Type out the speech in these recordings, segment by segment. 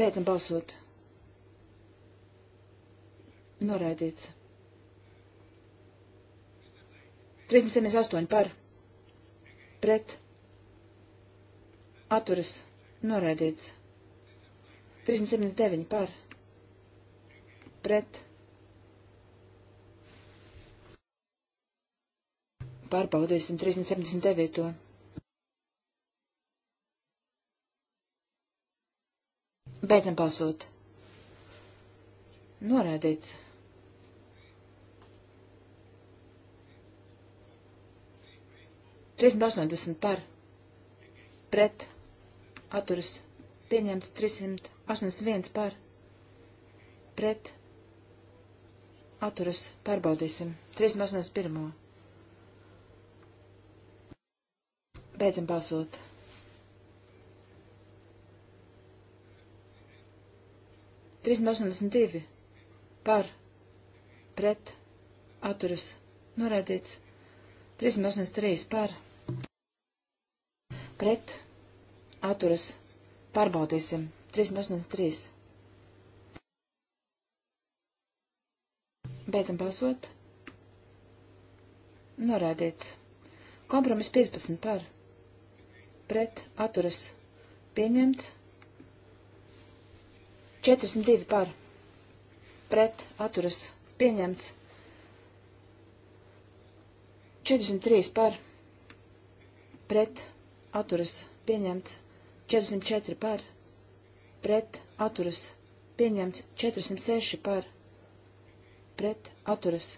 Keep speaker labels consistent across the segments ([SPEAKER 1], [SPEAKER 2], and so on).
[SPEAKER 1] Beidzam balsot. Noraidīts. 378 par. Pret. Atturas. Noraidīts. 379 par. Pret. Pārbaudīsim 379. Beidzam balsot. Norādīts. Trīsdesmit astoņdesmit par, pret, atturas, pieņemts trīsdesmit astoņdesmit viens par, pret, atturas, pārbaudīsim, trīsdesmit astoņdesmit pirmo. Beidzam balsot. 382 par pret atturas norādīts. 383 par pret atturas pārbaudīsim. 383. Beidzam balsot. Norādīts. Kompromiss 15 par. Pret atturas pieņemts. 42 par pret atturas pieņemts. 43 par pret atturas pieņemts. 44 par pret atturas pieņemts. 406 par pret atturas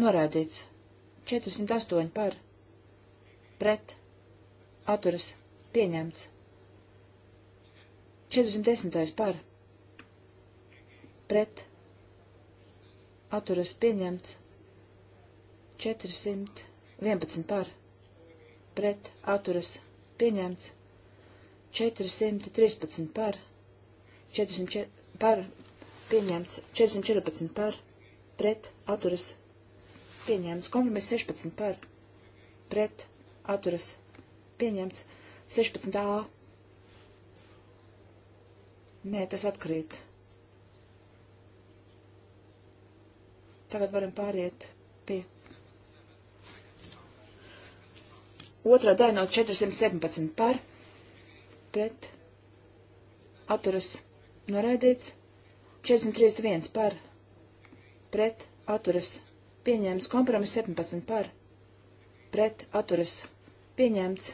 [SPEAKER 1] norādīts. 408 par pret atturas pieņemts. 40. par pret atturas pieņemts 411 par pret atturas pieņemts 413 par 400 par pieņemts 414 par pret atturas pieņemts kompromiss 16 par pret atturas pieņemts 16a Nē, tas atkrīt. Tagad varam pāriet pie. Otrā daļa no 417 par pret atturas noraidīts. 431 par pret atturas pieņēmts. Kompromis 17 par pret atturas pieņēmts.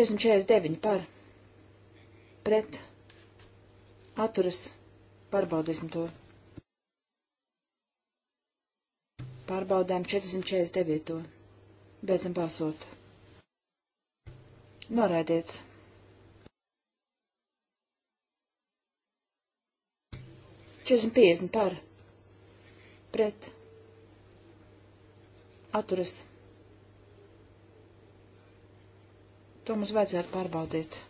[SPEAKER 1] 449 par pret pret atturas pārbaudīsim to. Pārbaudām 449. Beidzam balsot. Noraidiet. Četrdesmit piecdesmit par. Pret. Atturas. To mums vajadzētu pārbaudīt.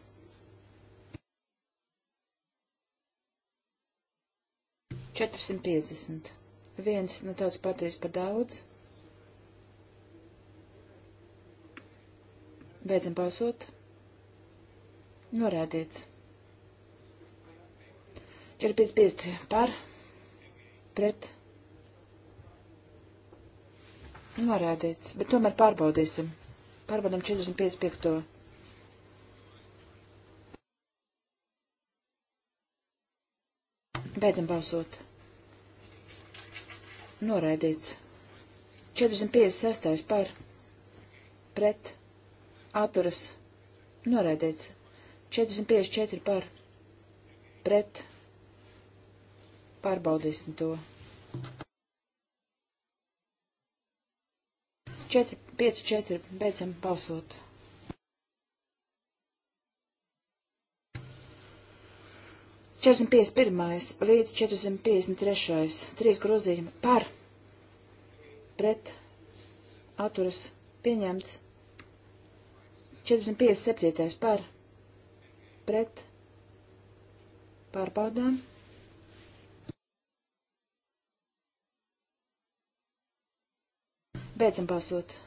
[SPEAKER 1] 450. Viens no nu, tautas partijas par daudz. Beidzam balsot. Norādīts. 455 par, pret. Norādīts, bet tomēr pārbaudīsim. Pārbaudam 455. Beidzam balsot noraidīts. 456. par pret atturas noraidīts. 454 par pret pārbaudīsim to. 4, 5, 4, beidzam balsot. 451. līdz 453. trīs grozījumi par pret atturas pieņemts. 457. par pret pārbaudām. Beidzam balsot.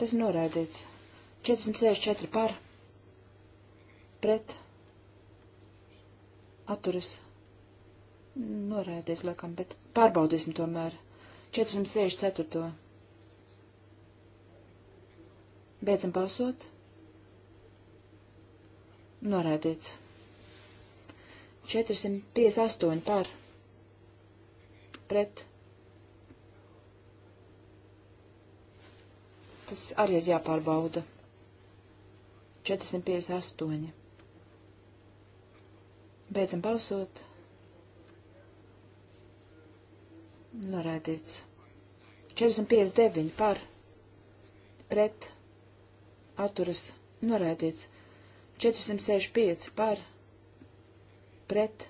[SPEAKER 1] Tas ir noraidīts. 464 par pret atturas norēties, laikam, bet pārbaudīsim tomēr. 464. Beidzam balsot. Norēdīts. 458 par. Pret. Tas arī ir jāpārbauda. 458. Beidzam balsot. Noraidīts. 459 par. Pret. Atturas. Noraidīts. 465 par. Pret.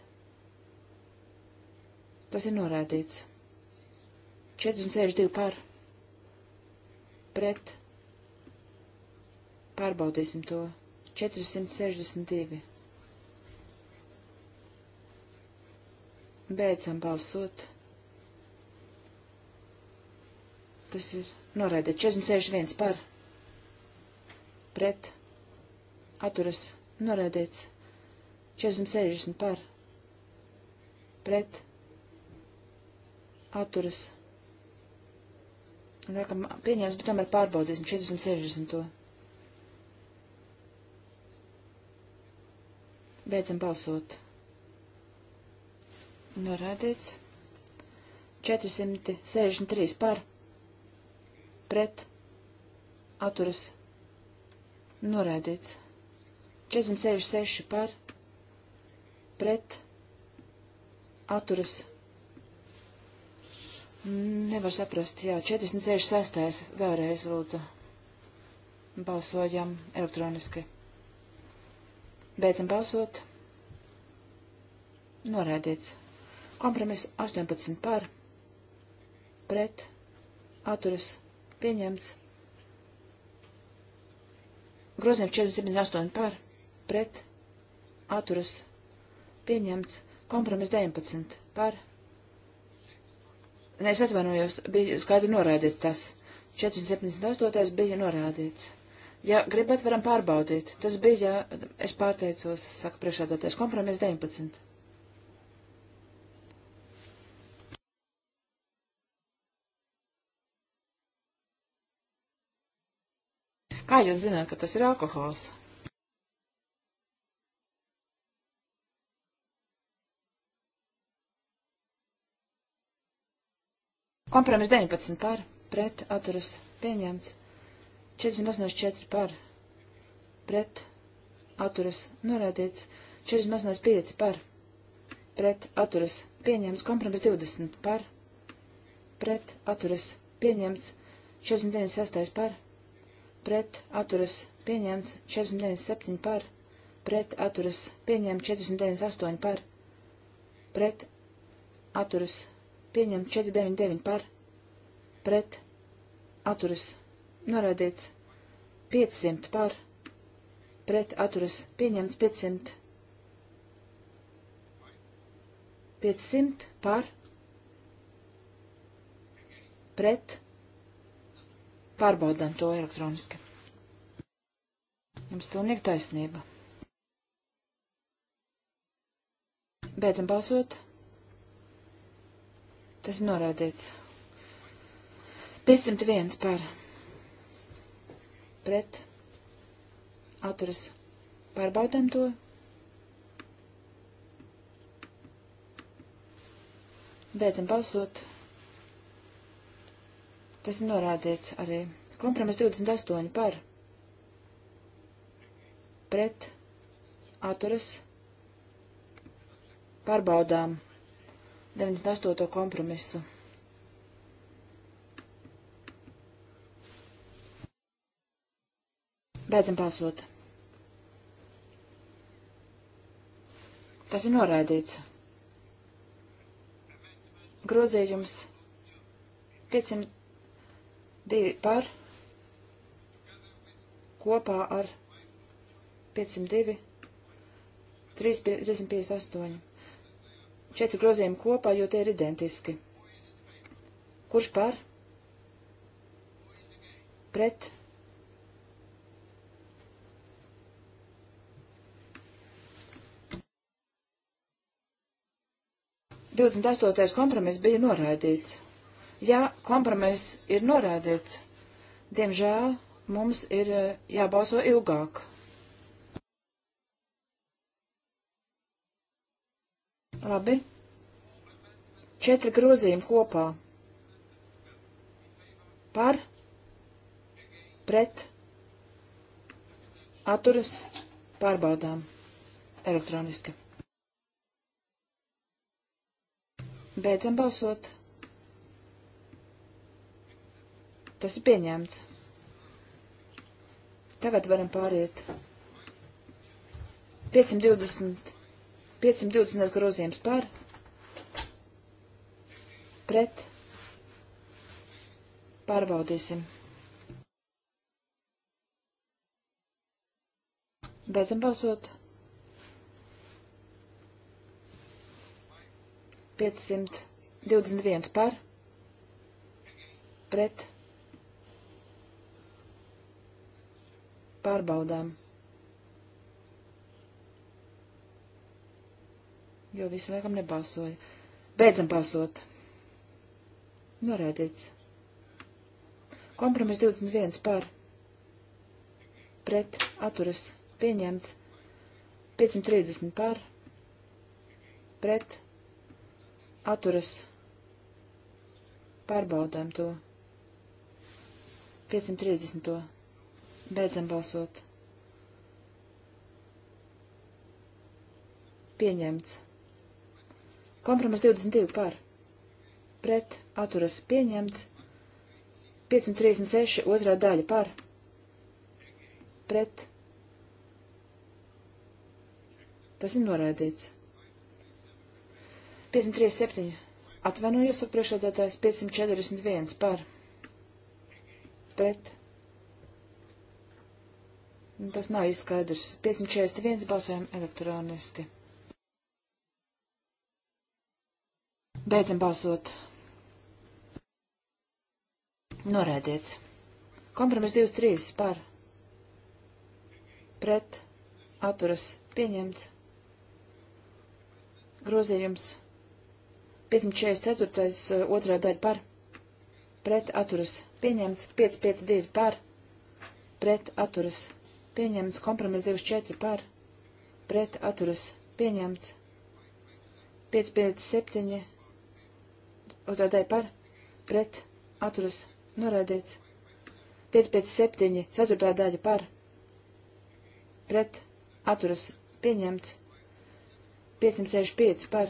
[SPEAKER 1] Tas ir noraidīts. 462 par. Pret. Pārbaudīsim to. 462. Beidzam balsot. Tas ir noraidīts. 461 par. Pret. Atturas. Noraidīts. 460 par. Pret. Atturas. Nākam pieņēmis, bet tomēr pārbaudīsim 460 to. Beidzam balsot. Norādīts. 463 par. Pret. Atturas. Norādīts. 466 par. Pret. Atturas. Nevar saprast, jā. 466. Vēlreiz lūdzu. Balsojam elektroniski. Beidzam balsot. Norādīts. Kompromiss 18 par pret atturas pieņemts. Grozījums 478 par pret atturas pieņemts. Kompromiss 19 par. Nē, es atvainojos, bija skaidri norādīts tas. 478. bija norādīts. Ja gribat, varam pārbaudīt. Tas bija, es pārteicos, saka priekšādātais kompromiss 19.
[SPEAKER 2] Kā jūs zināt, ka tas ir alkohols?
[SPEAKER 1] Kompromis 19 par, pret, atturas, pieņemts. 404 par, pret, atturas, norādīts. 405 par, pret, atturas, pieņemts. Kompromis 20 par, pret, atturas, pieņemts. 496 par, pret atturas pieņemts 49,7 par, pret atturas pieņemts 49,8 par, pret atturas pieņemts 4,99 par, pret atturas noraidīts 500 par, pret atturas pieņemts 500, 500 par, pret atturas Pārbaudām to elektroniski. Jums pilnīgi taisnība. Beidzam balsot. Tas ir norādīts. 501 par pret atturas. Pārbaudām to. Beidzam balsot. Tas ir norādīts arī. Kompromiss 28 par. Pret. Atturas. Pārbaudām 98. kompromisu. Beidzam balsot. Tas ir noraidīts. Grozījums 500. 2 par kopā ar 502, 358. Četri grozījumi kopā, jo tie ir identiski. Kurš par? Pret? Divdesmit astotais kompromiss bija noraidīts. Ja kompromiss ir norādīts, diemžēl mums ir eh, jābalso ilgāk. Labi. Četri grozījumi kopā. Par, pret, atturas pārbaudām elektroniski. Beidzam balsot. Tas ir pieņemts. Tagad varam pāriet. 520, 520 grozījums par, pret, pārbaudīsim. Beidzam balsot. 521 par, pret, pārbaudīsim pārbaudām. Jo visi laikam nebalsoja. Beidzam balsot. Norēdīts. Kompromiss 21 par. Pret atturas pieņemts. 530 par. Pret atturas. Pārbaudām to. 530. Beidzam balsot. Pieņemts. Kompromis 22 par. Pret atturas pieņemts. 536 otrā daļa par. Pret. Tas ir noraidīts. 537. Atvainojos, priekšādātājs 541 par. Pret. Nu, tas nav izskaidrs. 541 balsojam elektroniski. Beidzam balsot. Norēdiets. Kompromis 23 par. Pret. Atturas. Pieņemts. Grozījums. 544. Eh, otrā daļa par. Pret. Atturas. Pieņemts. 552 par. Pret. Atturas pieņemts, kompromiss 24 par, pret atturas pieņemts, 557, otrādai par, pret atturas noraidīts, 557, ceturtā daļa par, pret atturas pieņemts, 565 par,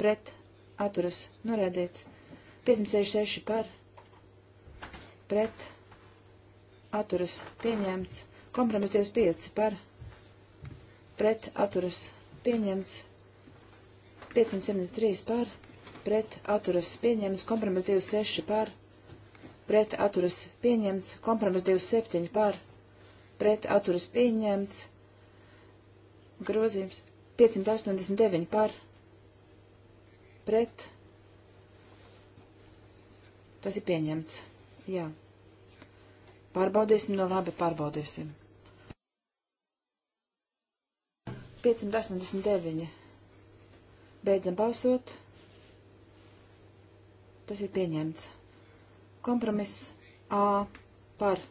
[SPEAKER 1] pret atturas noraidīts, 566 par, pret atturas pieņemts. Kompromis 25 par pret atturas pieņemts. 573 par pret atturas pieņemts. Kompromis 26 par pret atturas pieņemts. Kompromis 27 par pret atturas pieņemts. Grozījums 589 par pret. Tas ir pieņemts. Jā. Yeah. Pārbaudīsim, nu no labi, pārbaudīsim. 589. Beidzam balsot. Tas ir pieņemts. Kompromiss A par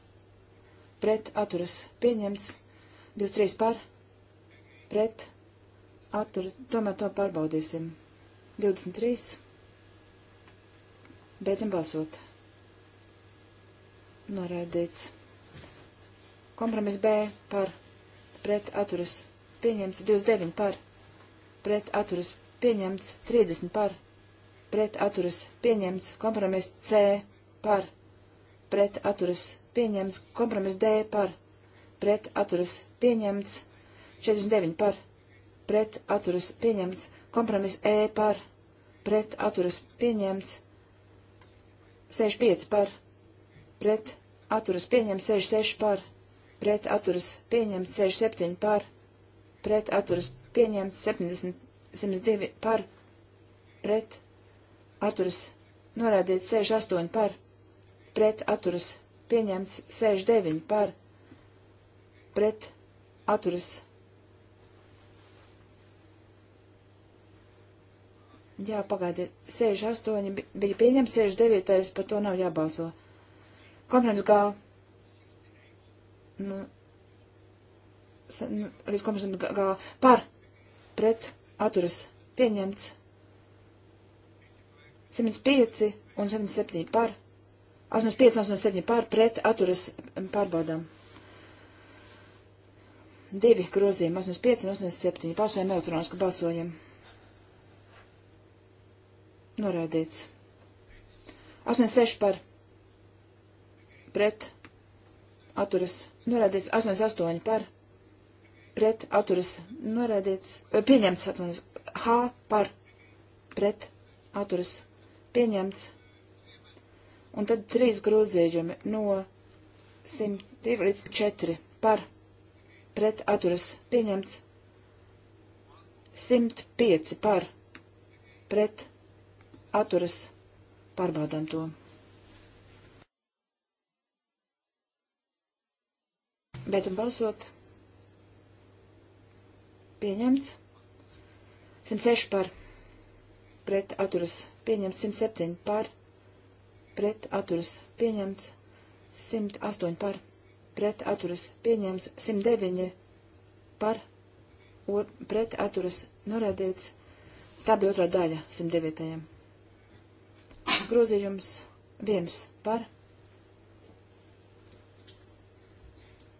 [SPEAKER 1] pret atturas pieņemts. 23 par pret atturas. Tomēr to pārbaudīsim. 23. Beidzam balsot noraidīts. Kompromiss B par pret atturas pieņemts 29 par, pret atturas pieņemts 30 par, pret atturas pieņemts kompromiss C par, pret atturas pieņemts kompromiss D par, pret atturas pieņemts 49 par, pret atturas pieņemts kompromiss E par, pret atturas pieņemts 65 par pret atturas pieņemts 66 par, pret atturas pieņemts 67 par, pret atturas pieņemts 70, 72 par, pret atturas norādīts 68 par, pret atturas pieņemts 69 par, pret atturas. Jā, pagaidiet, 68 bija pieņemts, 69 par to nav jābalso. Kompromiss G. Nu, līdz kompromisam G par pret atturas pieņemts 105 un 77 par 85, 87 par pret atturas pārbaudām. Divi grozījumi, 85 un 87. Balsojam elektroniski, balsojam. Noraidīts. 86 par pret atturas norādīts 88 par pret atturas norādīts, eh, pieņemts atmanis H par pret atturas pieņemts. Un tad trīs grozījumi no 102 līdz 4 par pret atturas pieņemts. 105 par pret atturas pārbaudām to. Beidzam balsot. Pieņemts. 106 par. Pret atturas. Pieņemts. 107 par. Pret atturas. Pieņemts. 108 par. Pret atturas. Pieņemts. 109 par. O, pret atturas. Norādīts. Tā bija otrā daļa 109. Grozījums 1 par.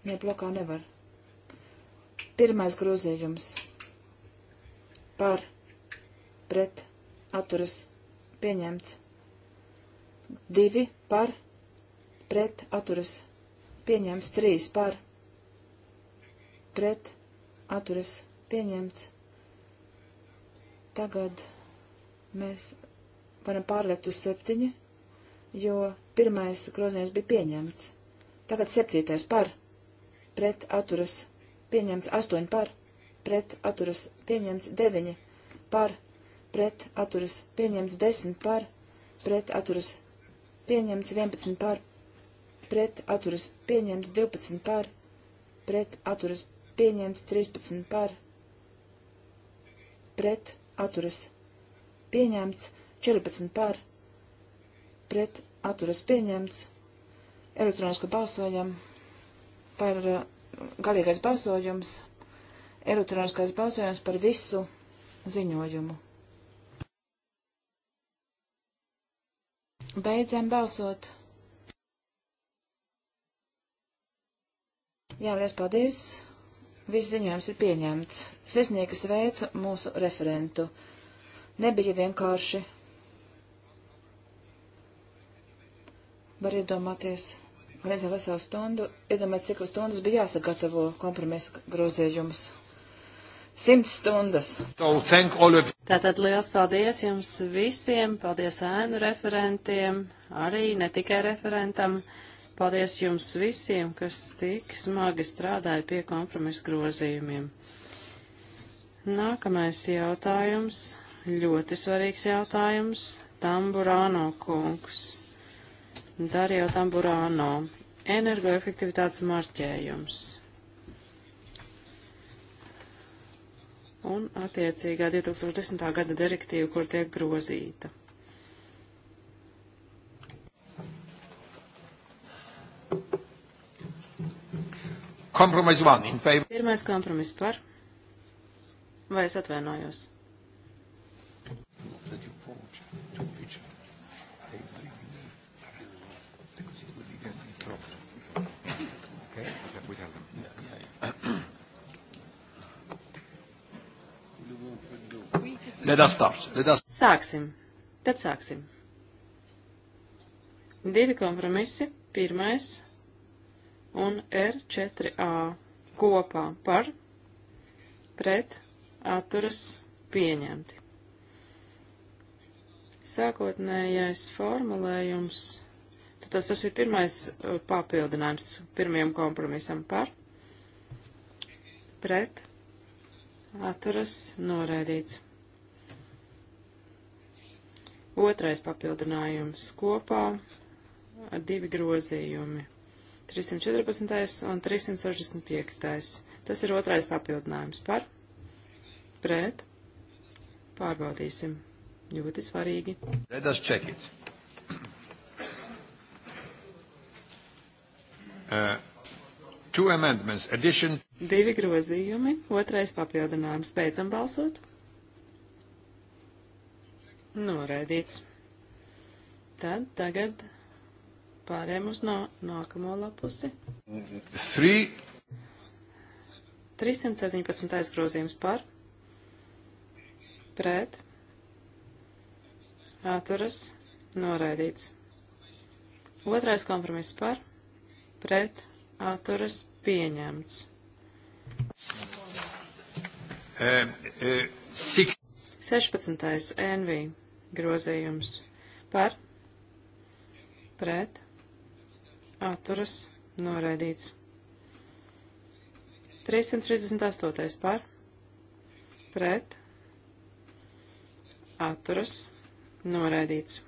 [SPEAKER 1] Nē, blokā nevar. Pirmais grozījums par pret atturas pieņemts. Divi par pret atturas pieņemts. Trīs par pret atturas pieņemts. Tagad mēs varam pārliekt uz septiņi, jo pirmais grozījums bija pieņemts. Tagad septītais par pret pret atturas pieņemts 8 par, pret atturas pieņemts 9 par, pret atturas pieņemts 10 par, pret atturas pieņemts 11 par, pret atturas pieņemts 12 par, pret atturas pieņemts 13 par, pret atturas pieņemts 14 par, pret atturas pieņemts elektronisko balsojumu par eh, galīgais balsojums, elektroniskais balsojums par visu ziņojumu. Beidzam balsot. Jā, liels paldies. Viss ziņojums ir pieņemts. Sesnieka sveicu mūsu referentu. Nebija vienkārši. Var iedomāties. Mēs jau veselu stundu, iedomājiet, cik stundas bija jāsagatavo kompromisa grozījums. Simt stundas. Tātad liels paldies jums visiem, paldies
[SPEAKER 2] ēnu referentiem, arī ne tikai referentam. Paldies jums visiem, kas tik smagi strādāja pie kompromisa grozījumiem. Nākamais jautājums, ļoti svarīgs jautājums, Tamburāno kungs. Dario Tamburāno. Energoefektivitātes marķējums. Un attiecīgā 2010. gada direktīva, kur tiek grozīta. Kompromis 1. Pirmais kompromis par. Vai es atvainojos? Let us start. Let us... Sāksim. Tad sāksim. Divi kompromisi. Pirmais un R4A kopā par pret atturas pieņemti. Sākotnējais formulējums, tad tas ir pirmais uh, papildinājums pirmajam kompromisam par pret atturas noraidīts. Otrais papildinājums kopā divi grozījumi. 314. un 365. Tas ir otrais papildinājums par, pret, pārbaudīsim. Ļoti svarīgi. Let us check it. Uh,
[SPEAKER 3] two amendments, addition.
[SPEAKER 2] Divi grozījumi, otrais papildinājums. Beidzam balsot. Noraidīts. Tad tagad pārējām uz nā nākamo lapusi. 3. 317. grozījums par. Pret. Atturas. Noraidīts. Otrais kompromiss par. Pret. Atturas. Pieņemts. Um,
[SPEAKER 1] uh,
[SPEAKER 2] 16. NV grozījums par pret atturas noraidīts. 338. par pret atturas noraidīts.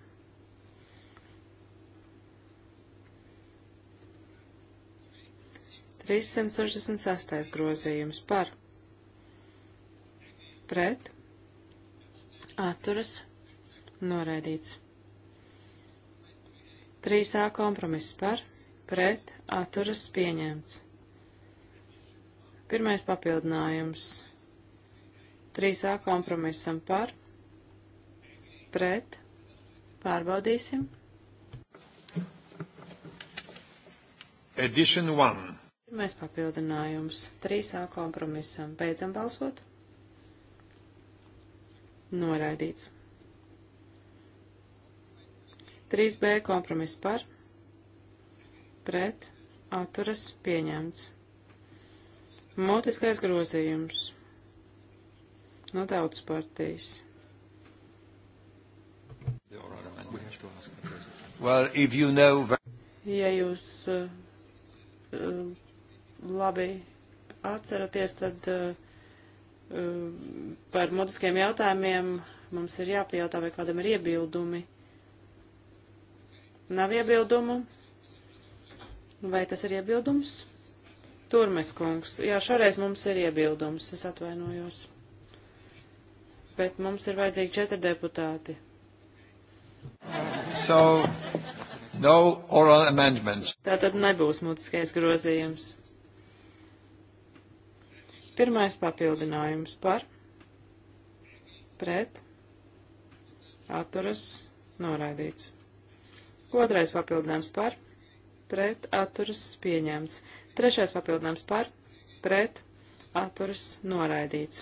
[SPEAKER 2] Trīssimt sešdesmit sastais grozījums par pret atturas noraidīts noraidīts. 3A kompromiss par, pret, atturas pieņemts. Pirmais papildinājums. 3A kompromisam par, pret, pārbaudīsim. Edition 1. Pirmais papildinājums. 3A kompromisam. Beidzam balsot. Noraidīts. 3B kompromiss par, pret, atturas pieņemts. Mutiskais grozījums no tautas partijas.
[SPEAKER 3] Well, you know...
[SPEAKER 2] Ja jūs uh, labi atceraties, tad uh, par mutiskiem jautājumiem mums ir jāpajautā, vai kādam ir iebildumi. Nav iebildumu? Vai tas ir iebildums? Turmes kungs. Jā, šoreiz mums ir iebildums, es atvainojos. Bet mums ir vajadzīgi četri deputāti.
[SPEAKER 3] So, no oral amendments.
[SPEAKER 2] Tātad nebūs mutiskais grozījums. Pirmais papildinājums par, pret, atturas, noraidīts. Otrais papildinājums par, pret, atturas pieņemts. Trešais papildinājums par, pret, atturas noraidīts.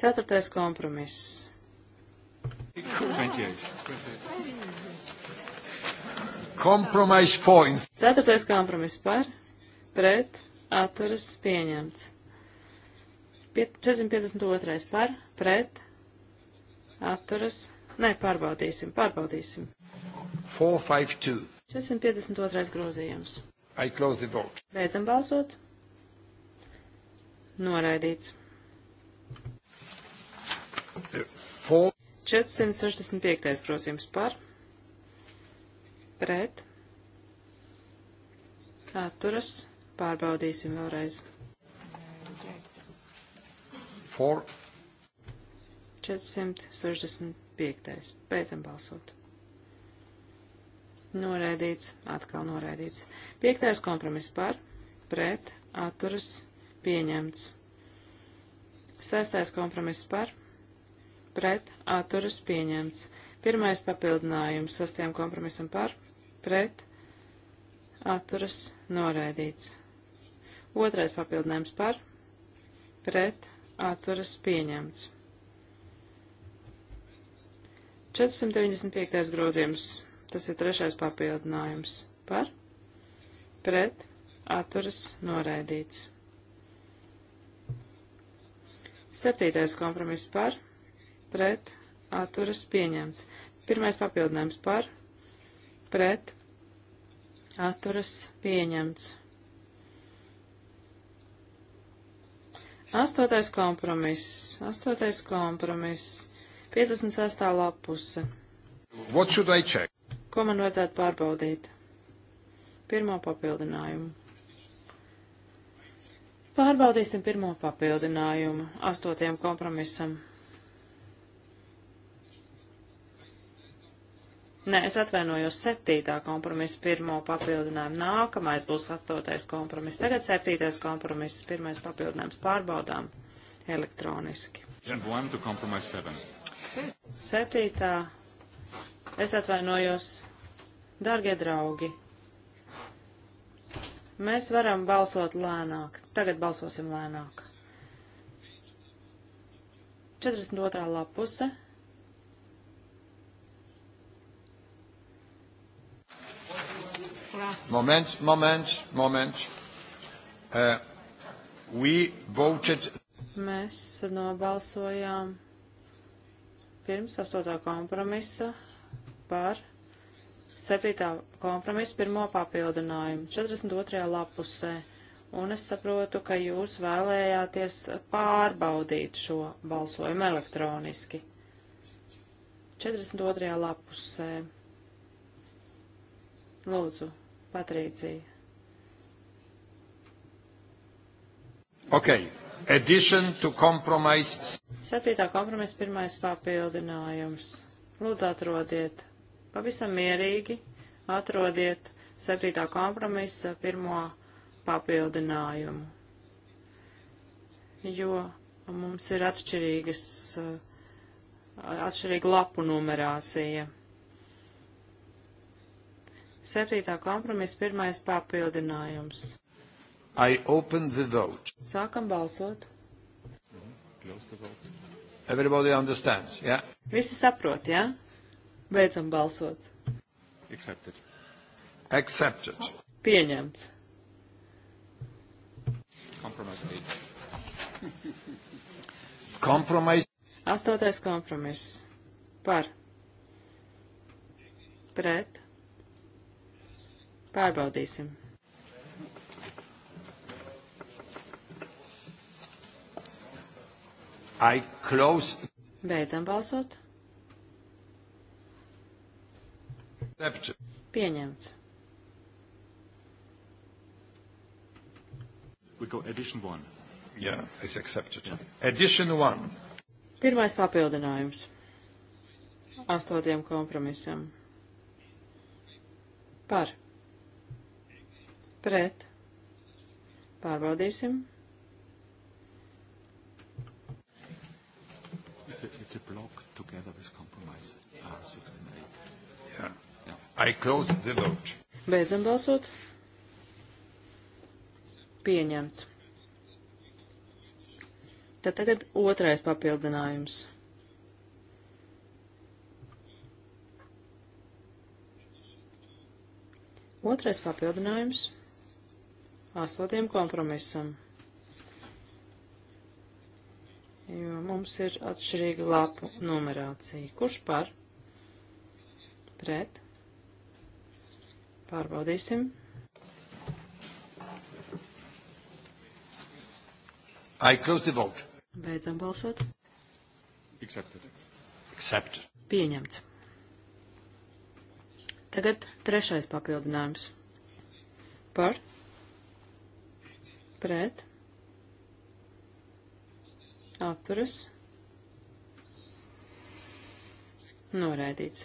[SPEAKER 2] Ceturtais kompromiss. Kompromis point. Ceturtais kompromiss par, pret, atturas pieņemts. 452 par, pret, atturas. Nē, pārbaudīsim, pārbaudīsim. 452. 452. grozījums. I close the vote. Beidzam balsot. Noraidīts. 4. 465. grozījums par. Pret. Atturas. Pārbaudīsim vēlreiz. 4. 465. Beidzam balsot. Noraidīts, atkal noraidīts. Piektais kompromiss par, pret, atturas, pieņemts. Sestais kompromiss par, pret, atturas, pieņemts. Pirmais papildinājums sastajam kompromisam par, pret, atturas, noraidīts. Otrais papildinājums par, pret, atturas, pieņemts. 495. grozījums, tas ir trešais papildinājums par, pret, atturas noraidīts. Septītais kompromiss par, pret, atturas pieņemts. Pirmais papildinājums par, pret, atturas pieņemts. Astotais kompromiss, astotais kompromiss 56. lapuse. What should I check? Ko man vajadzētu pārbaudīt? Pirmo papildinājumu. Pārbaudīsim pirmo papildinājumu astotajam kompromisam. Nē, es atvainojos septītā kompromisa pirmo papildinājumu. Nākamais būs astotais kompromiss. Tagad septītais kompromiss, pirmais papildinājums pārbaudām elektroniski. Yeah, Septītā. Es atvainojos. Dargie draugi, mēs varam balsot lēnāk. Tagad balsosim lēnāk. 42. lapuse.
[SPEAKER 3] Moment, moment, moment.
[SPEAKER 2] Uh, we voted. Mēs nobalsojām pirms 8. kompromisa par 7. kompromisa pirmo papildinājumu 42. lapusē. Un es saprotu, ka jūs vēlējāties pārbaudīt šo balsojumu elektroniski. 42. lapusē. Lūdzu, Patrīcija. Okay addition to compromise. Septītā kompromisa pirmais papildinājums. Lūdzu, atrodiet. Pavisam mierīgi atrodiet septītā kompromisa pirmo papildinājumu. Jo mums ir atšķirīgas, eh, atšķirīga lapu numerācija. Septītā kompromisa pirmais papildinājums. I open the vote. Sākam balsot. Close the vote.
[SPEAKER 3] Everybody understands, yeah?
[SPEAKER 2] Visi saprot, jā? Ja? Beidzam balsot. Accepted. Accepted. Pieņemts. Compromise aid. Compromise. Astotais kompromiss. Par. Pret. Pārbaudīsim. I close. Beidzam balsot. Pieņemts. We go addition one. Yeah, it's accepted. Yeah. Addition one. Pirmais papildinājums. Astotiem kompromisam. Par. Pret. Pārbaudīsim. It's a, it's a block together with compromise. Uh, 16 and 8. Yeah. yeah. I close the vote. Beidzam balsot. Pieņemts. Tad tagad otrais papildinājums. Otrais papildinājums astotajam kompromisam jo mums ir atšķirīga lapu numerācija. Kurš par? Pret? Pārbaudīsim. I close the vote. Beidzam balsot. Accepted. Accepted. Pieņemts. Tagad trešais papildinājums. Par? Pret? atturas, noraidīts.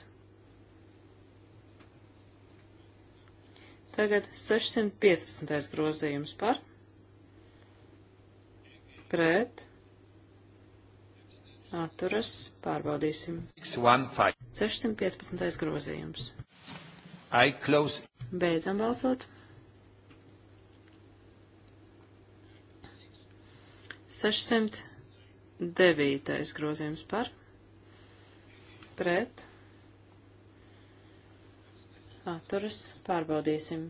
[SPEAKER 2] Tagad 615. grozījums par, pret, atturas, pārbaudīsim. 615. grozījums. Beidzam balsot. 615. Devītais grozījums par pret atturas pārbaudīsim.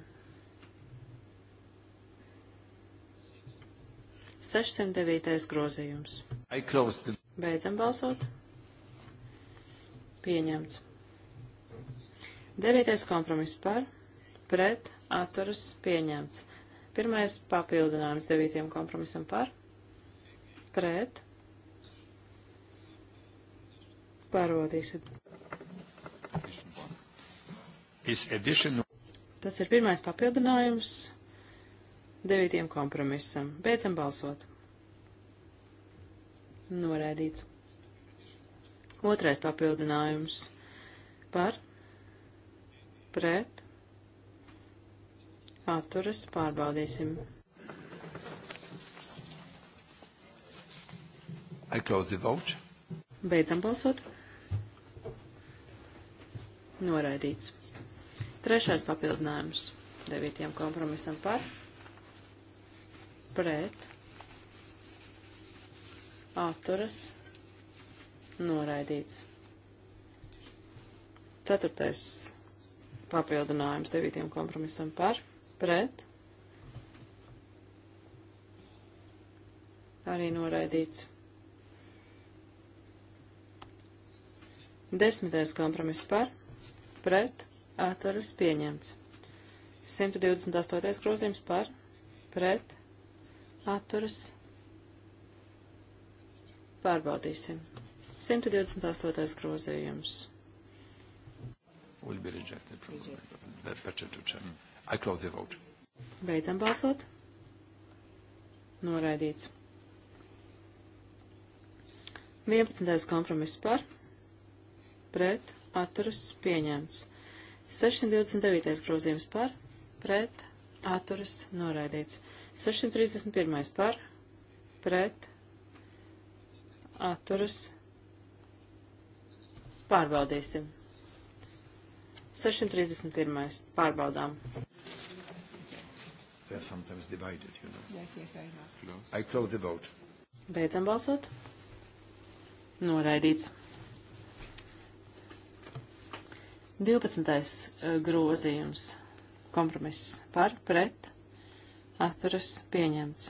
[SPEAKER 2] 609. grozījums. Beidzam balsot. Pieņemts. 9. kompromiss par, pret, atturas, pieņemts. Pirmais papildinājums 9. kompromisam par, pret, Pārbaudīsim. Tas ir pirmais papildinājums devītiem kompromisam. Beidzam balsot. Noraidīts. Otrais papildinājums par, pret, atturas pārbaudīsim. I close the vote. Beidzam balsot. Noraidīts. Trešais papildinājums. Devītajam kompromisam par. Pret. Atturas. Noraidīts. Ceturtais papildinājums devītajam kompromisam par. Pret. Arī noraidīts. Desmitais kompromiss par pret, atturas pieņemts. 128. grozījums par, pret, atturas pārbaudīsim. 128. grozījums. Will be rejected. Better to check. I close the vote. Beidzam balsot. Noraidīts. 11. kompromiss par, pret, atturas pieņemts. 629. grozījums par, pret, atturas noraidīts. 631. par, pret, atturas pārbaudīsim. 631. pārbaudām. They are sometimes divided, you know. Yes, yes, I know. Close. I close the vote. Beidzam balsot. Noraidīts. 12. Eh, grozījums kompromiss par pret atturas pieņemts.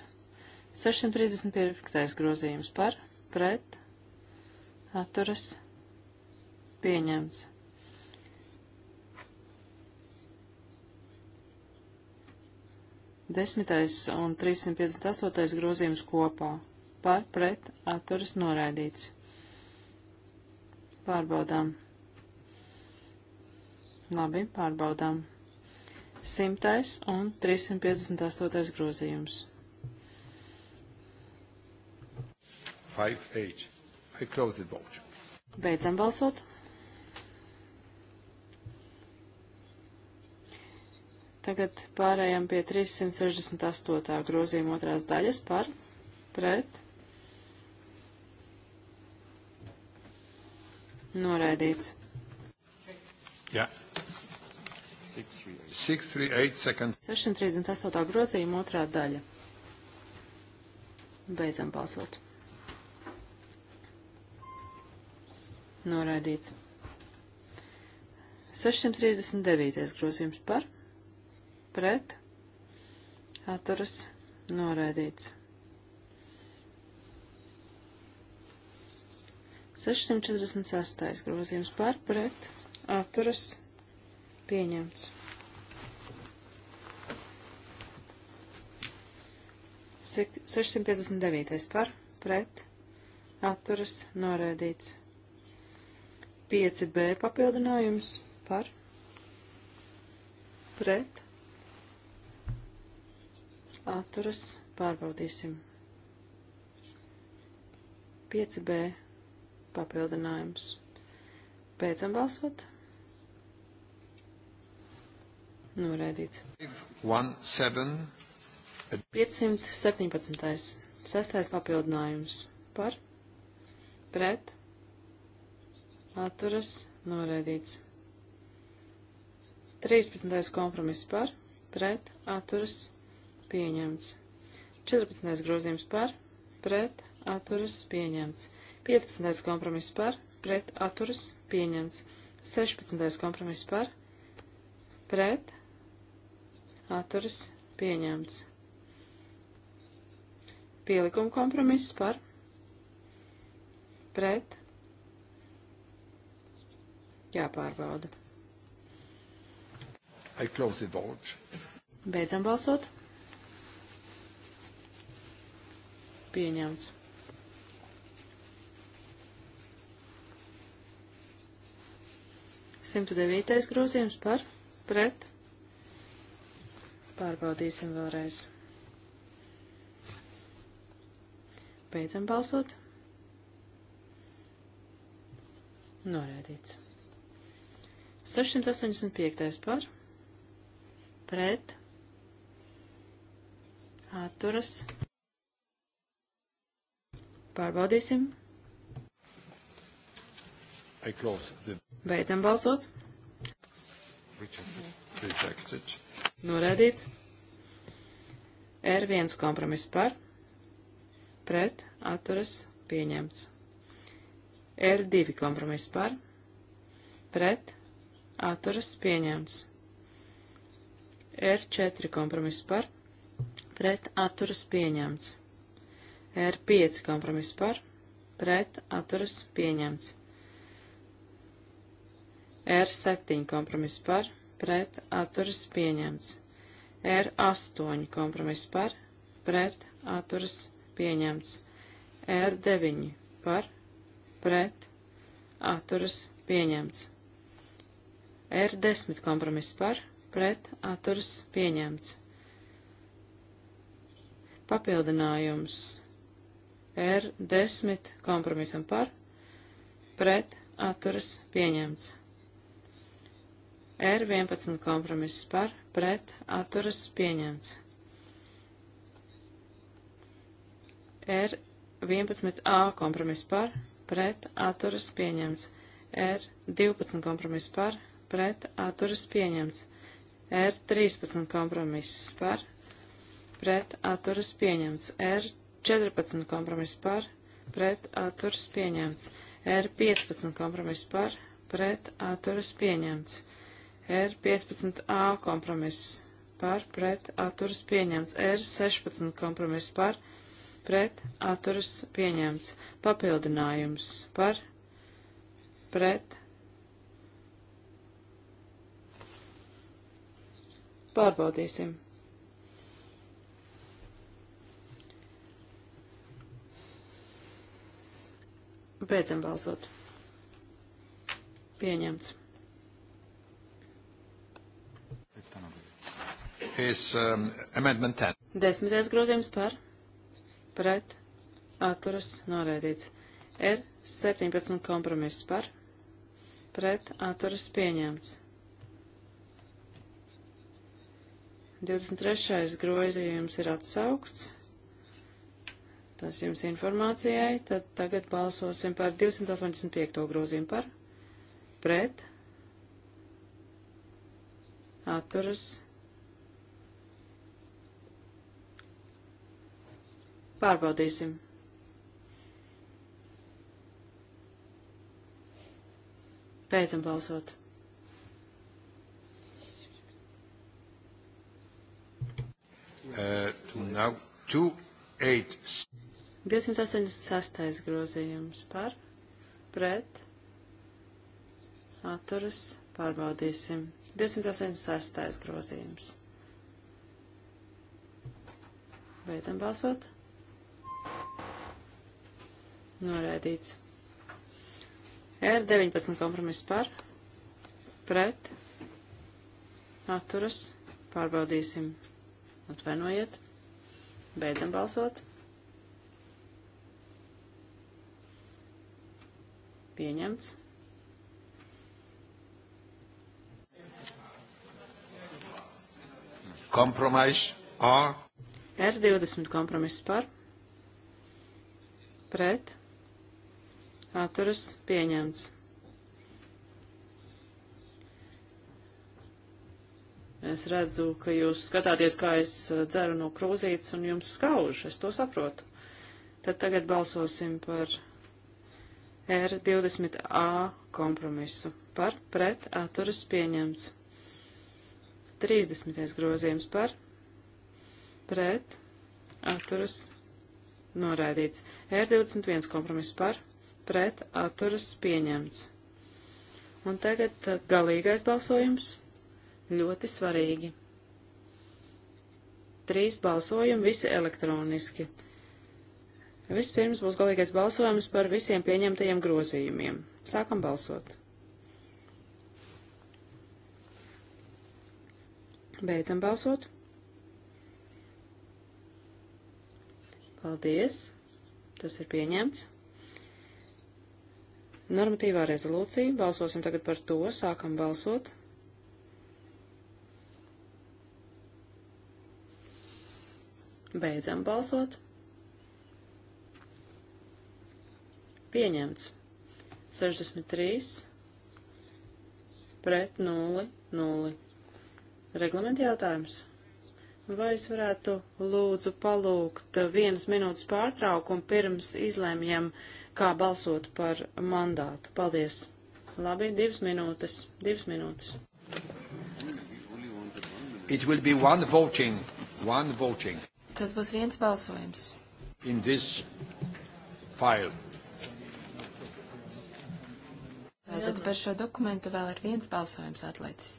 [SPEAKER 2] 635. grozījums par pret atturas pieņemts. Desmitais un 358. grozījums kopā par pret atturas noraidīts. Pārbaudām. Labi, pārbaudām. 100. un 358. grozījums. 5H. I close the vote. Beidzam balsot. Tagad pārējām pie 368. grozījuma otrās daļas par pret. Noraidīts.
[SPEAKER 1] Jā. Yeah.
[SPEAKER 3] 638.
[SPEAKER 2] grozījuma otrā daļa. Beidzam balsot. Noraidīts. 639. grozījums par, pret, atturas, noraidīts. 646. grozījums par, pret, atturas, noraidīts pieņemts. Se, 659. par, pret, atturas, norēdīts. 5b papildinājums par, pret, atturas, pārbaudīsim. 5b papildinājums. Beidzam balsot. Noraidīts. 517. Sestais papildinājums. Par. Pret. Atturas. Noraidīts. 13. kompromiss par. Pret. Atturas. Pieņemts. 14. grozījums par. Pret. Atturas. Pieņemts. 15. kompromiss par. Pret. Atturas. Pieņemts. 16. kompromiss par. Pret atturas pieņemts. Pielikuma kompromiss par pret jāpārbauda. I close the vote. Beidzam balsot. Pieņemts. Simtu devītais grozījums par pret Pārbaudīsim vēlreiz. Beidzam balsot. Norēdīts. 685. par. Pret. Atturas. Pārbaudīsim.
[SPEAKER 1] The...
[SPEAKER 2] Beidzam balsot.
[SPEAKER 1] Rejected.
[SPEAKER 3] Rejected.
[SPEAKER 2] Norādīts. R1 kompromiss par. Pret. Atturas. Pieņemts. R2 kompromiss par. Pret. Atturas. Pieņemts. R4 kompromiss par. Pret. Atturas. Pieņemts. R5 kompromiss par. Pret. Atturas. Pieņemts. R7 kompromiss par pret atturas pieņemts. R8 kompromiss par pret atturas pieņemts. R9 par pret atturas pieņemts. R10 kompromiss par pret atturas pieņemts. Papildinājums R10 kompromisam par pret atturas pieņemts. R11 kompromiss par, pret, atturas pieņemts. R11A kompromiss par, pret, atturas pieņemts. R12 kompromiss par, pret, atturas pieņemts. R13 kompromiss par, pret, atturas pieņemts. R14 kompromiss par, pret, atturas pieņemts. R15 kompromiss par, pret, atturas pieņemts. R15A kompromiss par pret atturas pieņemts, R16 kompromiss par pret atturas pieņemts, papildinājums par pret pārbaudīsim. Beidzam balsot. Pieņemts.
[SPEAKER 3] His, um, amendment 10.
[SPEAKER 2] Desmitais grozījums par, pret, atturas noraidīts. Ir 17 kompromiss par, pret, atturas pieņemts. 23. grozījums ir atsaukts. Tas jums informācijai, tad tagad balsosim par 285. grozījumu par, pret, atturas pārbaudīsim. Beidzam balsot. Uh, now, two, 286. grozījums par, pret, atturas, pārbaudīsim. 286. grozījums. Beidzam balsot. Noraidīts. R19 kompromiss par, pret, atturas, pārbaudīsim, atvainojiet, beidzam balsot. Pieņemts. compromise R. R20 kompromiss par, pret, atturas pieņemts. Es redzu, ka jūs skatāties, kā es uh, dzeru no krūzītes un jums skauž, es to saprotu. Tad tagad balsosim par R20A kompromisu. Par pret atturas pieņemts. 30. grozījums par, pret, atturas, noraidīts. R21 kompromiss par, pret, atturas, pieņemts. Un tagad uh, galīgais balsojums. Ļoti svarīgi. Trīs balsojumi, visi elektroniski. Vispirms būs galīgais balsojums par visiem pieņemtajiem grozījumiem. Sākam balsot! Beidzam balsot. Paldies. Tas ir pieņemts. Normatīvā rezolūcija. Balsosim tagad par to. Sākam balsot. Beidzam balsot. Pieņemts. 63 pret 0, 0. Reglamenta jautājums. Vai es varētu lūdzu palūgt vienas minūtes pārtraukumu pirms izlēmjam, kā balsot par mandātu? Paldies. Labi, divas minūtes. Divas minūtes. It will be one voting. One voting. Tas būs viens balsojums. In this file.
[SPEAKER 3] Tātad par šo dokumentu vēl ir viens balsojums atlicis.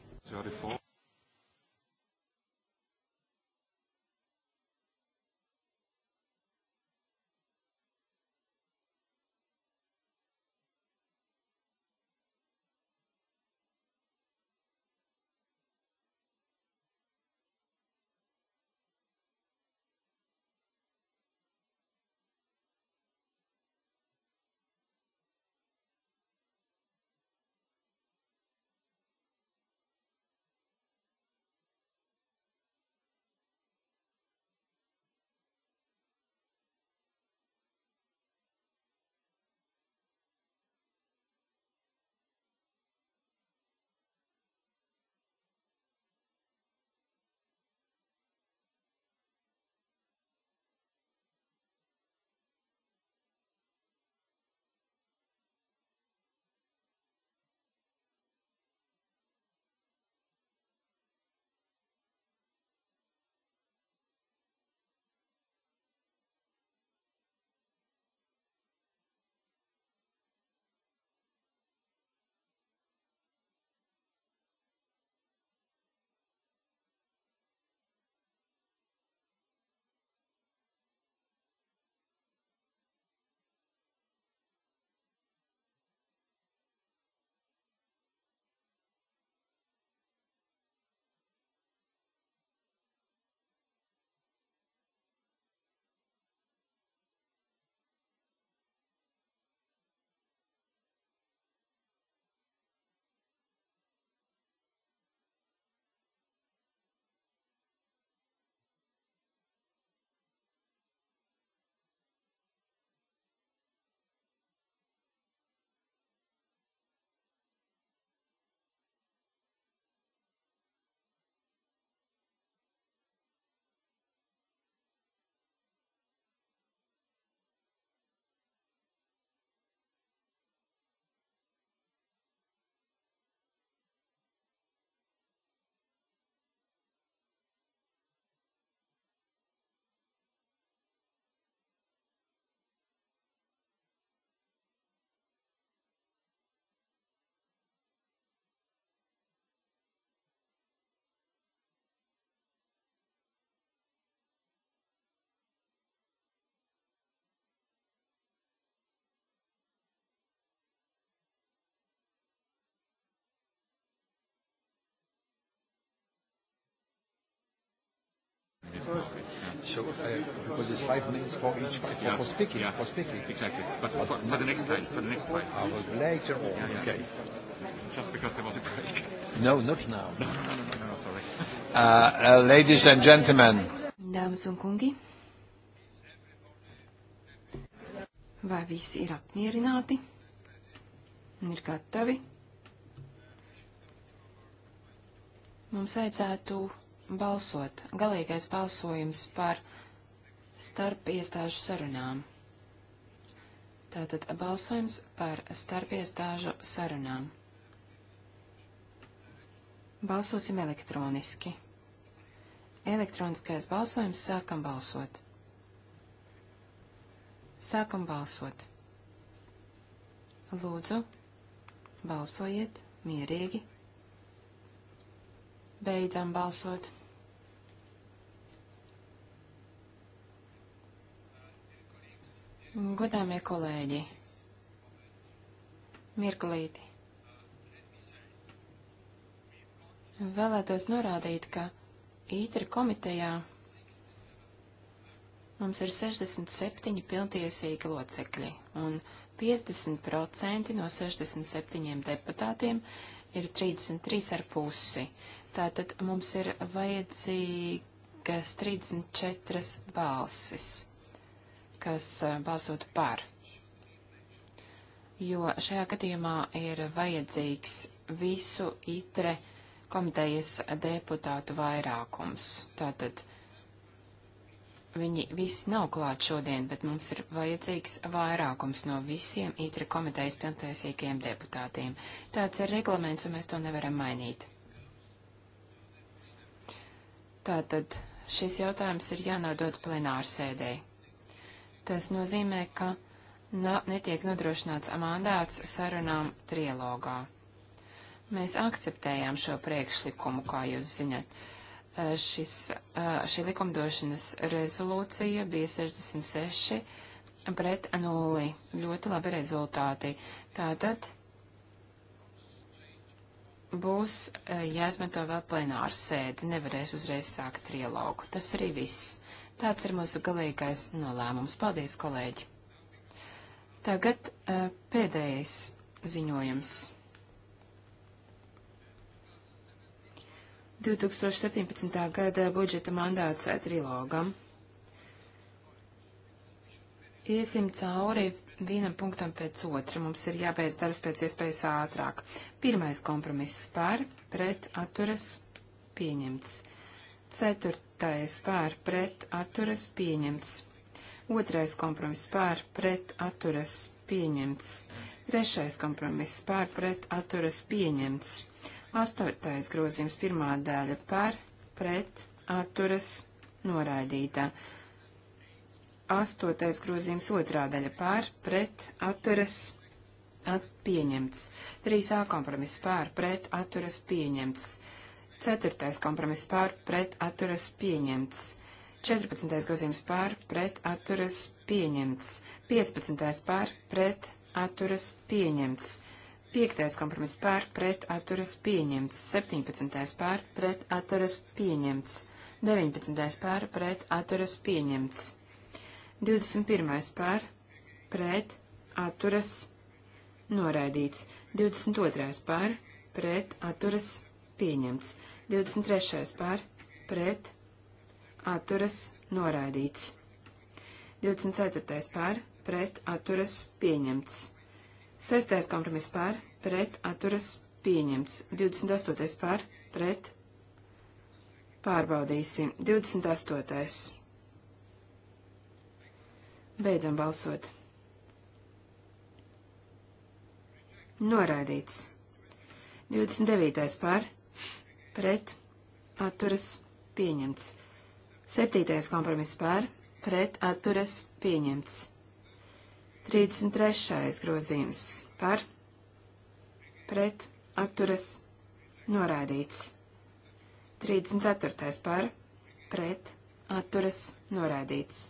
[SPEAKER 1] So, uh, because it's
[SPEAKER 2] five minutes for each for, yeah. for speaking. Yeah. For speaking. Exactly. But, but for, for the next time. For the next time. I will later on. Yeah, yeah. Okay. Just because there was a break. No, not now. No, no, no, no, no sorry. Uh, uh, ladies and gentlemen.
[SPEAKER 3] Dāmas un kungi. Vai visi ir apmierināti? Un ir gatavi? Mums vajadzētu balsot. Galīgais balsojums par starp iestāžu sarunām. Tātad balsojums par starp iestāžu sarunām. Balsosim elektroniski. Elektroniskais balsojums sākam balsot. Sākam balsot. Lūdzu, balsojiet mierīgi. Beidzam balsot. Godāmie kolēģi, mirklīti. Vēlētos norādīt, ka ītra komitejā mums ir 67 pilntiesīgi locekļi, un 50% no 67 deputātiem ir 33 ar pusi. Tātad mums ir vajadzīgas 34 balsis kas eh, balsotu par. Jo šajā gadījumā ir vajadzīgs visu itre komitejas deputātu vairākums. Tātad viņi visi nav klāt šodien, bet mums ir vajadzīgs vairākums no visiem itri komitejas pilntiesīgiem deputātiem. Tāds ir reglaments, un mēs to nevaram mainīt. Tātad šis jautājums ir jānodod plenārsēdē, Tas nozīmē, ka no, netiek nodrošināts mandāts sarunām trilogā. Mēs akceptējām šo priekšlikumu, kā jūs ziņat. Šis, šī likumdošanas rezolūcija bija 66 pret 0. Ļoti labi rezultāti. Tātad būs jāizmanto vēl plenāra sēde, nevarēs uzreiz sākt trilogu. Tas arī viss. Tāds ir mūsu galīgais nolēmums. Paldies, kolēģi! Tagad uh, pēdējais ziņojums. 2017. gada budžeta mandāts trilogam. Iesim cauri vienam punktam pēc otra. Mums ir jābeidz darbs pēc iespējas ātrāk. Pirmais kompromiss par, pret, atturas, pieņemts. Ceturtais pār pret atturas pieņemts. Otrais kompromiss pār pret atturas pieņemts. Trešais kompromiss pār pret atturas pieņemts. Astotais grozījums pirmā daļa pār pret atturas noraidītā. Astotais grozījums otrā daļa pār pret atturas at pieņemts. 3a kompromiss pār pret atturas pieņemts. Ceturtais kompromiss pār pret atturas pieņemts. 14. grozījums pār pret atturas pieņemts. 15. pār pret atturas pieņemts. 5. kompromiss pār pret atturas pieņemts. 17. pār pret atturas pieņemts. 19. pār pret atturas pieņemts. 21. pār pret atturas noraidīts. 22. pār pret atturas pieņemts pieņemts. 23. par, pret, atturas, noraidīts. 24. par, pret, atturas, pieņemts. 6. kompromiss par, pret, atturas, pieņemts. 28. par, pret, pārbaudīsim. 28. Beidzam balsot. Noraidīts. 29. par, pret, atturas, pieņemts. Septītais kompromiss par, pret, atturas, pieņemts. 33. grozījums par, pret, atturas, norādīts. 34. par, pret, atturas, norādīts.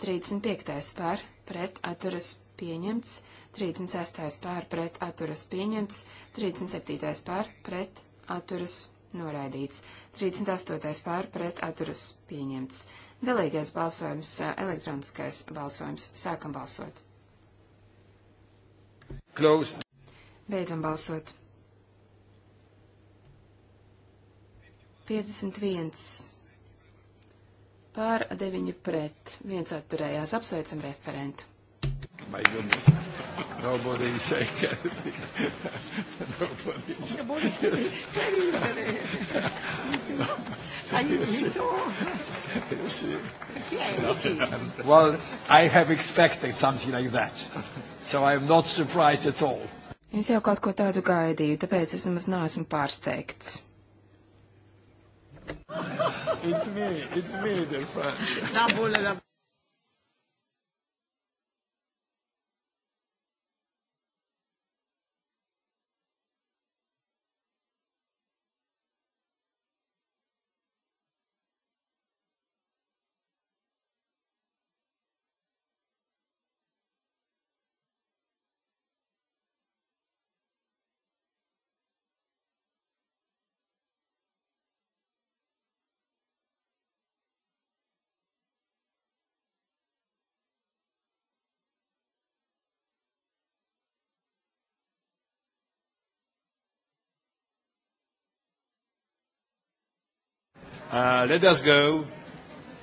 [SPEAKER 3] 35. par, pret, atturas, pieņemts. 36. par, pret, atturas, pieņemts. 37. par, pret, atturas noraidīts. 38. pār pret atturas pieņemts. Galīgais balsojums, elektroniskais balsojums. Sākam balsot. Closed. Beidzam balsot. 51 pār 9 pret. Viens atturējās. Apsveicam referentu. My goodness. Nobody is saying anything. Signor
[SPEAKER 2] Boris, yes. ridere. Hai riso? Sì.
[SPEAKER 3] Well, I have expected something like that, so I am not surprised at all. Es jau kaut ko tādu gaidīju, tāpēc es nemaz neesmu pārsteigts.
[SPEAKER 2] It's me, it's me, dear friend.
[SPEAKER 1] Uh, let us go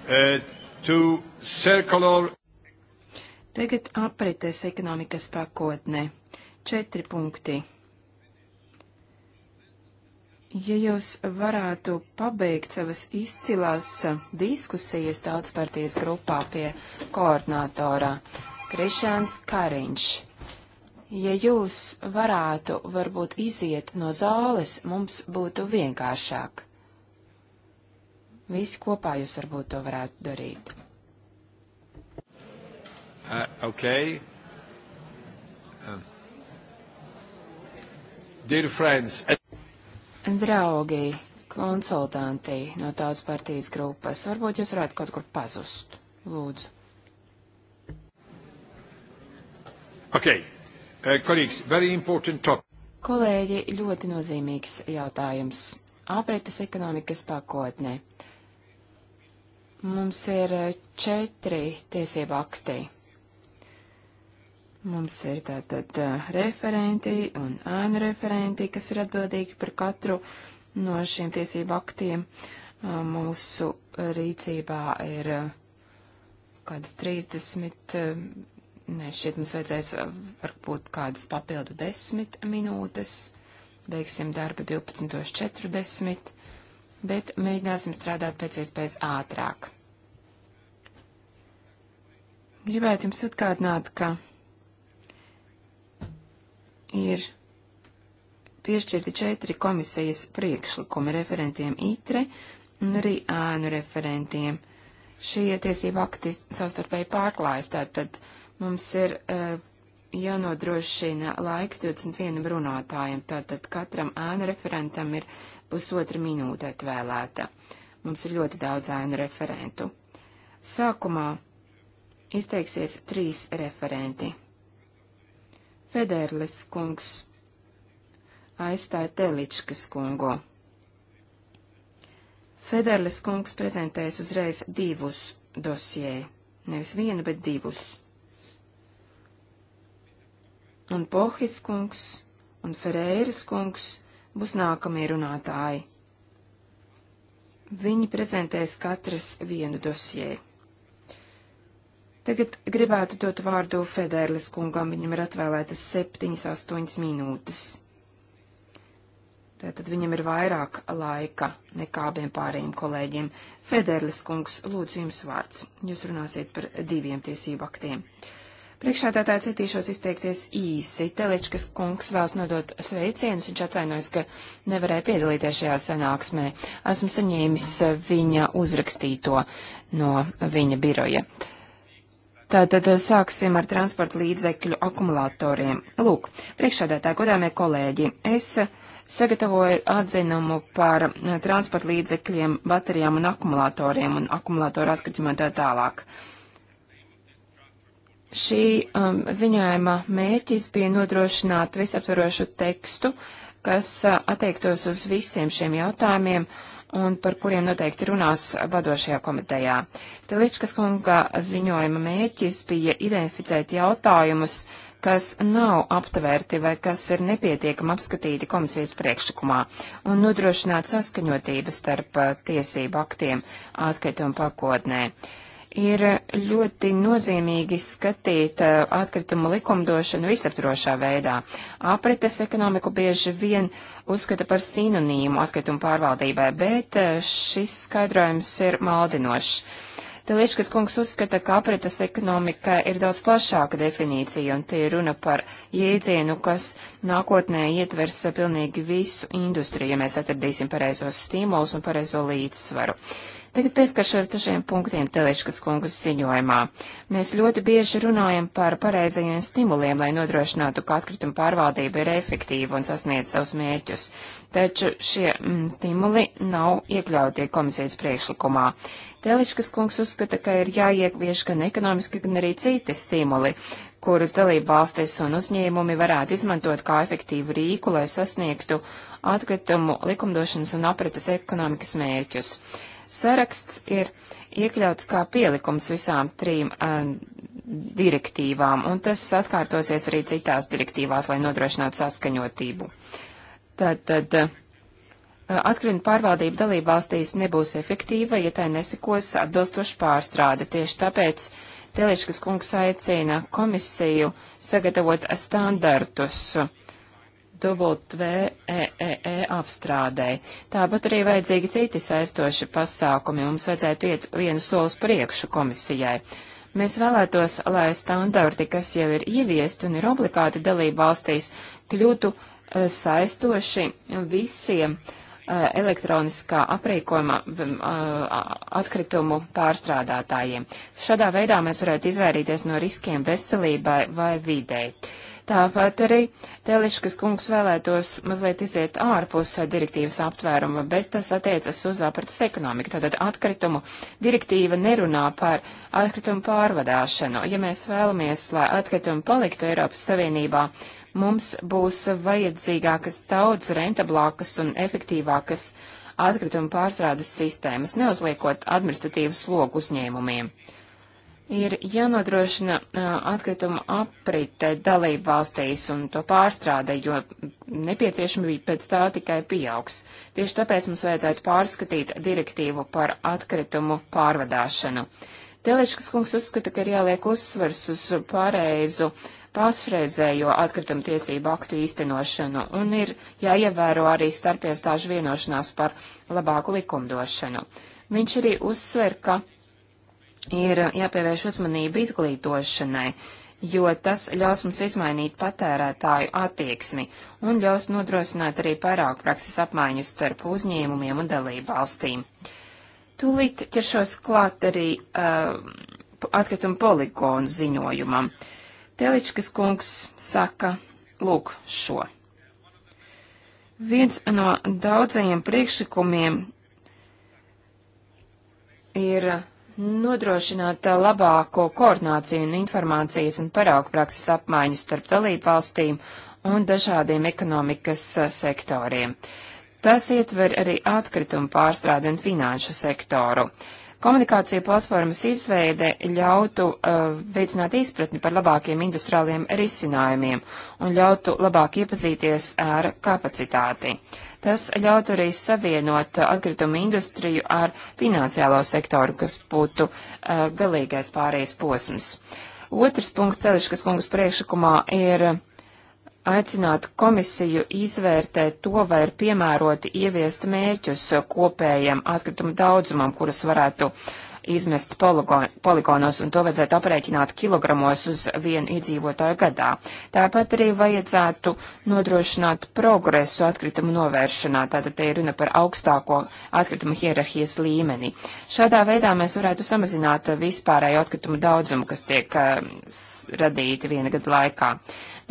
[SPEAKER 1] uh, to circular.
[SPEAKER 3] Tagad aprites ekonomikas pakotne. Četri punkti. Ja jūs varētu pabeigt savas izcilās diskusijas daudzpartijas grupā pie koordinātorā Krišāns Kariņš. Ja jūs varētu varbūt iziet no zāles, mums būtu vienkāršāk. Visi kopā jūs varbūt to varētu darīt.
[SPEAKER 2] Uh, okay. Uh. Dear friends.
[SPEAKER 3] Draugi, konsultanti no tautas partijas grupas, varbūt jūs varētu kaut kur pazust. Lūdzu.
[SPEAKER 1] Okay. Uh, colleagues, very
[SPEAKER 2] important topic.
[SPEAKER 3] Kolēģi, ļoti nozīmīgs jautājums. Āpretes ekonomikas pakotnē. Uh, Mums ir eh, četri tiesību akti. Mums ir tātad eh, referenti un ēnu referenti, kas ir atbildīgi par katru no šiem tiesību aktiem. Eh, mūsu rīcībā ir kādas 30, ne, šķiet mums vajadzēs varbūt kādas papildu 10 minūtes. Beigsim darbu 12.40 bet mēģināsim strādāt pēc iespējas ātrāk. Gribētu jums atkārtināt, ka ir piešķirti četri komisijas priekšlikumi referentiem ITRE un arī ēnu referentiem. Šie tiesību akti savstarpēji pārklājas, tātad mums ir uh, jānodrošina laiks 21 runātājiem, tātad katram ēnu referentam ir pusotra minūte atvēlēta. Mums ir ļoti daudz ēnu referentu. Sākumā izteiksies trīs referenti. Federlis kungs aizstāja Teličkas kungu. Federlis kungs prezentēs uzreiz divus dosjē, nevis vienu, bet divus un Pohis kungs un Ferēras kungs būs nākamie runātāji. Viņi prezentēs katras vienu dosjē. Tagad gribētu dot vārdu Federlis kungam, viņam ir atvēlētas 7-8 minūtes. Tātad viņam ir vairāk laika nekā abiem pārējiem kolēģiem. Federlis kungs, lūdzu jums vārds. Jūs runāsiet par diviem tiesību aktiem. Uh, Priekšādātāji centīšos izteikties īsi. Teličkas kungs vēlas nodot sveicienus, viņš atvainojas, ka nevarēja piedalīties šajā sanāksmē. Esmu saņēmis viņa uzrakstīto no viņa biroja. Tātad sāksim ar transporta līdzekļu akumulatoriem. Lūk, priekšādētāji, godāmie kolēģi, es sagatavoju atzinumu par transporta līdzekļiem, baterijām un akumulatoriem un akumulatoru atkritumiem tā tālāk. Uh, Šī um, ziņojuma mērķis bija nodrošināt visaptvarošu tekstu, kas uh, attiektos uz visiem šiem jautājumiem un par kuriem noteikti runās vadošajā komitejā. Teličkas kunga ziņojuma mērķis bija identificēt jautājumus, kas nav aptvērti vai kas ir nepietiekami apskatīti komisijas priekšlikumā, un nodrošināt saskaņotību starp uh, tiesību aktiem atkritumu pakotnē. Uh, ir ļoti nozīmīgi skatīt uh, atkritumu likumdošanu visaptrošā veidā. Aprites ekonomiku bieži vien uzskata par sinonīmu atkritumu pārvaldībai, bet uh, šis skaidrojums ir maldinošs. Teliškas kungs uzskata, ka aprites ekonomika ir daudz plašāka definīcija, un tie runa par jēdzienu, kas nākotnē ietvers pilnīgi visu industriju, ja mēs atradīsim pareizos stimulus un pareizo līdzsvaru. Uh, Tagad pieskaršos dažiem punktiem Teliškas kungas ziņojumā. Mēs ļoti bieži runājam par pareizajiem stimuliem, lai nodrošinātu, ka atkrituma pārvaldība ir efektīva un sasniedz savus mērķus, taču šie mm, stimuli nav iekļauti komisijas priekšlikumā. Teliškas kungs uzskata, ka ir jāiekvieš gan ekonomiski, gan arī citi stimuli, kurus dalību valstis un uzņēmumi varētu izmantot kā efektīvu rīku, lai sasniegtu atkritumu likumdošanas un apretes ekonomikas mērķus. Saraksts ir iekļauts kā pielikums visām trim uh, direktīvām, un tas atkārtosies arī citās direktīvās, lai nodrošinātu saskaņotību. Tad, tad uh, atkrituma pārvaldība dalībvalstīs nebūs efektīva, ja tai nesekos atbilstoši pārstrāde. Tieši tāpēc Teliškas kungs aicina komisiju sagatavot standartus uh, WEEE e e apstrādē. Tāpat arī vajadzīgi citi saistoši pasākumi. Mums vajadzētu iet vienu solis priekšu komisijai. Mēs vēlētos, lai standarti, kas jau ir ieviesti un ir obligāti dalība valstīs, kļūtu eh, saistoši visiem uh, Eh, elektroniskā aprīkojuma mm, eh, atkritumu pārstrādātājiem. Šādā veidā mēs varētu izvairīties no riskiem veselībai vai videi. Tāpat arī Teliškas kungs vēlētos mazliet iziet ārpus direktīvas aptvēruma, bet tas attiecas uz apratas ekonomiku. Tātad atkritumu direktīva nerunā par atkritumu pārvadāšanu. Ja mēs vēlamies, lai atkritumi paliktu Eiropas Savienībā, uh, mums būs vajadzīgākas daudz rentablākas un efektīvākas atkrituma pārstrādes sistēmas, neuzliekot administratīvu slogu uzņēmumiem. Ir jānodrošina uh, atkrituma aprite dalību valstīs un to pārstrāde, jo nepieciešamība pēc tā tikai pieaugs. Tieši tāpēc mums vajadzētu pārskatīt direktīvu par atkritumu pārvadāšanu. Telečkas kungs uzskata, ka ir jāliek uzsvers uz pareizu uh, pašreizējo atkritumu tiesību aktu īstenošanu un ir jāievēro arī starpiestāžu vienošanās par labāku likumdošanu. Viņš arī uzsver, ka ir jāpievērš uzmanība izglītošanai, jo tas ļaus mums izmainīt patērētāju attieksmi un ļaus nodrošināt arī pārāk prakses apmaiņu starp uzņēmumiem un dalību valstīm. Tūlīt ķeršos klāt arī uh, atkrituma poligonu ziņojumam. Teličkas kungs saka, lūk, šo. Viens no daudzajiem priekšlikumiem ir nodrošināt labāko koordināciju un informācijas un paraugu prakses apmaiņu starp dalību valstīm un dažādiem ekonomikas sektoriem. Tas ietver arī atkritumu pārstrādi un finanšu sektoru. Uh, Komunikācija platformas izveide ļautu uh, veicināt izpratni par labākiem industriāliem risinājumiem un ļautu labāk iepazīties ar kapacitāti. Tas ļautu arī savienot atkritumu industriju ar finansiālo sektoru, kas būtu uh, galīgais pārējais posms. Otrs punkts Celiškas kungas priekšlikumā ir aicināt komisiju izvērtēt to, vai ir piemēroti ieviest mērķus kopējiem atkritumu daudzumam, kurus varētu izmest poligonos, un to vajadzētu aprēķināt kilogramos uz vienu iedzīvotāju gadā. Tāpat arī vajadzētu nodrošināt progresu atkritumu novēršanā, tātad te ir runa par augstāko atkritumu hierarhijas līmeni. Šādā veidā mēs varētu samazināt vispārēju atkritumu daudzumu, kas tiek uh, radīti viena gada laikā.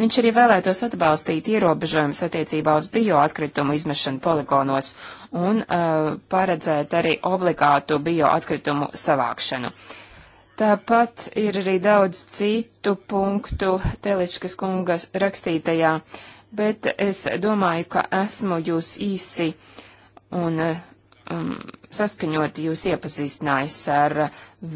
[SPEAKER 3] Viņš arī vēlētos atbalstīt ierobežojumus attiecībā uz bioatkritumu izmešanu poligonos un uh, paredzēt arī obligātu bioatkritumu savākšanu. Tāpat ir arī daudz citu punktu Teličkas kungas rakstītajā, bet es domāju, ka esmu jūs īsi un uh, um, saskaņoti jūs iepazīstinājis ar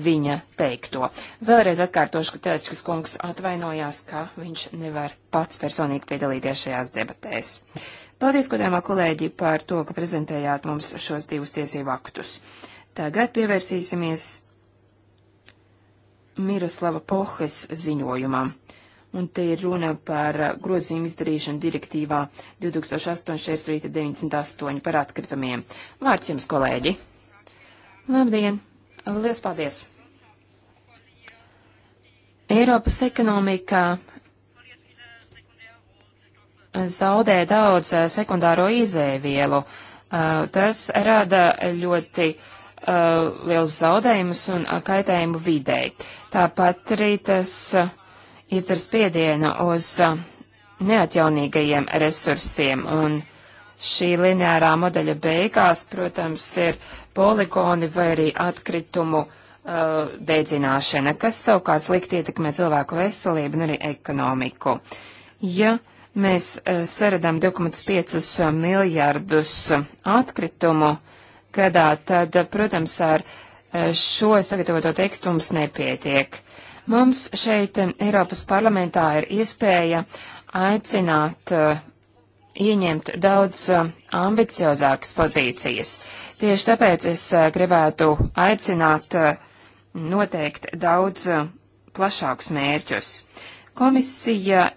[SPEAKER 3] viņa teikto. Vēlreiz atkārtošu, ka Telečkas kungs atvainojās, ka viņš nevar pats personīgi piedalīties šajās debatēs. Paldies, godāmā kolēģi, par to, ka prezentējāt mums šos divus tiesību aktus. Tagad pievērsīsimies Miroslava Pohes ziņojumam un te ir runa par uh, grozījumu izdarīšanu direktīvā 2008.6.98 par atkritumiem. Vārds jums, kolēģi! Labdien! Lielas paldies! Eiropas ekonomika zaudē daudz uh, sekundāro izēvielu. Uh, tas rada ļoti liels zaudējumus un kaitējumu videi. Tāpat arī tas uh, izdara spiedienu uz neatjaunīgajiem resursiem, un šī lineārā modeļa beigās, protams, ir poligoni vai arī atkritumu uh, dēdzināšana, kas savukārt slikti ietekmē cilvēku veselību un arī ekonomiku. Ja mēs uh, saredam 2,5 miljārdus atkritumu gadā, tad, protams, ar šo sagatavoto tekstu mums nepietiek. Uh, Mums šeit eh, Eiropas parlamentā ir iespēja aicināt eh, ieņemt daudz eh, ambiciozākas pozīcijas. Tieši tāpēc es gribētu aicināt noteikt daudz plašākus mērķus. Komisija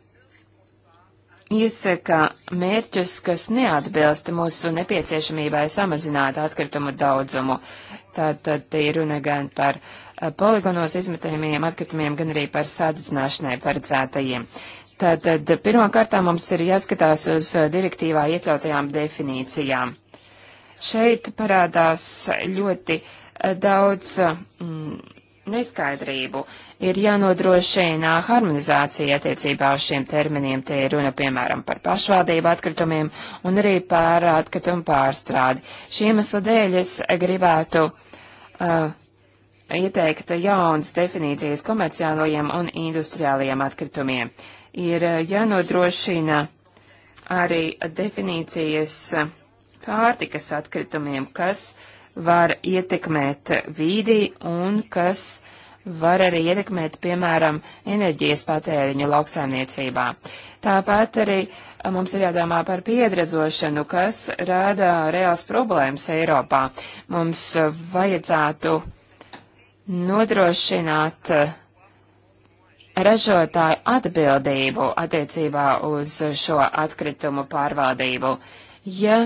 [SPEAKER 3] iesaka mērķus, kas neatbilst mūsu nepieciešamībai samazināt atkritumu daudzumu. Tātad te ir runa gan par eh, poligonos izmetamiem atkritumiem, gan arī par sādedzināšanai paredzētajiem. Tātad pirmkārtā mums ir jāskatās uz eh, direktīvā iekļautajām definīcijām. Šeit parādās ļoti eh, daudz mm, neskaidrību ir jānodrošina harmonizācija attiecībā uz šiem terminiem. Te ir runa, piemēram, par pašvaldību atkritumiem un arī par atkritumu pārstrādi. Šī iemesla dēļ es gribētu uh, ieteikt jaunas definīcijas komerciālajiem un industriālajiem atkritumiem. Ir uh, jānodrošina arī definīcijas pārtikas atkritumiem, kas var ietekmēt vīdi un kas uh, var arī ietekmēt, piemēram, enerģijas patēriņu lauksaimniecībā. Tāpat arī mums ir jādomā par piedrazošanu, kas rada reāls problēmas Eiropā. Mums vajadzētu nodrošināt ražotāju atbildību attiecībā uz šo atkritumu pārvaldību. Ja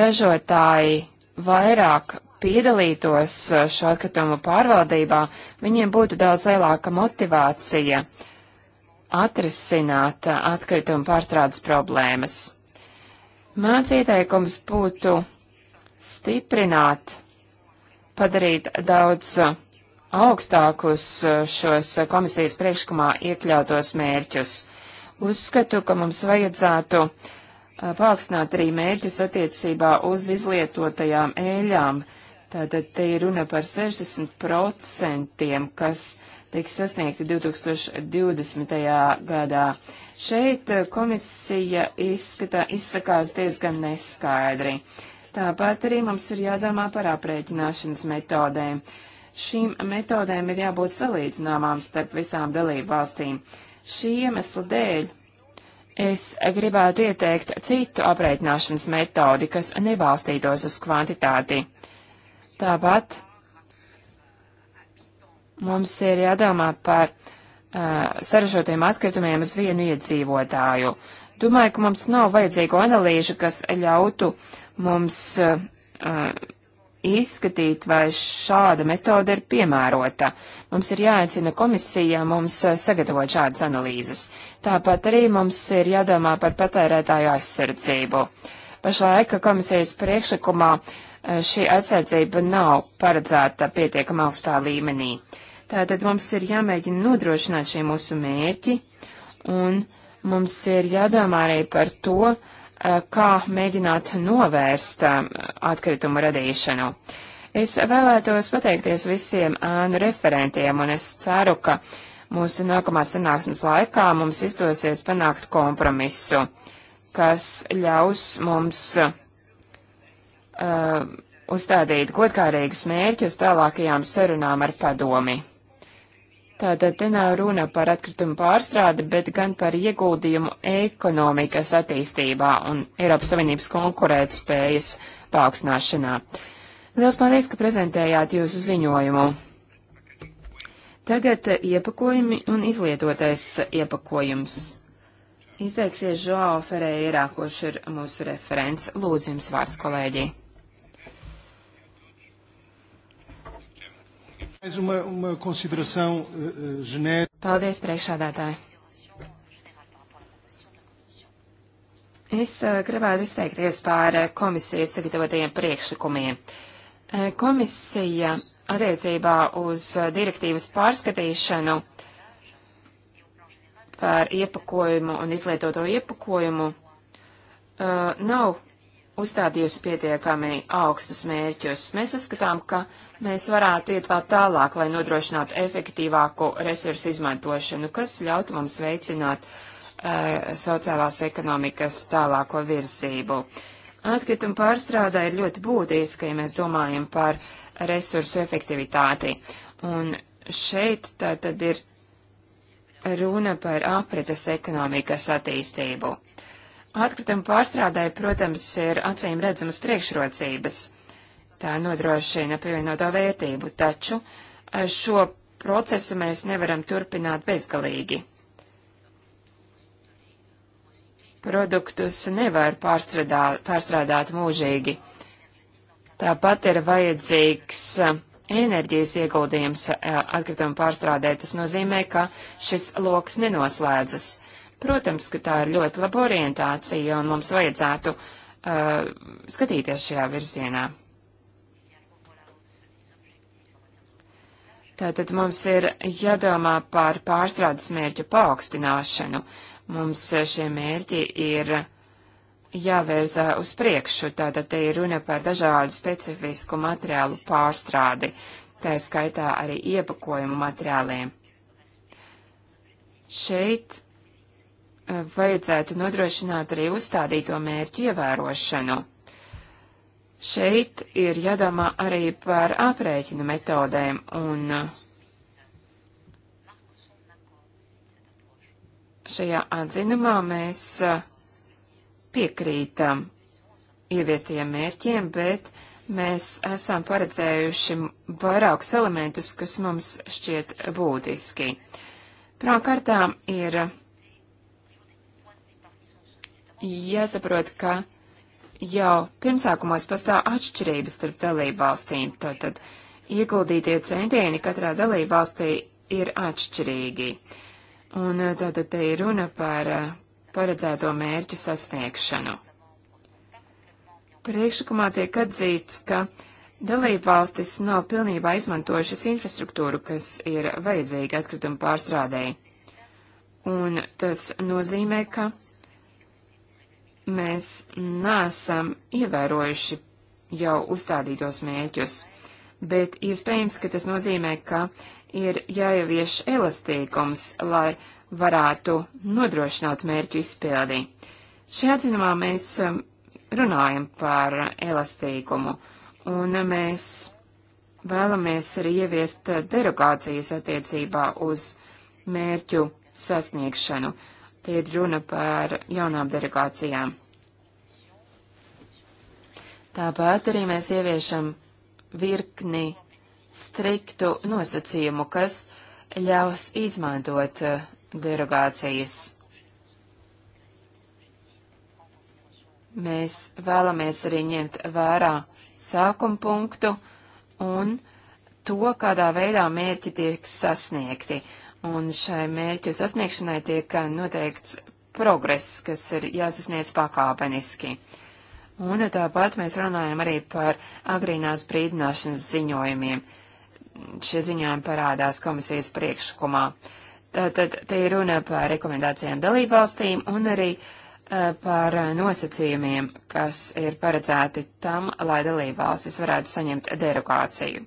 [SPEAKER 3] ražotāji vairāk piedalītos eh, šo atkritumu pārvaldībā, viņiem būtu daudz lielāka motivācija atrisināt eh, atkritumu pārstrādes problēmas. Mans ieteikums būtu stiprināt, padarīt daudz eh, augstākus šos komisijas priekšlikumā iekļautos mērķus. Uzskatu, ka mums vajadzētu uh, paaugstināt arī mērķus attiecībā uz izlietotajām ēļām, Tātad te ir runa par 60%, kas tiks sasniegti 2020. gadā. Šeit eh, komisija izskatā, izsakās diezgan neskaidri. Tāpat arī mums ir jādomā par aprēķināšanas metodēm. Šīm metodēm ir jābūt salīdzināmām starp visām dalību valstīm. Šī iemesla dēļ es gribētu ieteikt citu aprēķināšanas metodi, kas nebalstītos uz kvantitāti. Uh, Tāpat mums ir jādomā par uh, sarežotiem atkritumiem uz vienu iedzīvotāju. Domāju, ka mums nav vajadzīgu analīžu, kas ļautu mums uh, izskatīt, vai šāda metode ir piemērota. Mums ir jāaicina komisija mums sagatavot šādas analīzes. Tāpat arī mums ir jādomā par patērētāju aizsardzību. Pašlaika komisijas priekšlikumā uh, Eh, šī aizsardzība nav paredzēta pietiekam augstā līmenī. Tātad mums ir jāmēģina nodrošināt šie mūsu mērķi, un mums ir jādomā arī par to, eh, kā mēģināt novērst eh, atkritumu radīšanu. Es vēlētos pateikties visiem ēnu referentiem, un es ceru, ka mūsu nākamās sanāksmes laikā mums izdosies panākt kompromisu, kas ļaus mums uh, uh, uzstādīt godkārīgus mērķus tālākajām sarunām ar padomi. Tātad te nav runa par atkritumu pārstrādi, bet gan par ieguldījumu ekonomikas attīstībā un Eiropas Savienības konkurētspējas paaugstināšanā. Liels paldies, ka prezentējāt jūsu ziņojumu. Tagad iepakojumi un izlietotais iepakojums. Izteiksies Žoā Ferreira, kurš ir mūsu referents. Lūdzu jums vārds, kolēģi.
[SPEAKER 1] Eh, eh,
[SPEAKER 3] Paldies, priekšādātāji! Es eh, gribētu izteikties par komisijas sagatavotajiem priekšlikumiem. Komisija attiecībā uz direktīvas pārskatīšanu par iepakojumu un izlietoto iepakojumu nav uzstādījusi pietiekami augstus mērķus. Mēs uzskatām, ka mēs varētu iet vēl tālāk, lai nodrošinātu efektīvāku resursu izmantošanu, kas ļautu mums veicināt e, sociālās ekonomikas tālāko virzību. Atkrituma pārstrādā ir ļoti būtiska, ja mēs domājam par resursu efektivitāti. Un šeit tā tad ir runa par aprites ekonomikas attīstību. Atkritumu pārstrādē, protams, ir acīm redzamas priekšrocības. Tā nodrošina pievienoto vērtību, taču eh, šo procesu mēs nevaram turpināt bezgalīgi. Produktus nevar pārstrādāt, pārstrādāt mūžīgi. Tāpat ir vajadzīgs eh, enerģijas ieguldījums eh, atkritumu pārstrādē. Tas nozīmē, ka šis loks nenoslēdzas. Protams, ka tā ir ļoti laba orientācija un mums vajadzētu uh, skatīties šajā virzienā. Tātad mums ir jādomā par pārstrādes mērķu paaugstināšanu. Mums šie mērķi ir jāvērza uz priekšu, tātad te ir runa par dažādu specifisku materiālu pārstrādi, tā skaitā arī iepakojumu materiāliem. Šeit vajadzētu nodrošināt arī uzstādīto mērķu ievērošanu. Šeit ir jādomā arī par aprēķinu metodēm un uh, šajā atzinumā mēs uh, piekrītam ieviestajiem mērķiem, bet mēs esam paredzējuši vairākus elementus, kas mums šķiet būtiski. Pirmkārtām ir jāsaprot, ka jau pirmsākumos pastāv atšķirības starp dalību valstīm, tātad ieguldītie centieni katrā dalību valstī ir atšķirīgi. Un eh, tātad te ir runa par eh, paredzēto mērķu sasniegšanu. Priekšlikumā tiek atzīts, ka dalību valstis nav pilnībā izmantojušas infrastruktūru, kas ir vajadzīga atkrituma pārstrādēji. Un tas nozīmē, ka mēs nesam ievērojuši jau uzstādītos mēķus, bet iespējams, ka tas nozīmē, ka ir jāievieš elastīgums, lai varētu nodrošināt mērķu izpildi. Šajā zinumā mēs um, runājam par elastīgumu, un mēs vēlamies arī ieviest derogācijas attiecībā uz mērķu sasniegšanu. Tie ir runa par jaunām derogācijām. Tāpat arī mēs ieviešam virkni striktu nosacījumu, kas ļaus izmantot eh, derogācijas. Mēs vēlamies arī ņemt vērā sākuma punktu un to, kādā veidā mērķi tiek sasniegti. Un šai mērķu sasniegšanai tiek eh, noteikts progress, kas ir jāsasniedz pakāpeniski. Uh, Un tāpat mēs runājam arī par agrīnās brīdināšanas ziņojumiem. Šie ziņojumi parādās komisijas priekšlikumā. Tātad te ir runa par rekomendācijām dalībvalstīm un arī uh, par nosacījumiem, kas ir paredzēti tam, lai dalībvalstis varētu saņemt derogāciju.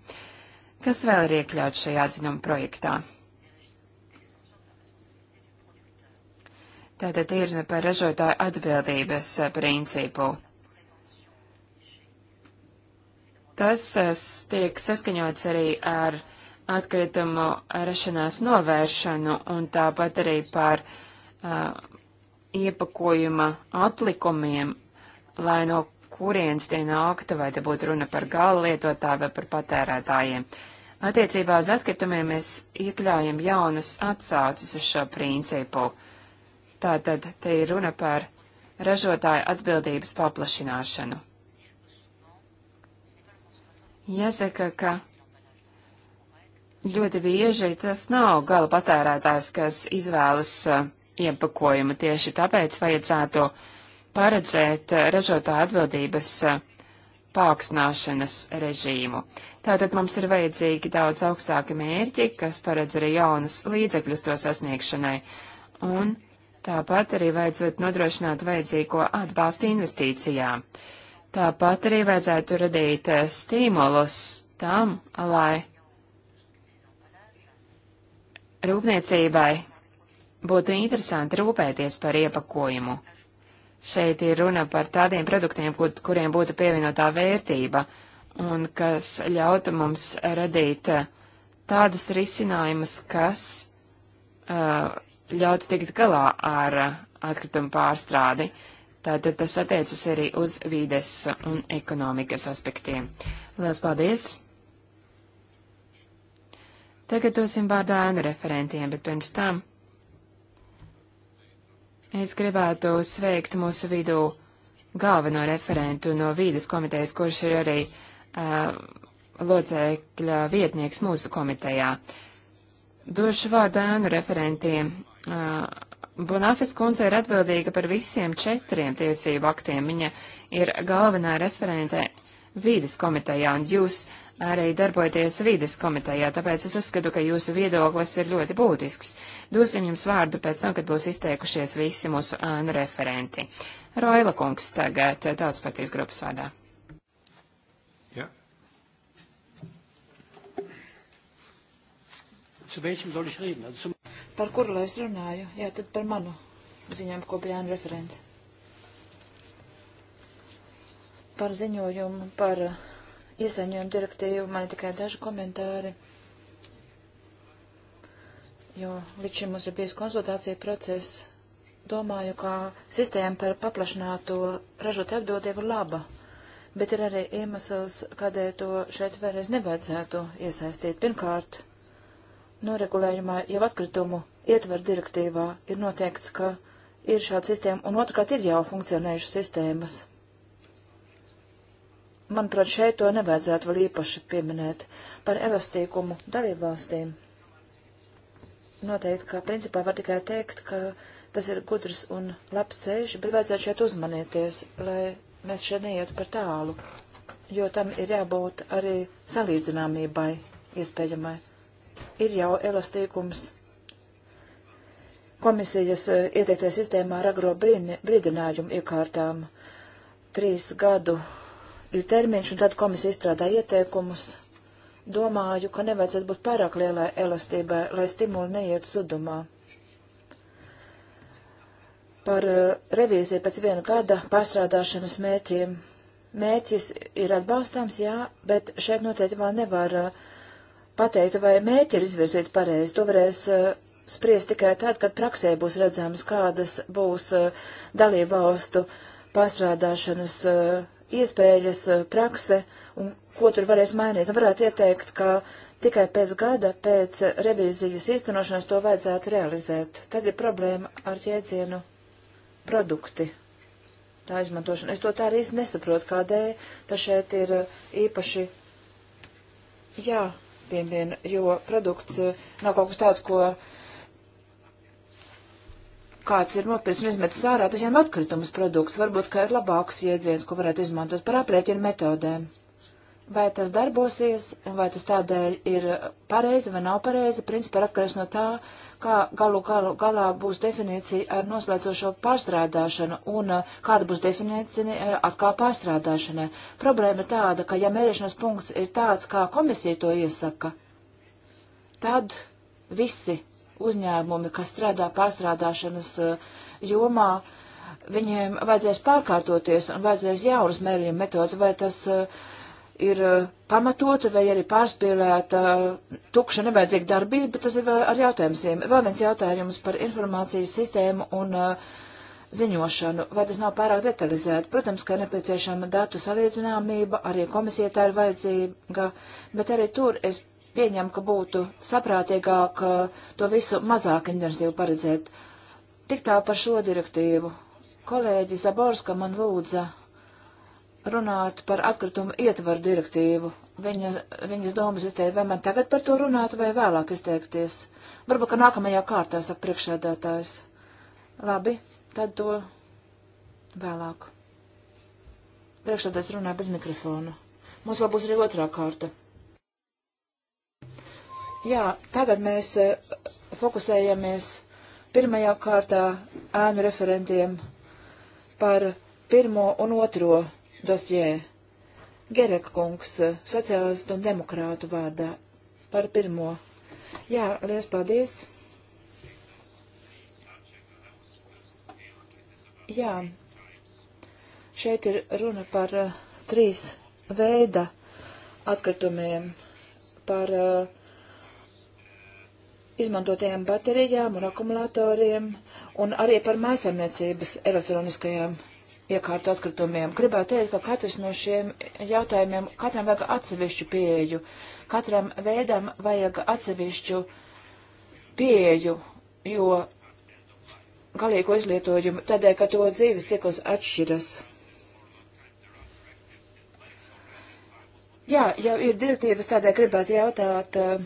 [SPEAKER 3] Kas vēl ir iekļauts šajā atzinuma projektā? Tātad ir runa par ražotāju atbildības eh, principu Tas eh, tiek saskaņots arī ar atkritumu rašanās novēršanu un tāpat arī par uh, iepakojuma atlikumiem, lai no kurienes tie nāktu, vai te būtu runa par gala lietotāju vai par patērētājiem. Attiecībā uz atkritumiem mēs iekļaujam jaunas atsaucis uz šo principu. Tātad te ir runa par ražotāju atbildības paplašināšanu. Jāsaka, ka ļoti bieži tas nav gala patērētājs, kas izvēlas uh, iepakojumu. Tieši tāpēc vajadzētu paredzēt uh, ražotāja atbildības uh, pāksnāšanas režīmu. Tātad mums ir vajadzīgi daudz augstāki mērķi, kas paredz arī jaunus līdzekļus to sasniegšanai, un tāpat arī vajadzētu nodrošināt vajadzīgo atbalstu investīcijām. Uh, Tāpat arī vajadzētu radīt eh, stīmulus tam, lai rūpniecībai būtu interesanti rūpēties par iepakojumu. Šeit ir runa par tādiem produktiem, kur, kuriem būtu pievienotā vērtība un kas ļautu mums radīt eh, tādus risinājumus, kas uh, ļautu tikt galā ar atkritumu pārstrādi. Uh, Tātad tas attiecas arī uz vīdes un ekonomikas aspektiem. Lielas paldies! Tagad dosim vārdu ēnu referentiem, bet pirms tam es gribētu sveikt mūsu vidū galveno referentu no vīdes komitejas, kurš ir arī uh, locekļa vietnieks mūsu komitejā. Došu vārdu ēnu referentiem. Uh, Bonafis kundze ir atbildīga par visiem četriem tiesību aktiem. Viņa ir galvenā referente vīdes komitejā, un jūs arī darbojaties vīdes komitejā, tāpēc es uzskatu, ka jūsu viedoklis ir ļoti būtisks. Dosim jums vārdu pēc tam, kad būs izteikušies visi mūsu ānu referenti. Roila kungs tagad tāds patīs grupas vārdā.
[SPEAKER 2] Ja. Zu welchem soll ich reden? Also zum
[SPEAKER 1] Par kuru lai es runāju? Jā, tad par manu ziņām, ko bija referents. Par ziņojumu, par uh, iesaņojumu direktīvu man ir tikai daži komentāri. Jo līdz šim mums ir bijis konsultācija process. Domāju, ka sistēma par paplašināto ražotu atbildību ir laba, bet ir arī iemesls, kādēļ to šeit vēlreiz nevajadzētu iesaistīt. Pirmkārt, noregulējumā jau atkritumu ietver direktīvā ir noteikts, ka ir šāda sistēma, un otrkārt ir jau funkcionējušas sistēmas. Manuprāt, šeit to nevajadzētu vēl īpaši pieminēt par elastīkumu dalībvalstīm. Noteikti, ka principā var tikai teikt, ka tas ir gudrs un labs ceļš, bet vajadzētu šeit uzmanieties, lai mēs šeit neietu par tālu, jo tam ir jābūt arī salīdzināmībai iespējamai ir jau elastīgums. Komisijas eh, ieteiktajā sistēmā ar agro brīdinājumu iekārtām trīs gadu ir termiņš, un tad komisija izstrādā ieteikumus. Domāju, ka nevajadzētu būt pārāk lielai elastībai, lai stimuli neiet zudumā. Par eh, revīziju pēc viena gada pārstrādāšanas mēķiem. Mēķis ir atbalstāms, jā, bet šeit noteikti vēl nevar uh, pateikt, vai mērķi ir izvirzīti pareizi. To varēs uh, spriest tikai tad, kad praksē būs redzams, kādas būs uh, dalībvalstu pārstrādāšanas uh, eh, iespējas, prakse un ko tur varēs mainīt. Un nu, varētu ieteikt, ka tikai pēc gada, pēc revīzijas īstenošanas to vajadzētu realizēt. Tad ir problēma ar jēdzienu produkti. Tā izmantošana. Es to tā arī nesaprotu, kādēļ. Tas šeit ir īpaši, jā, jāpiemina, jo produkts eh, nav kaut kas tāds, ko kāds ir nopircis un izmetis ārā, tas jau ir atkritumas produkts. Varbūt, ka ir labāks jēdziens, ko varētu izmantot par aprēķinu metodēm. Vai tas darbosies, vai tas tādēļ ir pareizi vai nav pareizi, principā atkarīgs no tā, kā galu, galu galā būs definīcija ar noslēdzošo pārstrādāšanu un uh, kāda būs definīcija uh, atkal pārstrādāšanai. Problēma ir tāda, ka ja mērīšanas punkts ir tāds, kā komisija to iesaka, tad visi uzņēmumi, kas strādā pārstrādāšanas uh, jomā, viņiem vajadzēs pārkārtoties un vajadzēs jaunas mērījuma metodas, vai tas uh, ir eh, pamatota vai arī pārspīlēta eh, tukša nevajadzīga darbība, bet tas ir vēl ar jautājumiem. Vēl viens jautājums par informācijas sistēmu un uh, ziņošanu, vai tas nav pārāk detalizēti. Protams, ka ir nepieciešama datu salīdzināmība, arī komisija tā ir vajadzīga, bet arī tur es pieņemu, ka būtu saprātīgāk to visu mazāk intensīvi paredzēt. Tik tā par šo direktīvu. Kolēģi Zaborska man lūdza runāt par atkritumu ietvaru direktīvu. Viņa, viņas domas izteica, vai man tagad par to runāt, vai vēlāk izteikties. Varbūt, ka nākamajā kārtā saka priekšsēdētājs. Labi, tad to vēlāk. Priekšsēdētājs runā bez mikrofona. Mums vēl būs arī otrā kārta. Jā, tagad mēs eh, fokusējamies pirmajā kārtā ēnu referentiem par pirmo un otro dosjē. Gerek kungs, eh, sociālistu un demokrātu vārdā par pirmo. Jā, liels paldies. Jā, šeit ir runa par uh, trīs veida atkritumiem, par uh, izmantotajām baterijām un akumulatoriem un arī par mājasemniecības elektroniskajām iekārtu atkritumiem. Gribētu teikt, ka katrs no šiem jautājumiem, katram vajag atsevišķu pieeju, katram veidam vajag atsevišķu pieeju, jo galīgo izlietojumu tādēļ, ka to dzīves cikls atšķiras. Jā, jau ir direktīvas, tādēļ gribētu jautāt, eh,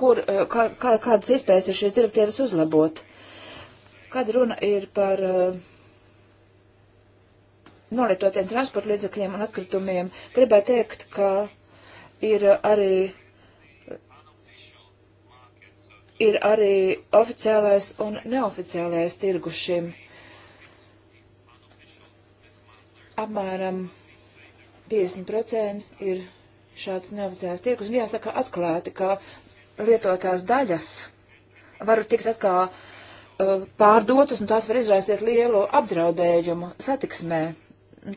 [SPEAKER 1] kur, eh, kā, kā, kādas iespējas ir šīs direktīvas uzlabot. Kad runa ir par uh, nolietotiem transporta līdzekļiem un atkritumiem, gribētu teikt, ka ir arī, ir arī oficiālais un neoficiālais tirgus šim. Apmēram 50% ir šāds neoficiāls tirgus. Un jāsaka atklāti, ka lietotās daļas var tikt atkal uh, pārdotas, un tās var izraisīt lielu apdraudējumu satiksmē.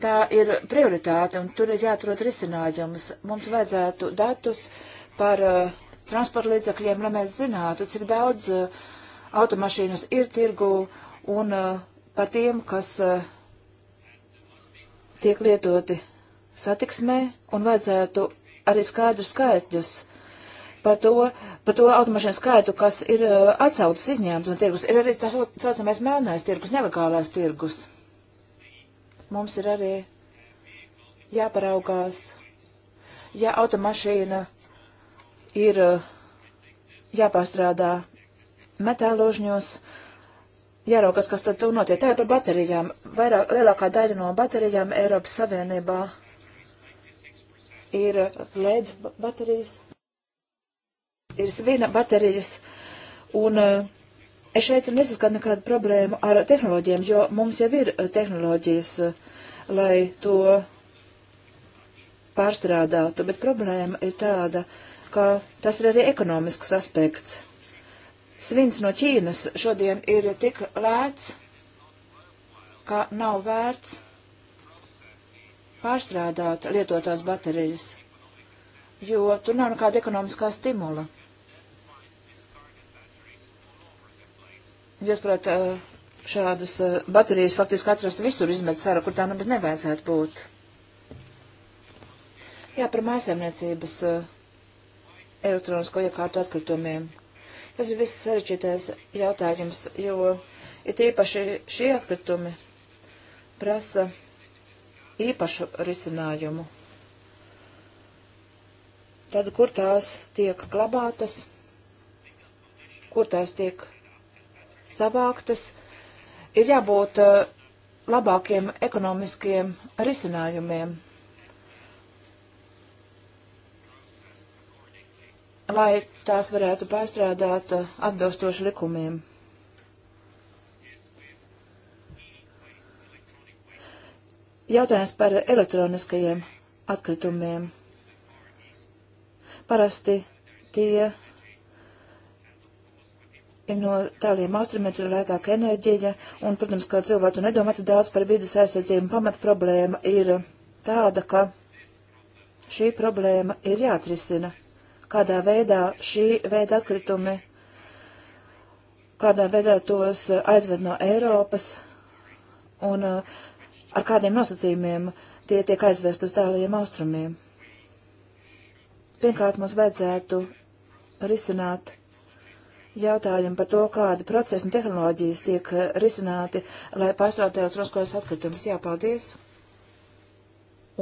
[SPEAKER 1] Tā ir prioritāte, un tur ir jāatrod risinājums. Mums vajadzētu datus par uh, transporta līdzakļiem, lai mēs zinātu, cik daudz uh, automašīnas ir tirgu un uh, par tiem, kas uh, tiek lietoti satiksmē, un vajadzētu arī skaidru skaitļus par to, par to automašīnu skaitu, kas ir eh, atsautas izņēmums no tirgus. Ir arī tā saucamais melnais tirgus, nelegālais tirgus. Mums ir arī jāparaugās, ja automašīna ir eh, jāpārstrādā metāložņos, jāraukas, kas tad tur notiek. Tā ir par baterijām. Vairāk, lielākā daļa no baterijām Eiropas Savienībā ir eh, LED baterijas ir viena baterijas, un eh, es šeit nesaskatu nekādu problēmu ar tehnoloģiem, jo mums jau ir eh, tehnoloģijas, eh, lai to pārstrādātu, bet problēma ir tāda, ka tas ir arī ekonomisks aspekts. Svins no Ķīnas šodien ir tik lēts, ka nav vērts pārstrādāt lietotās baterijas, jo tur nav nekāda ekonomiskā stimula. Jūs varat šādas baterijas faktiski atrast visur izmet sara, kur tā nemaz nevajadzētu būt. Jā, par mājasemniecības elektronisko iekārtu atkritumiem. Tas ir viss sarežģītais jautājums, jo ir īpaši šie atkritumi prasa īpašu risinājumu. Tad, kur tās tiek glabātas, kur tās tiek savāktas, ir jābūt eh, labākiem ekonomiskiem risinājumiem, lai tās varētu pārstrādāt eh, atbilstoši likumiem. Jautājums par elektroniskajiem atkritumiem. Parasti tie ir no tāliem austrumiem, tur ir lētāka enerģija, un, protams, kā cilvēku nedomāt daudz par vidas aizsardzību, pamat problēma ir tāda, ka šī problēma ir jāatrisina. Kādā veidā šī veida atkritumi, kādā veidā tos aizved no Eiropas, un uh, ar kādiem nosacījumiem tie tiek aizvest uz tālajiem austrumiem. Pirmkārt, mums vajadzētu risināt jautājumu par to, kādi procesi un tehnoloģijas tiek eh, risināti, lai pārstāvētu elektroniskos atkritumus. Jā, paldies.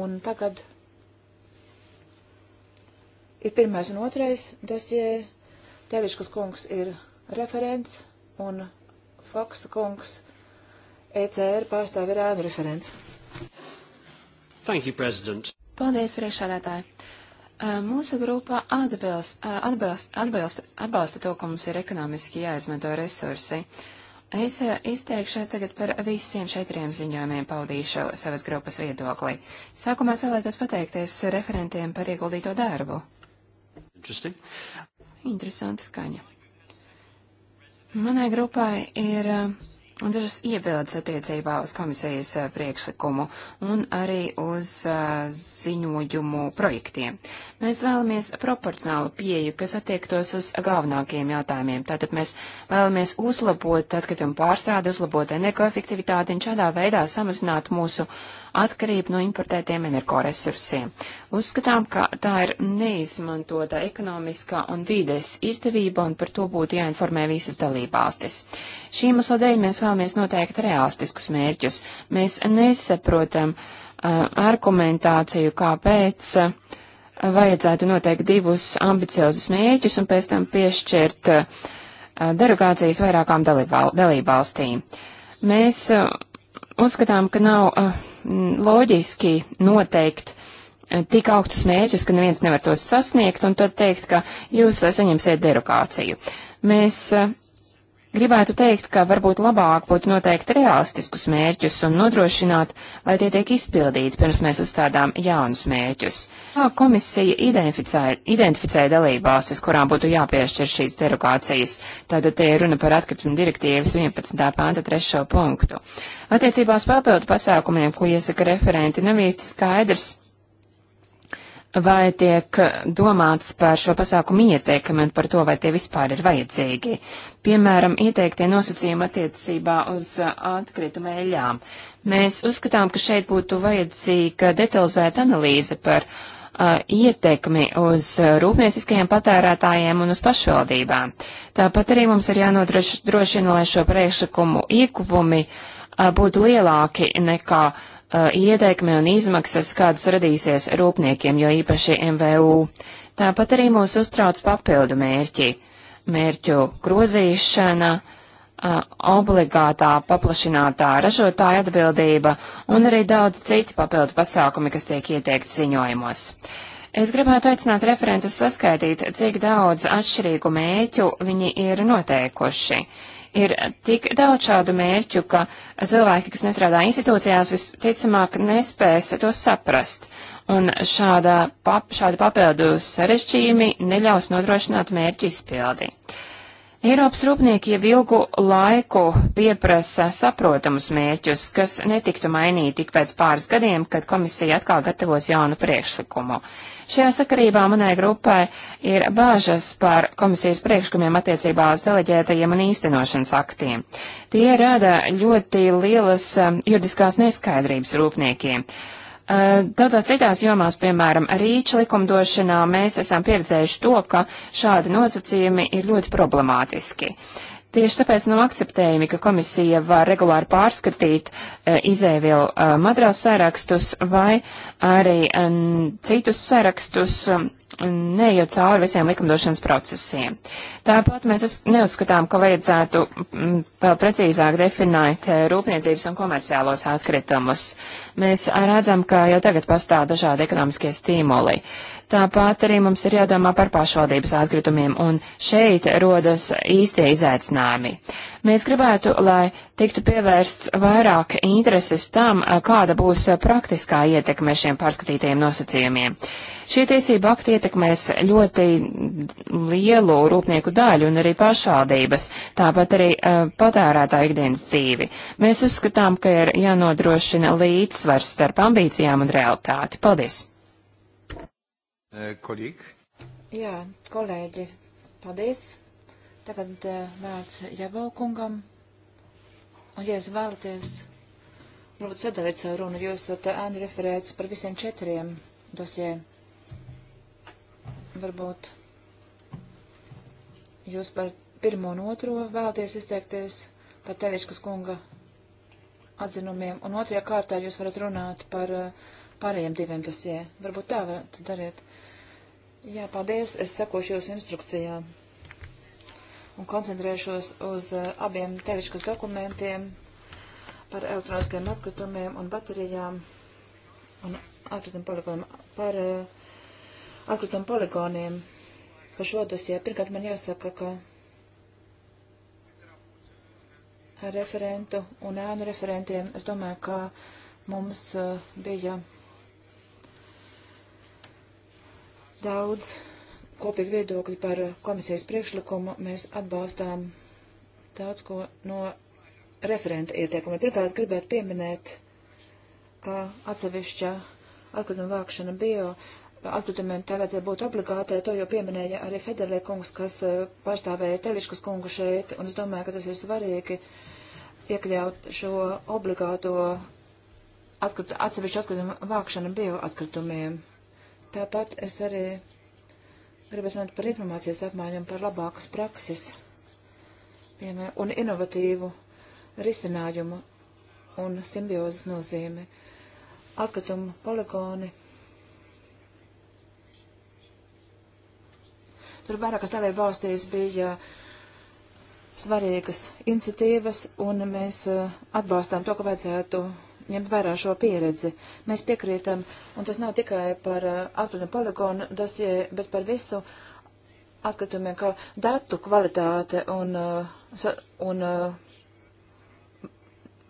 [SPEAKER 1] Un tagad ir pirmais un otrais dosie. Teviškas kungs ir referents un Foksa kungs ECR pārstāvi ir ēnu referents.
[SPEAKER 2] Thank you, President.
[SPEAKER 1] Paldies,
[SPEAKER 3] priekšsādātāji. Mūsu grupā atbilst, atbilst, atbilst, atbalsta to, ka mums ir ekonomiski jāizmanto resursi. Es izteikšos tagad par visiem četriem ziņojumiem, paudīšu savas grupas viedokli. Sākumā es vēlētos pateikties referentiem par ieguldīto darbu. Interesanti skaņa. Manai grupai ir dažas iebildes attiecībā uz komisijas eh, priekšlikumu un arī uz eh, ziņojumu projektiem. Mēs vēlamies proporcionālu pieju, kas attiektos uz galvenākajiem jautājumiem. Tātad mēs vēlamies uzlabot atkritumu pārstrādi, uzlabot energoefektivitāti un šādā veidā samazināt mūsu uh, atkarību no importētiem energoresursiem. Uzskatām, ka tā ir neizmantota ekonomiskā un vīdes izdevība, un par to būtu jāinformē visas dalībvalstis. Šī masla dēļ mēs vēlamies noteikt realistiskus mērķus. Mēs nesaprotam uh, argumentāciju, kāpēc. Uh, Vajadzētu noteikt divus ambiciozus mēģus un pēc tam piešķirt uh, derogācijas vairākām dalībvalstīm. Mēs uh, uzskatām, ka nav uh, loģiski noteikt uh, tik augstus mērķus, ka neviens nevar tos sasniegt, un tad teikt, ka jūs eh, saņemsiet derokāciju. Mēs uh, Gribētu teikt, ka varbūt labāk būtu noteikt realistiskus mērķus un nodrošināt, lai tie tiek izpildīti, pirms mēs uzstādām jaunus mērķus. Kā komisija identificēja identificē dalībvalstis, kurām būtu jāpiešķir šīs derogācijas, tātad te ir runa par atkrituma direktīvas 11. panta 3. punktu. Attiecībās papildu pasākumiem, ko iesaka referenti, nav īsti skaidrs, vai tiek domāts par šo pasākumu ieteikumu un par to, vai tie vispār ir vajadzīgi. Piemēram, ieteiktie nosacījumi attiecībā uz atkritumu eļām. Mēs uzskatām, ka šeit būtu vajadzīga detalizēta analīze par uh, ietekmi uz rūpnieciskajiem patērētājiem un uz pašvaldībām. Tāpat arī mums ir jānodrošina, lai šo priekšlikumu iekuvumi uh, būtu lielāki nekā uh, Uh, ieteikumi un izmaksas, kādas radīsies rūpniekiem, jo īpaši MVU. Tāpat arī mūs uztrauc papildu mērķi - mērķu grozīšana, uh, obligātā paplašinātā ražotāja atbildība un arī daudz citi papildu pasākumi, kas tiek ieteikti ziņojumos. Es gribētu aicināt referentus saskaitīt, cik daudz atšķirīgu mēķu viņi ir noteikuši. Uh, Ir tik daudz šādu mērķu, ka cilvēki, kas nestrādā institūcijās, visticamāk nespēs to saprast. Un šāda, pap, šāda papildu sarežģījumi neļaus nodrošināt mērķu izpildi. Eiropas rūpnieki jau ilgu laiku pieprasa saprotamus mērķus, kas netiktu mainīti tik pēc pāris gadiem, kad komisija atkal gatavos jaunu priekšlikumu. Šajā sakarībā manai grupai ir bāžas par komisijas priekšlikumiem attiecībā uz deleģētajiem un īstenošanas aktiem. Tie rada ļoti lielas um, juridiskās neskaidrības rūpniekiem. Uh, daudzās citās jomās, piemēram, rīča likumdošanā, mēs esam pieredzējuši to, ka šādi nosacījumi ir ļoti problemātiski. Uh, Tieši tāpēc nav akceptējami, ka komisija var regulāri pārskatīt e, izēvielu e, eh, madraus sērakstus vai arī e, citus sērakstus, neejot cauri visiem likumdošanas procesiem. Tāpat mēs uz, neuzskatām, ka vajadzētu m, mm, vēl precīzāk definēt rūpniecības un komerciālos atkritumus. Mēs redzam, ka jau tagad pastāv dažādi ekonomiskie stimuli. Tāpat arī mums ir jādomā par pašvaldības atkritumiem, un šeit rodas īstie izaicinājumi. Mēs gribētu, lai tiktu pievērsts vairāk intereses tam, kāda būs praktiskā ietekme šiem pārskatītajiem nosacījumiem. Šie tiesība akti ietekmēs ļoti lielu rūpnieku daļu un arī pašvaldības, tāpat arī uh, patērētāju ikdienas dzīvi. Mēs uzskatām, ka ir jānodrošina līdzsvars starp ambīcijām un realitāti. Paldies! Eh, kolīgi.
[SPEAKER 1] Jā, kolēģi, paldies. Tagad eh, vārds Javaukungam. Un, ja es vēlaties, varbūt sadalīt savu runu, jūs esat eh, Āni referēts par visiem četriem dosiem. Varbūt jūs par pirmo un otro vēlaties izteikties par Teliškas kunga atzinumiem, un otrajā kārtā jūs varat runāt par uh, pārējiem diviem dosjē. Varbūt tā varētu darīt. Jā, paldies, es sekošu jūsu instrukcijām un koncentrēšos uz uh, abiem tevišķas dokumentiem par elektroniskiem atkritumiem un baterijām un atkritumu poligoniem, par uh, eh, atkritumu poligoniem, par šo dosiju. Pirmkārt man jāsaka, ka ar referentu un ēnu referentiem, es domāju, ka mums uh, bija daudz kopīgi viedokļi par komisijas priekšlikumu. Mēs atbalstām daudz ko no referenta ieteikumiem. Pirmkārt, gribētu pieminēt, ka atsevišķa atkrituma vākšana bio atkritumiem tā vajadzēja būt obligātai. To jau pieminēja arī Federlē kungs, kas eh, pārstāvēja Teliškas kungu šeit, un es domāju, ka tas ir svarīgi iekļaut šo obligāto atkrit, atsevišķu atkritumu vākšanu bio atkritumiem. Tāpat es arī gribētu runāt par informācijas apmaiņu par labākas prakses piemēram, un inovatīvu risinājumu un simbiozes nozīmi. Atkritumu poligoni. Tur vairākas dalība valstīs bija uh, svarīgas iniciatīvas, un mēs uh, atbalstām to, ka vajadzētu ņemt vērā šo pieredzi. Mēs piekrītam, un tas nav tikai par uh, atkrituma poligonu, tas, bet par visu atkritumiem, ka datu kvalitāte un, uh, un uh,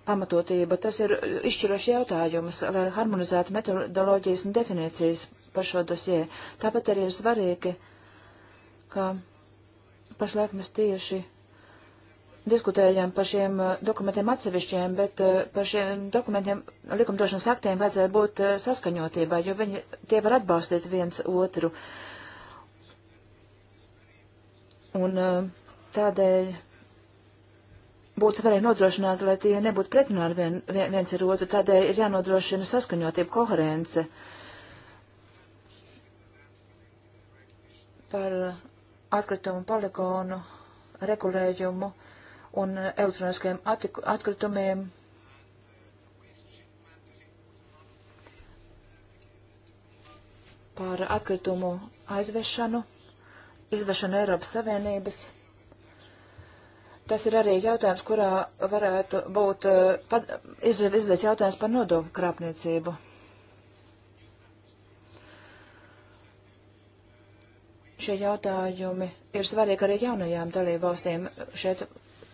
[SPEAKER 1] pamatotība, tas ir izšķiroši jautājums, lai harmonizētu metodoloģijas un definīcijas par šo dosie. Tāpat arī ir svarīgi, ka pašlaik mēs tieši diskutējām par šiem eh, dokumentiem atsevišķiem, bet eh, par šiem dokumentiem likumdošanas aktiem vajadzēja būt eh, saskaņotībā, jo viņi tie var atbalstīt viens otru. Un tādēļ būtu svarīgi nodrošināt, lai tie nebūtu pretinā ar vien, viens ar otru, tādēļ ir jānodrošina saskaņotība, koherence. Par atkritumu poligonu regulējumu. Uh, un elektroniskiem atkritumiem. par atkritumu aizvešanu, izvešanu Eiropas Savienības. Tas ir arī jautājums, kurā varētu būt uh, eh, izdevies jautājums par nodokļu krāpniecību. šie jautājumi ir svarīgi arī jaunajām dalībvalstīm. Šeit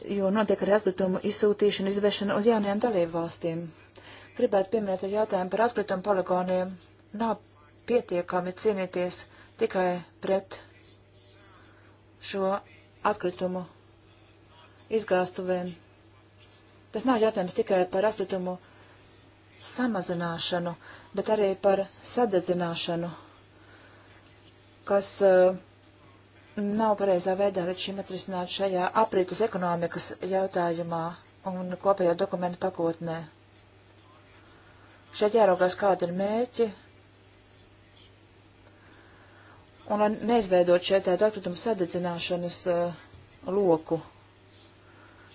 [SPEAKER 1] jo notiek arī atkritumu izsūtīšana, izvešana uz jaunajām dalību valstīm. Gribētu pieminēt ar jautājumu par atkritumu poligoniem. Nav pietiekami cīnīties tikai pret šo atkritumu izgāstuvēm. Tas nav jautājums tikai par atkritumu samazināšanu, bet arī par sadedzināšanu, kas uh, nav pareizā veidā līdz šim atrisināt šajā aprīkas ekonomikas jautājumā un kopējā dokumentu pakotnē. Šeit jāraugās, kāda ir mērķi, un lai neizveidot šeit tādu atkritumu sadedzināšanas uh, loku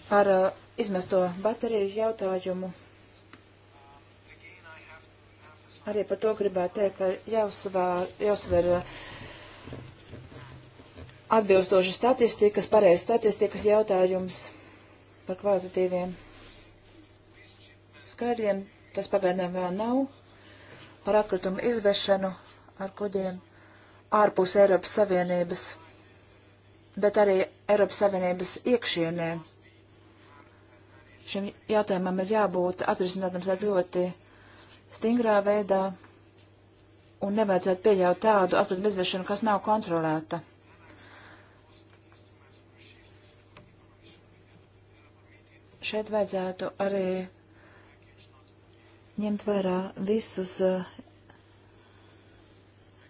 [SPEAKER 1] par uh, izmesto bateriju jautājumu. Arī par to gribētu teikt, ka jāuzsver, jāuzsver uh, atbilstoši statistikas, pareizi statistikas jautājums par kvalitatīviem skaidriem. Tas pagaidām vēl nav. Par atkritumu izvešanu ar kuģiem ārpus Eiropas Savienības, bet arī Eiropas Savienības iekšienē. Šim jautājumam ir jābūt atrisinātam ļoti stingrā veidā un nevajadzētu pieļaut tādu atkritumu izvešanu, kas nav kontrolēta. šeit vajadzētu arī ņemt vērā visus uh,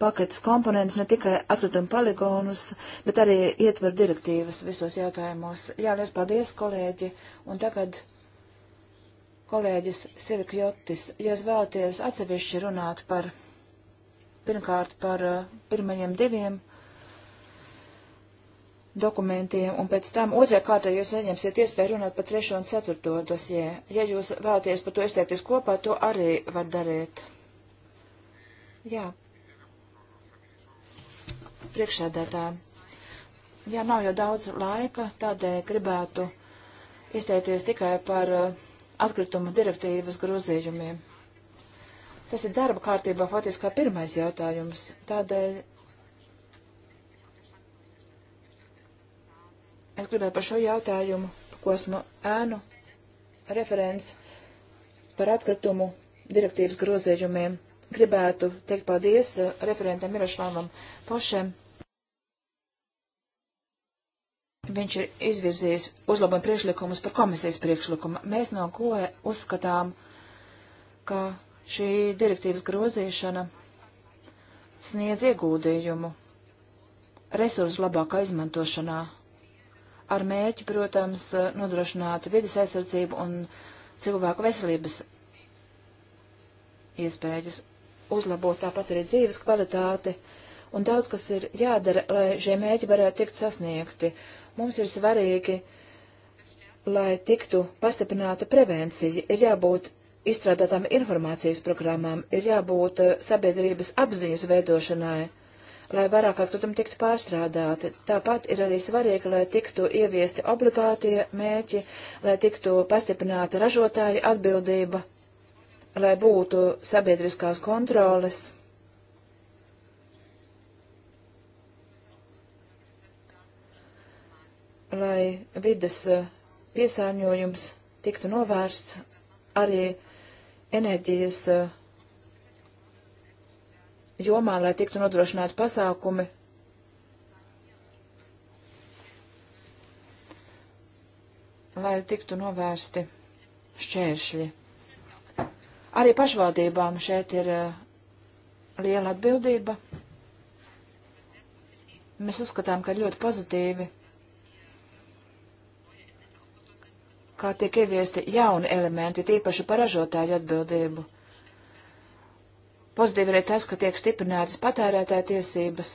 [SPEAKER 1] paketes komponentus, ne tikai atkritumu poligonus, bet arī ietver direktīvas visos jautājumos. Jā, liels paldies, kolēģi, un tagad kolēģis Sirkjotis, ja jūs vēlaties atsevišķi runāt par, pirmkārt par uh, pirmajiem diviem dokumentiem, un pēc tam otrajā kārtā jūs saņemsiet iespēju runāt par trešo un ceturto dosjē. Ja jūs vēlaties par to izteikties kopā, to arī var darīt. Jā. Priekšsēdētā. Jā, nav jau daudz laika, tādēļ gribētu izteikties tikai par uh, atkrituma direktīvas grozījumiem. Tas ir darba kārtībā faktiskā pirmais jautājums. Tādēļ Es gribēju par šo jautājumu, ko esmu ēnu referents par atkritumu direktīvas grozījumiem. Gribētu teikt paldies eh, referentam Mirošlāvam Pošem. Viņš ir izvirzījis uzlabojumu priekšlikumus par komisijas priekšlikumu. Mēs no ko uzskatām, ka šī direktīvas grozīšana sniedz ieguldījumu resursu labākā izmantošanā ar mērķi, protams, nodrošināt vidas aizsardzību un cilvēku veselības iespējas, uzlabot tāpat arī dzīves kvalitāti, un daudz, kas ir jādara, lai šie mērķi varētu tikt sasniegti. Mums ir svarīgi, lai tiktu pastiprināta prevencija, ir jābūt izstrādātām informācijas programmām, ir jābūt eh, sabiedrības apziņas veidošanai lai vairāk atkritumi tiktu pārstrādāti. Tāpat ir arī svarīgi, lai tiktu ieviesti obligātie mērķi, lai tiktu pastiprināta ražotāja atbildība, lai būtu sabiedriskās kontroles. lai vidas eh, piesārņojums tiktu novērsts arī enerģijas uh, jomā, lai tiktu nodrošināti pasākumi, lai tiktu novērsti šķēršļi. Arī pašvaldībām šeit ir eh, liela atbildība. Mēs uzskatām, ka ļoti pozitīvi, kā tiek ieviesti jauni elementi, tīpaši par ražotāju atbildību. Pozitīvi arī tas, ka tiek stiprinātas patērētāja tiesības,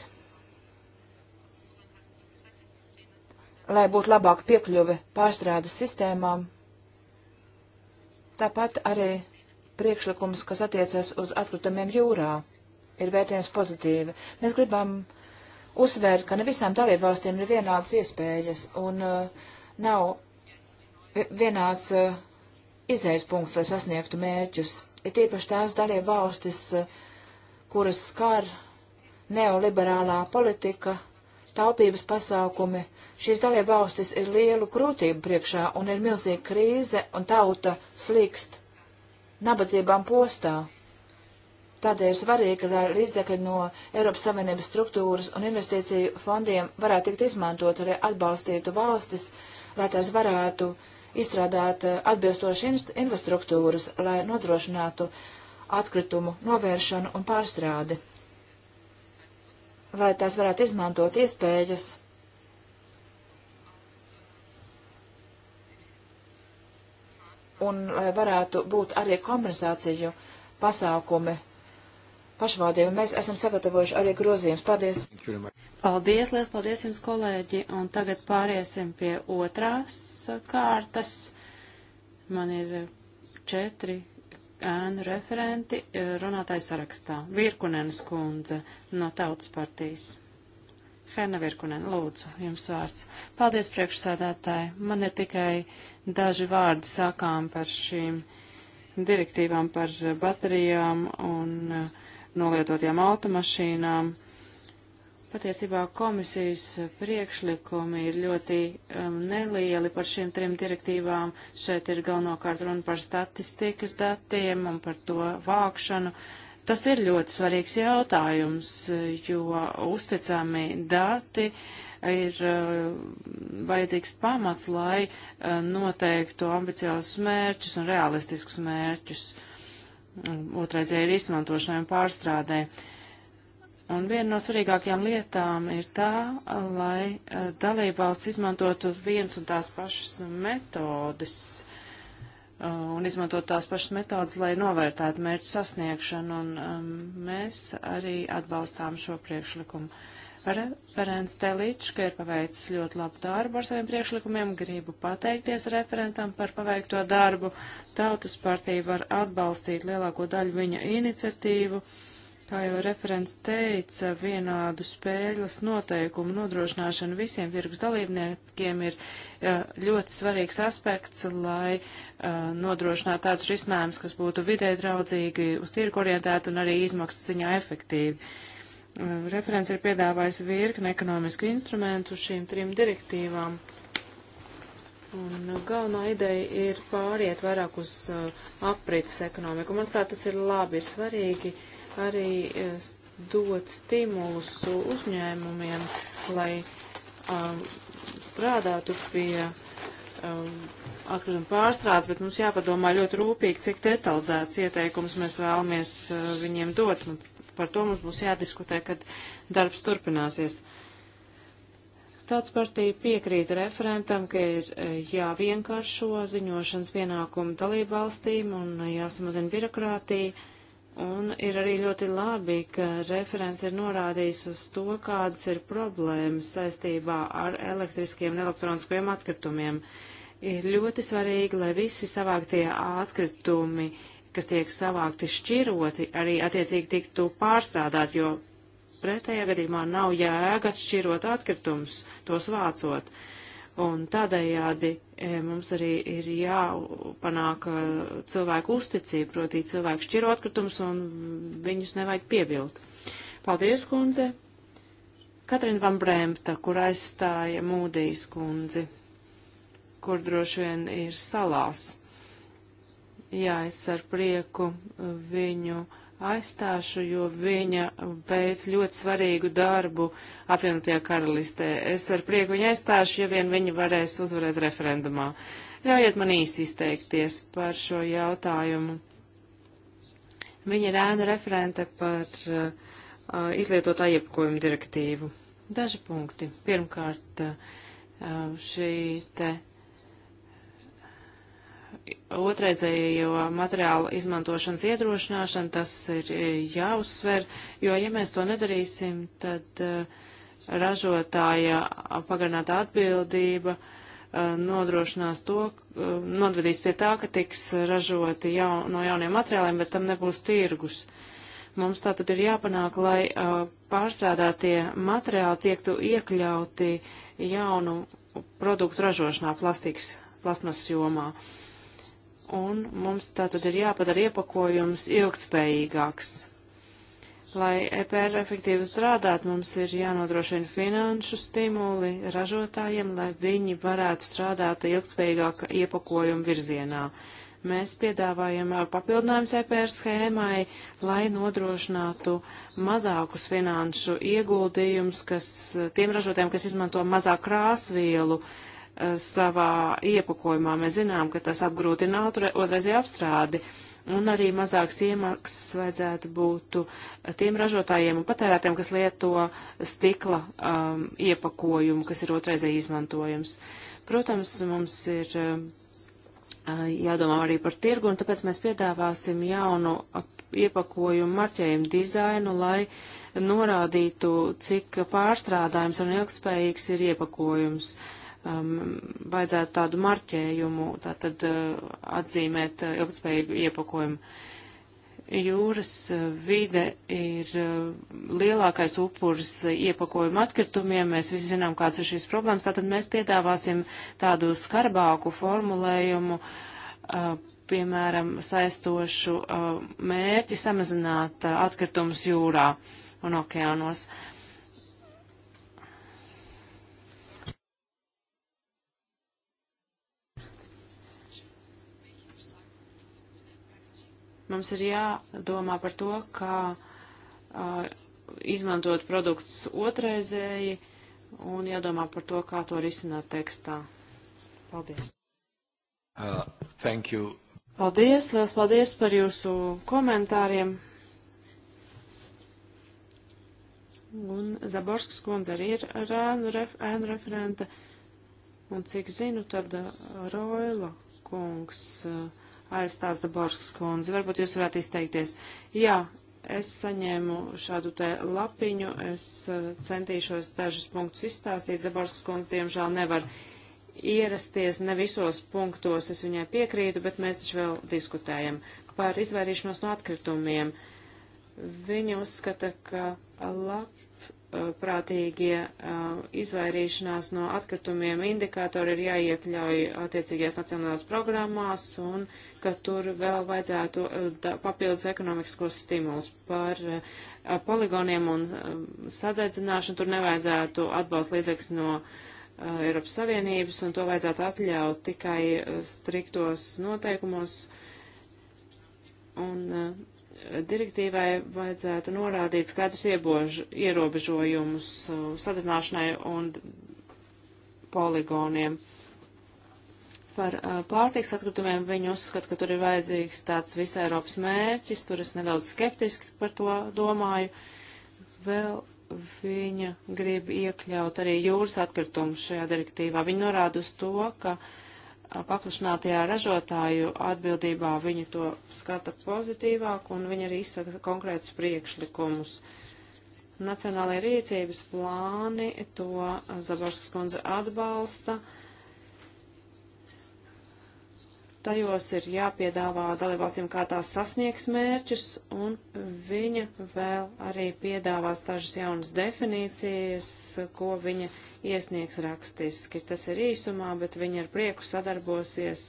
[SPEAKER 1] lai būtu labāka piekļuve pārstrādes sistēmām. Tāpat arī priekšlikums, kas attiecas uz atkritumiem jūrā, ir vērtējums pozitīvi. Mēs gribam uzsvērt, ka ne visām dalībvalstīm ir vienādas iespējas un uh, nav vienāds uh, izējas punkts, lai sasniegtu mērķus ir tīpaši tās dalība valstis, eh, kuras skar neoliberālā politika, taupības pasākumi. Šīs dalība valstis ir lielu krūtību priekšā un ir milzīga krīze un tauta slīkst nabadzībām postā. Tādēļ svarīgi, lai līdzekļi no Eiropas Savienības struktūras un investīciju fondiem varētu tikt izmantot, lai atbalstītu valstis, lai tās varētu uh, izstrādāt eh, atbilstošas infrastruktūras, lai nodrošinātu atkritumu novēršanu un pārstrādi, lai tās varētu izmantot iespējas. Un lai varētu būt arī kompensāciju pasākumi pašvaldību. Mēs esam sagatavojuši arī grozījumus. Paldies! Paldies, liels paldies jums, kolēģi! Un tagad pāriesim pie
[SPEAKER 2] otrās Uh, kārtas. Man ir uh, četri ēnu referenti uh, runātāju sarakstā. Virkunenes kundze no Tautas partijas. Hena Virkunen, lūdzu, jums vārds. Paldies, priekšsādātāji. Man ir tikai daži vārdi sākām par šīm direktīvām par baterijām un nolietotajām automašīnām. Uh, Patiesībā komisijas priekšlikumi ir ļoti um, nelieli par šīm trim direktīvām. Šeit ir galvenokārt runa par statistikas datiem un par to vākšanu. Tas ir ļoti svarīgs jautājums, jo uzticami dati ir uh, vajadzīgs pamats, lai uh, noteiktu ambiciozus mērķus un realistiskus mērķus mm, otraizēju izmantošanai un pārstrādē. Uh, Un viena no svarīgākajām lietām ir tā, lai eh, dalībvalsts izmantotu viens un tās pašas metodes eh, un izmantot tās pašas metodas, lai novērtētu mērķu sasniegšanu, un um, mēs arī atbalstām šo priekšlikumu. Referents Teličs, ka ir paveicis ļoti labu darbu ar saviem priekšlikumiem, gribu pateikties referentam par paveikto darbu. Tautas partija var atbalstīt lielāko daļu viņa iniciatīvu. Uh, Kā jau referents teica, vienādu spēļas noteikumu nodrošināšana visiem tirgus dalībniekiem ir eh, ļoti svarīgs aspekts, lai eh, nodrošinātu tādus risinājumus, kas būtu vidē draudzīgi, uz tirgu orientēti un arī izmaksas ziņā efektīvi. Eh, referents ir piedāvājis virkni ekonomisku instrumentu šīm trim direktīvām. Un galvenā ideja ir pāriet vairāk uz aprits ekonomiku. Manuprāt, tas ir labi, ir svarīgi. Uh, arī e, dot stimulus uzņēmumiem, lai um, strādātu pie um, atkrituma pārstrādes, bet mums jāpadomā ļoti rūpīgi, cik detalizēts ieteikums mēs vēlamies uh, viņiem dot. Par to mums būs jādiskutē, kad darbs turpināsies. Tāds partija piekrīt referentam, ka ir e, jāvienkāršo ziņošanas pienākumu dalību valstīm un e, jāsamazina birokrātija Un ir arī ļoti labi, ka referents ir norādījis uz to, kādas ir problēmas saistībā ar elektriskiem un elektroniskajiem atkritumiem. Ir ļoti svarīgi, lai visi savāktie atkritumi, kas tiek savākti šķiroti, arī attiecīgi tiktu pārstrādāt, jo pretējā gadījumā nav jēga šķirot atkritumus, tos vācot. Un tādējādi E, mums arī ir jāpanāk e, cilvēku uzticība, proti cilvēku šķiro atkritumus un viņus nevajag piebilt. Paldies, kundze! Katrina Van Bremta, kur aizstāja Mūdijas kundzi, kur droši vien ir salās. Jā, es ar prieku viņu uh, aizstāšu, jo viņa veic ļoti svarīgu darbu apvienotajā karalistē. Es ar prieku viņu aizstāšu, ja vien viņa varēs uzvarēt referendumā. Ļaujiet man īsi izteikties par šo jautājumu. Viņa ir ēnu referente par uh, uh izlietotā iepakojuma direktīvu. Daži punkti. Pirmkārt, uh, šī te otrreizējo materiālu izmantošanas iedrošināšana, tas ir e, jāuzsver, jo ja mēs to nedarīsim, tad e, ražotāja pagarināta atbildība e, nodrošinās to, nodvedīs pie tā, ka tiks ražoti jaun, no jauniem materiāliem, bet tam nebūs tirgus. Mums tā tad ir jāpanāk, lai pārstrādātie materiāli tiektu iekļauti jaunu produktu ražošanā plastikas, plasmas jomā. Uh, un mums tā tad ir jāpadara iepakojums ilgtspējīgāks. Lai EPR efektīvi strādātu, mums ir jānodrošina finanšu stimuli ražotājiem, lai viņi varētu strādāt ilgtspējīgāka iepakojuma virzienā. Mēs piedāvājam papildinājums EPR schēmai, lai nodrošinātu mazākus finanšu ieguldījumus, kas tiem ražotājiem, kas izmanto mazāk krāsvielu, uh, savā iepakojumā. Mēs zinām, ka tas apgrūtinātu otrreizēju apstrādi. Un arī mazāks iemaksas vajadzētu būt tiem ražotājiem un patērētiem, kas lieto stikla um, iepakojumu, kas ir otrreizēji izmantojums. Protams, mums ir uh, jādomā arī par tirgu, un tāpēc mēs piedāvāsim jaunu iepakojumu marķējumu dizainu, lai norādītu, cik pārstrādājums un ilgspējīgs ir iepakojums. Uh, um, vajadzētu tādu marķējumu, tātad uh, atzīmēt uh, ilgspējīgu iepakojumu. Jūras uh, vide ir uh, lielākais upurs uh, iepakojuma atkritumiem. Mēs visi zinām, kāds ir šīs problēmas. Tātad mēs piedāvāsim tādu skarbāku formulējumu, uh, piemēram, saistošu uh, mērķi samazināt uh, atkritumus jūrā un okeānos. Uh, Mums ir jādomā par to, kā uh, izmantot produktus otraizēji un jādomā par to, kā to risināt tekstā. Paldies! Uh, thank you. Paldies, liels paldies par jūsu komentāriem. Un Zaborskas kundze arī ir ēnu ref, referente. Un cik zinu, tad Roila kungs. Uh, aizstās Daborskas kundze. Varbūt jūs varētu izteikties. Jā, es saņēmu šādu te lapiņu, es eh, centīšos dažus punktus izstāstīt. Zaborskas kundze, diemžēl, nevar ierasties ne visos punktos, es viņai piekrītu, bet mēs taču vēl diskutējam par izvairīšanos no atkritumiem. Viņa uzskata, ka lap prātīgie izvairīšanās no atkritumiem indikātori ir jāiekļauj attiecīgajās nacionālās programmās un ka tur vēl vajadzētu papildus ekonomiskos stimulus par poligoniem un sadedzināšanu. Tur nevajadzētu atbalsta līdzeks no Eiropas Savienības un to vajadzētu atļaut tikai striktos noteikumos. Un, uh, direktīvai vajadzētu norādīt skaidrs iebož, ierobežojumus uh, sadedzināšanai un poligoniem. Par uh, pārtiks atkritumiem viņi uzskata, ka tur ir vajadzīgs tāds visai Eiropas mērķis, tur es nedaudz skeptiski par to domāju. Vēl viņa grib iekļaut arī jūras atkritumus šajā direktīvā. Viņa norāda uz to, ka uh, paplašinātajā ražotāju atbildībā viņi to skata pozitīvāk un viņi arī izsaka konkrētus priekšlikumus. Nacionālajie rīcības plāni to Zaborskas kundze atbalsta. Uh, tajos ir jāpiedāvā dalībvalstīm, kā tās sasniegs mērķus, un viņa vēl arī piedāvās dažas jaunas definīcijas, ko viņa iesniegs rakstiski. Tas ir īsumā, bet viņa ar prieku sadarbosies,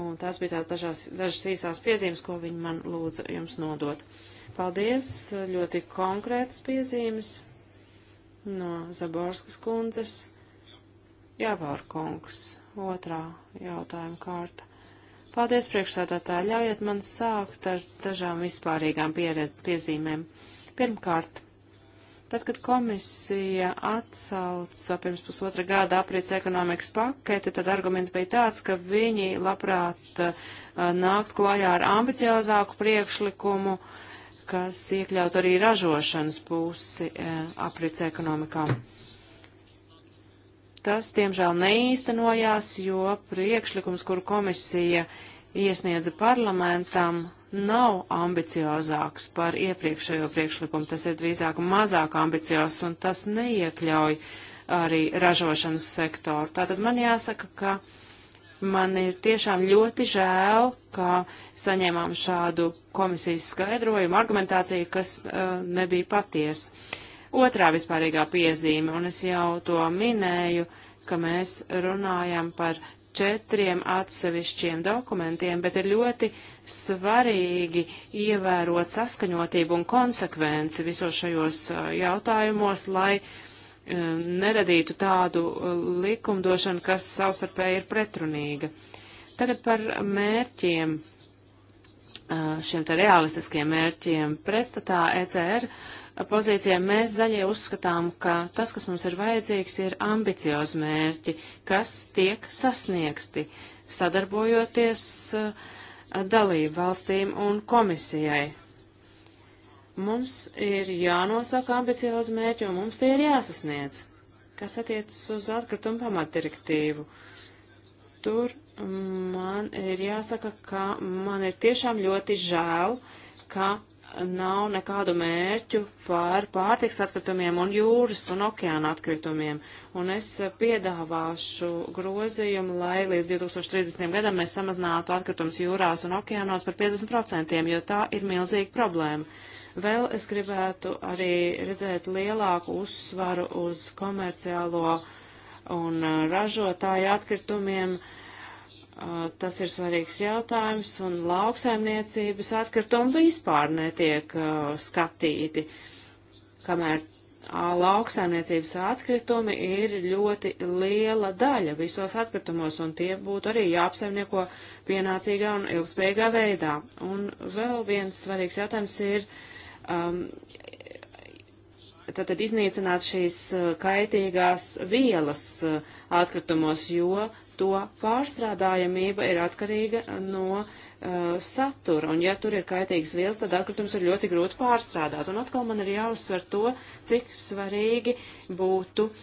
[SPEAKER 2] un tās bija tās dažās, dažas īsās piezīmes, ko viņa man lūdza jums nodot. Paldies, ļoti konkrētas piezīmes no Zaborskas kundzes. Jāvār kungs otrā jautājuma kārta. Paldies, priekšsēdētāji. Ļaujiet man sākt ar dažām vispārīgām piezīmēm. Pirmkārt, tad, kad komisija atsauca pirms pusotra gada aprīts ekonomikas paketi, tad arguments bija tāds, ka viņi labprāt uh, nākt klajā ar ambiciozāku priekšlikumu, kas iekļaut arī ražošanas pusi uh, aprīts ekonomikām. Tas, diemžēl, neīstenojās, jo priekšlikums, kuru komisija iesniedza parlamentam, nav ambiciozāks par iepriekšējo priekšlikumu. Tas ir drīzāk mazāk ambiciozs un tas neiekļauj arī ražošanas sektoru. Tātad man jāsaka, ka man ir tiešām ļoti žēl, ka saņēmām šādu komisijas skaidrojumu, argumentāciju, kas uh, nebija patiesa. Otrā vispārīgā piezīme, un es jau to minēju, ka mēs runājam par četriem atsevišķiem dokumentiem, bet ir ļoti svarīgi ievērot saskaņotību un konsekvenci visos šajos eh, jautājumos, lai eh, neradītu tādu eh, likumdošanu, kas savstarpēji ir pretrunīga. Tagad par mērķiem, šiem te realistiskajiem mērķiem pretstatā ECR pozīcijām mēs zaļie uzskatām, ka tas, kas mums ir vajadzīgs, ir ambiciozi mērķi, kas tiek sasniegsti, sadarbojoties eh, dalību valstīm un komisijai. Mums ir jānosaka ambiciozi mērķi, un mums tie ir jāsasniedz, kas attiecas uz atkritumu pamatdirektīvu. Tur man ir jāsaka, ka man ir tiešām ļoti žēl, ka nav nekādu mērķu par pārtiks atkritumiem un jūras un okeāna atkritumiem. Un es piedāvāšu grozījumu, lai līdz 2030. gadam mēs samazinātu atkritumus jūrās un okeānos par 50%, jo tā ir milzīga problēma. Vēl es gribētu arī redzēt lielāku uzsvaru uz komerciālo un ražotāju atkritumiem. Uh, tas ir svarīgs jautājums, un lauksaimniecības atkritumi vispār netiek uh, skatīti, kamēr lauksaimniecības atkritumi ir ļoti liela daļa visos atkritumos, un tie būtu arī jāapsaimnieko pienācīgā un ilgspējīgā veidā. Un vēl viens svarīgs jautājums ir. Um, Tātad iznīcināt šīs kaitīgās vielas atkritumos, jo uh, to pārstrādājamība ir atkarīga no uh, satura, un ja tur ir kaitīgas vielas, tad atkritums ir ļoti grūti pārstrādāt. Un atkal man ir jāuzsver to, cik svarīgi būtu uh,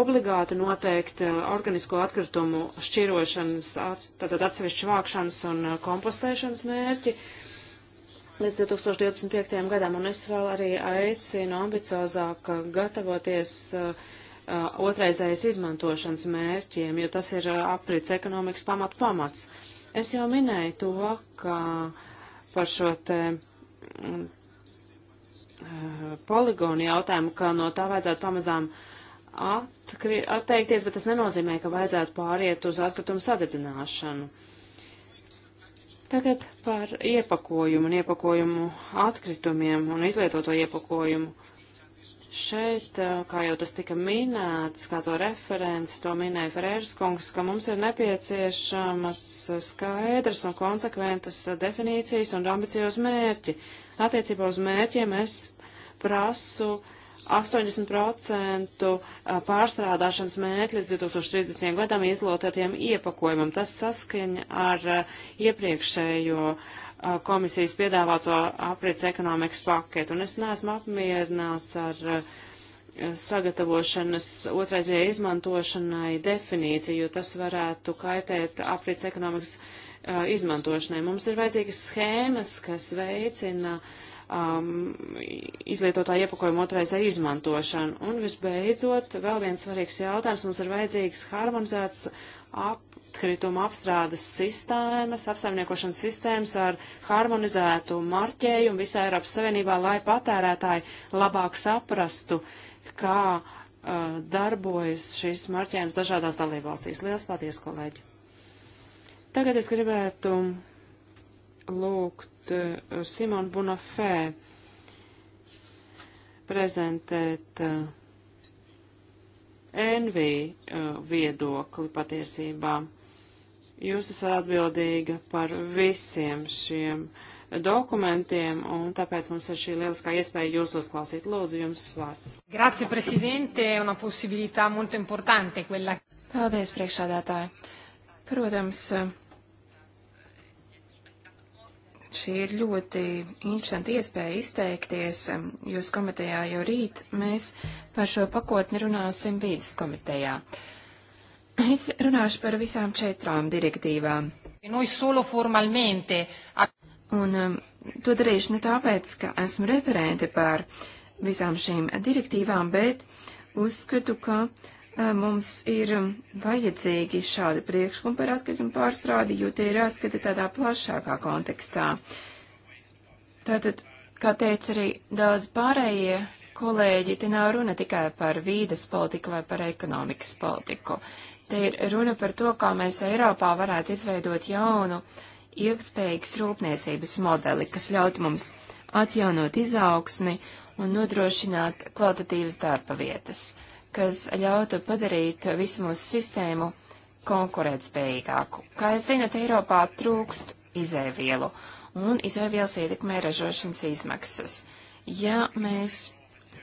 [SPEAKER 2] obligāti noteikt uh, organisko atkritumu šķirošanas, at, tātad atsevišķu vākšanas un uh, kompostēšanas mērķi. Uh, līdz 2025. gadam, un es vēl arī aicinu ambiciozāk uh, gatavoties uh, Uh, otraizējas izmantošanas mērķiem, jo tas ir uh, aprits ekonomikas pamat pamats. Es jau minēju to, ka par šo te mm, uh, poligonu jautājumu, ka no tā vajadzētu pamazām atkri, atteikties, bet tas nenozīmē, ka vajadzētu pāriet uz atkritumu sadedzināšanu. Tagad par iepakojumu un iepakojumu atkritumiem un izlietoto iepakojumu. Šeit, kā jau tas tika minēts, kā to referents, to minēja Ferēras kungs, ka mums ir nepieciešamas skaidras un konsekventas definīcijas un ambiciozas mērķi. Attiecībā uz mērķiem es prasu 80% pārstrādāšanas mērķi līdz 2030. gadam izlotētiem iepakojumam. Tas saskaņa ar iepriekšējo uh, komisijas piedāvāto aprits ekonomikas paketu. Un es neesmu apmierināts ar sagatavošanas otraizajai izmantošanai definīciju, jo tas varētu kaitēt aprits ekonomikas uh, izmantošanai. Mums ir vajadzīgas schēmas, kas veicina um, izlietotā iepakojuma otraizai izmantošanu. Un visbeidzot, vēl viens svarīgs jautājums, mums ir vajadzīgs harmonizēts ap atkrituma apstrādes sistēmas, apsaimniekošanas sistēmas ar harmonizētu marķējumu visā Eiropas Savienībā, lai patērētāji labāk saprastu, kā uh, darbojas šīs marķējums dažādās dalībvalstīs. Lielas paldies, kolēģi! Tagad es gribētu lūgt uh, Simonu Bunafē prezentēt uh, NV uh, viedokli patiesībā. Jūs esat atbildīga par visiem šiem dokumentiem, un tāpēc mums ir šī lieliskā iespēja jūs uzklausīt. Lūdzu, jums vārds.
[SPEAKER 3] Grazie, prezidente, una posibilitā molto importante, quella. Paldies, priekšādātāji. Protams, šī ir ļoti interesanti iespēja izteikties. Jūs komitejā jau rīt mēs par šo pakotni runāsim vīdes komitejā. Uh, Es runāšu par visām četrām direktīvām. Un um, to darīšu ne tāpēc, ka esmu referente par visām šīm direktīvām, bet uzskatu, ka um, mums ir um, vajadzīgi šādi priekšlikumi par atkritumu pārstrādi, jo tie ir jāskata tādā plašākā kontekstā. Tātad, kā teica arī daudz pārējie kolēģi, te nav runa tikai par vīdes politiku vai par ekonomikas politiku. Te ir runa par to, kā mēs Eiropā varētu izveidot jaunu, ilgspējīgas rūpniecības modeli, kas ļautu mums atjaunot izaugsmi un nodrošināt kvalitatīvas darba vietas, kas ļautu padarīt visu mūsu sistēmu konkurētspējīgāku. Kā jūs zinat, Eiropā trūkst izēvielu, un izēvielas ietekmē ražošanas izmaksas. Ja mēs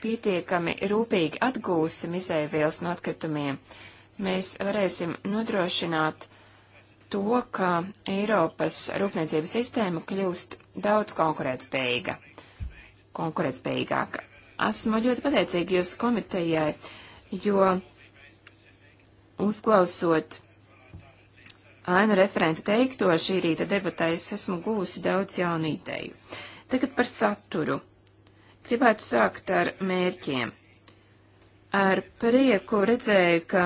[SPEAKER 3] pietiekami rūpīgi atgūsim izēvielas no atkritumiem, mēs varēsim nodrošināt to, ka Eiropas rūpniecības sistēma kļūst daudz konkurētspējīga, konkurētspējīgāka. Esmu ļoti pateicīgi jūsu komitejai, jo uzklausot ēnu referentu teikto šī rīta debatais, esmu guvusi daudz jaunu ideju. Tagad par saturu. Gribētu sākt ar mērķiem. Ar prieku redzēju, ka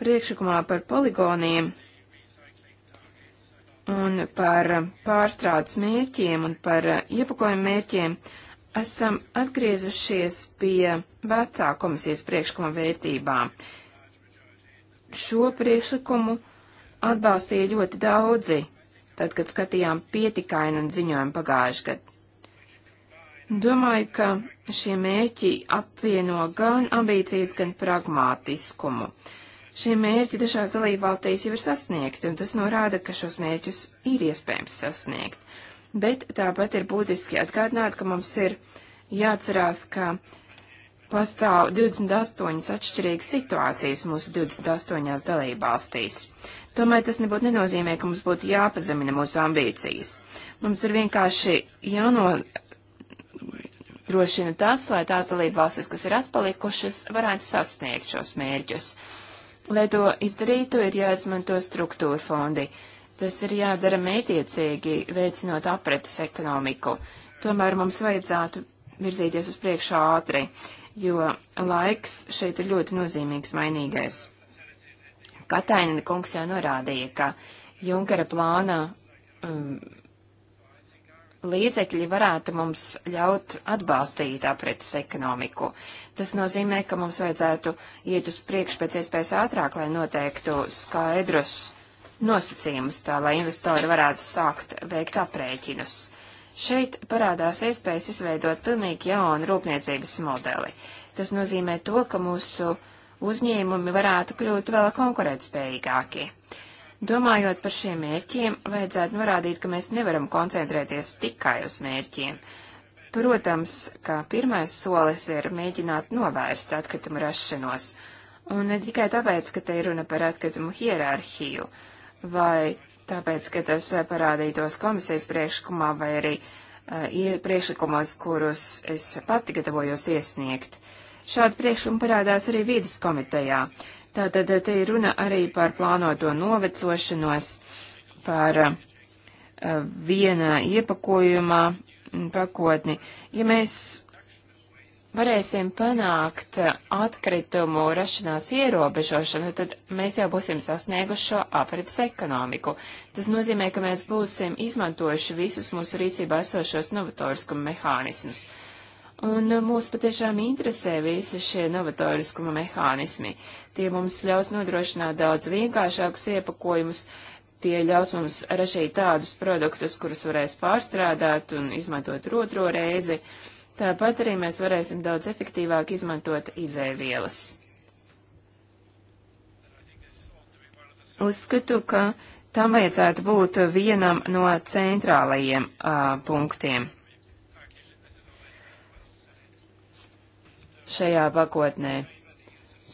[SPEAKER 3] priekšlikumā par poligoniem un par pārstrādes mērķiem un par iepakojumu mērķiem esam atgriezušies pie vecā komisijas priekšlikuma vērtībām. Šo priekšlikumu atbalstīja ļoti daudzi, tad, kad skatījām pietikainu un ziņojumu pagājuši gadu. Domāju, ka šie mērķi apvieno gan ambīcijas, gan pragmātiskumu. Uh, Šie mērķi dažās dalībvalstīs jau ir sasniegti, un tas norāda, ka šos mērķus ir iespējams sasniegt. Bet tāpat ir būtiski atgādināt, ka mums ir jāatcerās, ka pastāv 28 atšķirīgas situācijas mūsu 28 dalībvalstīs. Tomēr tas nebūtu nenozīmē, ka mums būtu jāpazemina mūsu ambīcijas. Mums ir vienkārši jāno drošina tas, lai tās dalībvalstis, kas ir atpalikušas, varētu sasniegt šos mērķus. Lai to izdarītu, ir jāizmanto struktūra fondi. Tas ir jādara mētiecīgi, veicinot apretes ekonomiku. Tomēr mums vajadzētu virzīties uz priekšu ātri, jo laiks šeit ir ļoti nozīmīgs mainīgais. Katainina kungs jau norādīja, ka Junkara plāna um, līdzekļi varētu mums ļaut atbalstīt apretes ekonomiku. Tas nozīmē, ka mums vajadzētu iet uz priekšu pēc iespējas ātrāk, lai noteiktu skaidrus nosacījumus tā, lai investori varētu sākt veikt aprēķinus. Šeit parādās iespējas izveidot pilnīgi jaunu rūpniecības modeli. Tas nozīmē to, ka mūsu uzņēmumi varētu kļūt vēl konkurētspējīgāki. Domājot par šiem mērķiem, vajadzētu norādīt, ka mēs nevaram koncentrēties tikai uz mērķiem. Protams, ka pirmais solis ir mēģināt novērst atkritumu rašanos, un ne tikai tāpēc, ka te ir runa par atkritumu hierarhiju, vai tāpēc, ka tas parādītos komisijas priekšlikumā vai arī uh, priekšlikumos, kurus es pati gatavojos iesniegt. Šādi priekšlikumi parādās arī vīdes komitejā. Tātad eh, te ir runa arī par plānoto novecošanos, par uh, eh, vienā iepakojumā pakotni. Ja mēs varēsim panākt eh, atkritumu rašanās ierobežošanu, tad mēs jau būsim sasnieguši šo aprits ekonomiku. Tas nozīmē, ka mēs būsim izmantojuši visus mūsu rīcībā esošos novatorisku mehānismus. Uh, Un uh, mūs patiešām interesē visi šie novatoriskuma mehānismi. Tie mums ļaus nodrošināt daudz vienkāršākus iepakojumus, tie ļaus mums ražīt tādus produktus, kurus varēs pārstrādāt un izmantot otro reizi. Tāpat arī mēs varēsim daudz efektīvāk izmantot izēvielas. Uzskatu, ka tam vajadzētu būt vienam no centrālajiem uh, punktiem. šajā pakotnē.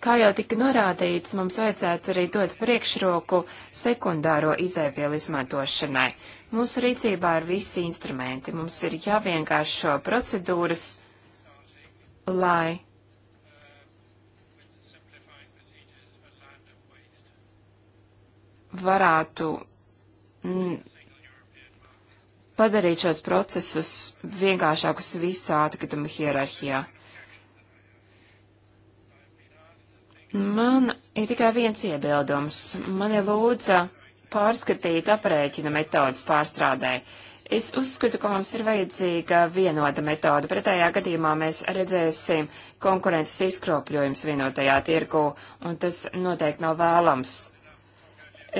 [SPEAKER 3] Kā jau tika norādīts, mums vajadzētu arī dot priekšroku sekundāro izēvielu izmantošanai. Mūsu rīcībā ir visi instrumenti, mums ir jāvienkāršo procedūras, lai varētu padarīt šos procesus vienkāršākus visā atkrituma hierarhijā. Man ir tikai viens iebildums. Mani lūdza pārskatīt aprēķina metodas pārstrādē. Es uzskatu, ka mums ir vajadzīga vienota metoda. Pretējā gadījumā mēs redzēsim konkurences izkropļojums vienotajā tirgu, un tas noteikti nav vēlams.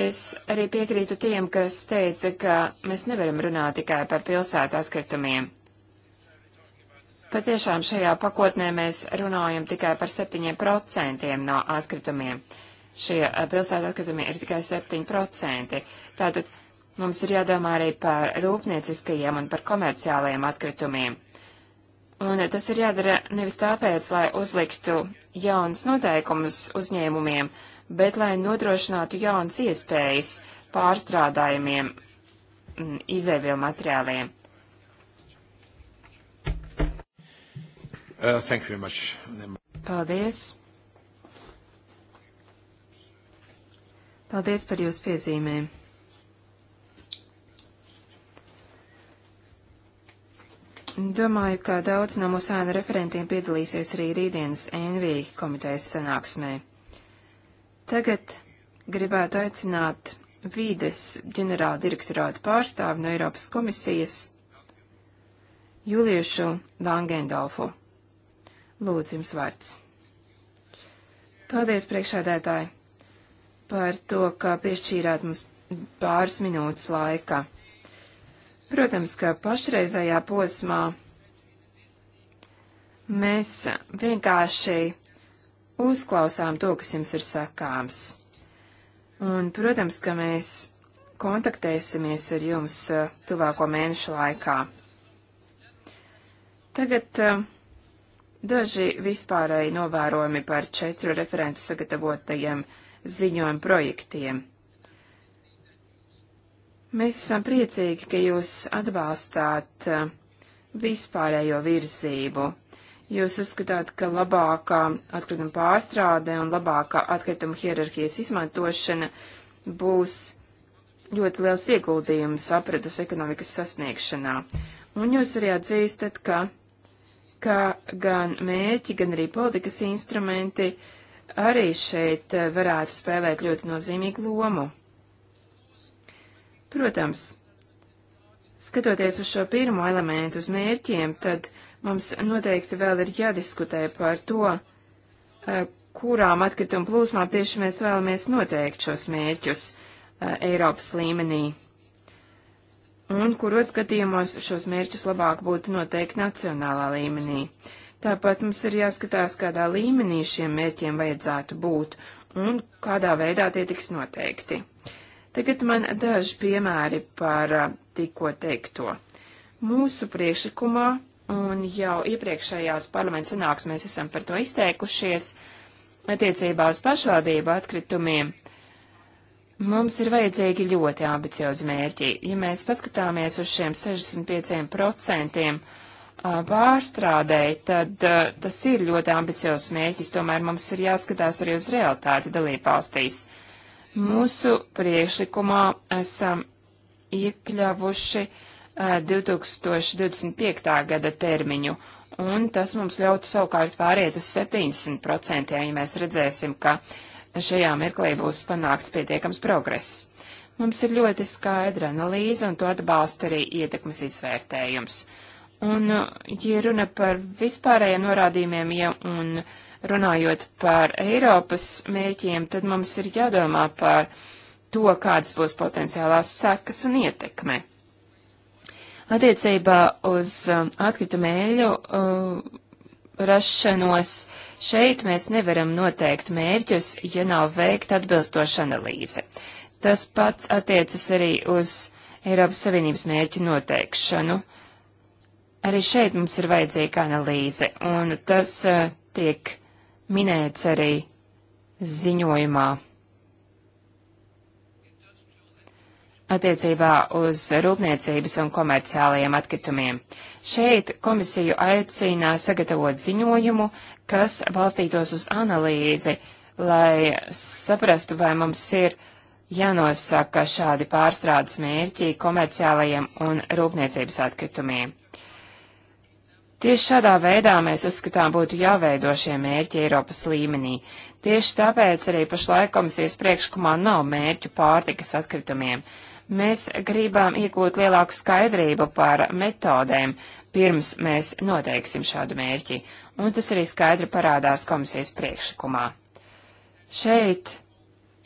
[SPEAKER 3] Es arī piekrītu tiem, kas teica, ka mēs nevaram runāt tikai par pilsētu atkritumiem. Patiešām šajā pakotnē mēs runājam tikai par 7% no atkritumiem. Šie eh, pilsētu atkritumi ir tikai 7%. Tātad mums ir jādomā arī par rūpnieciskajiem un par komerciālajiem atkritumiem. Un eh, tas ir jādara nevis tāpēc, lai uzliktu jaunas noteikumus uzņēmumiem, bet lai nodrošinātu jaunas iespējas pārstrādājumiem mm, izēvielu materiāliem. Uh, thank you very much. Paldies. Paldies par jūsu piezīmēm. Domāju, ka daudz no mūsu ēnu referentiem piedalīsies arī rītdienas NV komitejas sanāksmē. Tagad gribētu aicināt vīdes ģenerāla direktorāta pārstāvi no Eiropas komisijas Juliešu Langendolfu. Lūdzu, jums vārds. Paldies, priekšādētāji, par to, ka piešķīrāt mums pāris minūtes laika. Protams, ka pašreizējā posmā mēs vienkārši uzklausām to, kas jums ir sakāms. Un, protams, ka mēs kontaktēsimies ar jums uh, tuvāko mēnešu laikā. Tagad uh, Daži vispārēji novērojumi par četru referentu sagatavotajiem ziņojumu projektiem. Mēs esam priecīgi, ka jūs atbalstāt uh, vispārējo virzību. Jūs uzskatāt, ka labākā atkrituma pārstrāde un labākā atkrituma hierarhijas izmantošana būs ļoti liels ieguldījums apredas ekonomikas sasniegšanā. Un jūs arī atzīstat, ka ka gan mērķi, gan arī politikas instrumenti arī šeit eh, varētu spēlēt ļoti nozīmīgu lomu. Protams, skatoties uz šo pirmo elementu, uz mērķiem, tad mums noteikti vēl ir jādiskutē par to, eh, kurām atkritumu plūsmām tieši mēs vēlamies noteikt šos mērķus eh, Eiropas līmenī un kuros gadījumos šos mērķus labāk būtu noteikti nacionālā līmenī. Tāpat mums ir jāskatās, kādā līmenī šiem mērķiem vajadzētu būt un kādā veidā tie tiks noteikti. Tagad man daži piemēri par tikko teikto. Mūsu priekšlikumā, un jau iepriekšējās parlamenta sanāks mēs esam par to izteikušies, attiecībā uz pašvaldību atkritumiem Mums ir vajadzīgi ļoti ambiciozi mērķi. Ja mēs paskatāmies uz šiem 65% pārstrādēji, tad tas ir ļoti ambiciozs mērķis, tomēr mums ir jāskatās arī uz realitāti dalībvalstīs. Mūsu priekšlikumā esam iekļavuši 2025. gada termiņu, un tas mums ļautu savukārt pāriet uz 70%, ja mēs redzēsim, ka uh, šajā mirklī būs panākts pietiekams progress. Mums ir ļoti skaidra analīze, un to atbalsta arī ietekmes izvērtējums. Un, ja runa par vispārējiem norādījumiem ja, un runājot par Eiropas mērķiem, tad mums ir jādomā par to, kādas būs potenciālās sekas un ietekme. Attiecībā uz um, atkritumu eļu uh, rašanos. Šeit mēs nevaram noteikt mērķus, ja nav veikta atbilstoša analīze. Tas pats attiecas arī uz Eiropas Savienības mērķu noteikšanu. Arī šeit mums ir vajadzīga analīze, un tas uh, tiek minēts arī ziņojumā. attiecībā uz rūpniecības un komerciālajiem atkritumiem. Šeit komisiju aicina sagatavot ziņojumu, kas balstītos uz analīzi, lai saprastu, vai mums ir jānosaka šādi pārstrādes mērķi komerciālajiem un rūpniecības atkritumiem. Tieši šādā veidā mēs uzskatām būtu jāveido šie mērķi Eiropas līmenī. Tieši tāpēc arī pašlaik komisijas priekšlikumā nav mērķu pārtikas atkritumiem. Mēs gribam iegūt lielāku skaidrību par metodēm, pirms mēs noteiksim šādu mērķi, un tas arī skaidri parādās komisijas priekšlikumā. Šeit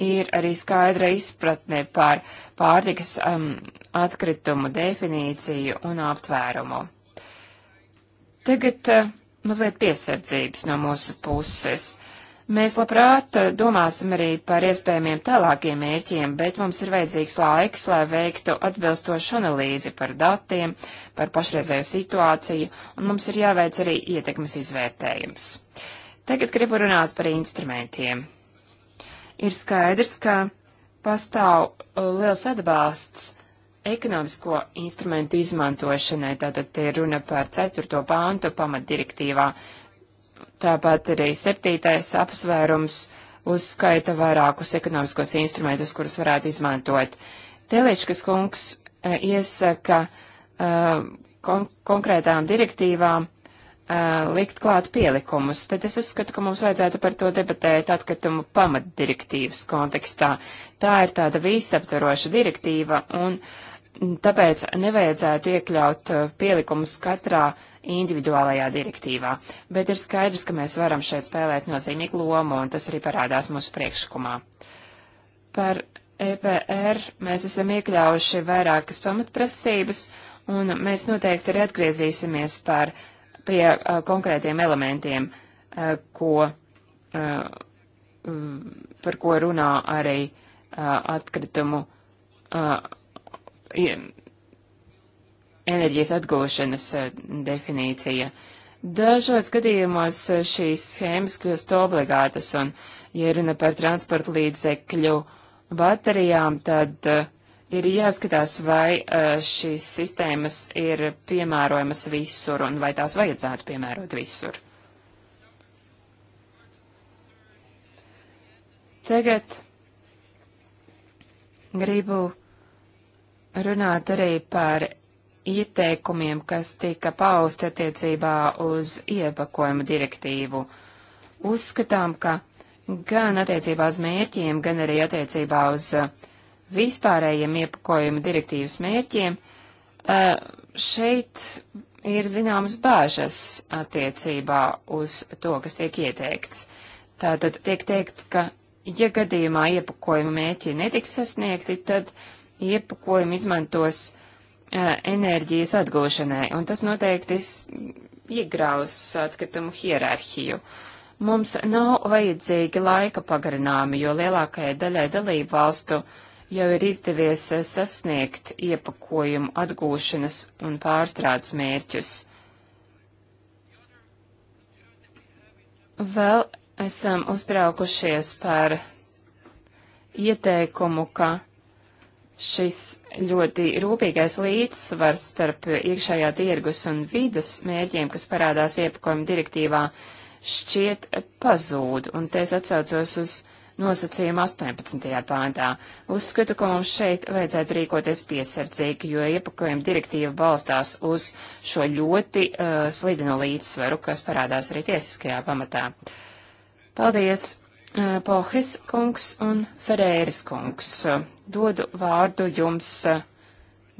[SPEAKER 3] ir arī skaidra izpratne par pārtikas um, atkritumu definīciju un aptvērumu. Tagad uh, mazliet piesardzības no mūsu puses. Mēs labprāt eh, domāsim arī par iespējamiem tālākiem mērķiem, bet mums ir vajadzīgs laiks, lai veiktu atbilstošu analīzi par datiem, par pašreizēju situāciju, un mums ir jāveic arī ietekmes izvērtējums. Tagad gribu runāt par instrumentiem. Ir skaidrs, ka pastāv eh, liels atbalsts ekonomisko instrumentu izmantošanai, tātad te runa par 4. pāntu pamatdirektīvā, Tāpat arī septītais apsvērums uzskaita vairākus ekonomiskos instrumentus, kurus varētu izmantot. Teliečkas kungs e, iesaka e, kon konkrētām direktīvām e, likt klāt pielikumus, bet es uzskatu, ka mums vajadzētu par to debatēt atkritumu pamatdirektīvas kontekstā. Tā ir tāda visaptvaroša direktīva, un tāpēc nevajadzētu iekļaut pielikumus katrā uh, individuālajā direktīvā, bet ir skaidrs, ka mēs varam šeit spēlēt nozīmīgu lomu, un tas arī parādās mūsu priekšlikumā. Par EPR mēs esam iekļāvuši vairākas pamatprasības, un mēs noteikti arī atgriezīsimies par, pie uh, konkrētiem elementiem, uh, ko, uh, par ko runā arī uh, atkritumu uh, enerģijas atgūšanas eh, definīcija. Dažos gadījumos eh, šīs schēmas kļūst obligātas, un, ja runa par transporta līdzekļu baterijām, tad uh, ir jāskatās, vai uh, šīs sistēmas ir piemērojamas visur, un vai tās vajadzētu piemērot visur. Tagad gribu runāt arī par ieteikumiem, kas tika pausti attiecībā uz iepakojumu direktīvu. Uzskatām, ka gan attiecībā uz mērķiem, gan arī attiecībā uz uh, vispārējiem iepakojuma direktīvas mērķiem, uh, šeit ir zināmas bāžas attiecībā uz to, kas tiek ieteikts. Tātad tiek teikts, ka ja gadījumā iepakojuma mērķi netiks sasniegti, tad iepakojumu izmantos uh, Eh, enerģijas atgūšanai, un tas noteikti iegraus atkritumu hierarhiju. Mums nav vajadzīgi laika pagarinājumi, jo lielākajai daļai dalību valstu jau ir izdevies eh, sasniegt iepakojumu atgūšanas un pārstrādes mērķus. Vēl esam uztraukušies par ieteikumu, ka šis ļoti rūpīgais līdzsvars starp iekšējā tirgus un vidas mērķiem, kas parādās iepakojuma direktīvā, šķiet pazūd, un te es atsaucos uz nosacījumu 18. pāntā. Uzskatu, ka mums šeit vajadzētu rīkoties piesardzīgi, jo iepakojuma direktīva balstās uz šo ļoti uh, slideno līdzsvaru, kas parādās arī tiesiskajā pamatā. Paldies! Eh, Pohes kungs un Ferēras kungs. Eh, dodu vārdu jums eh,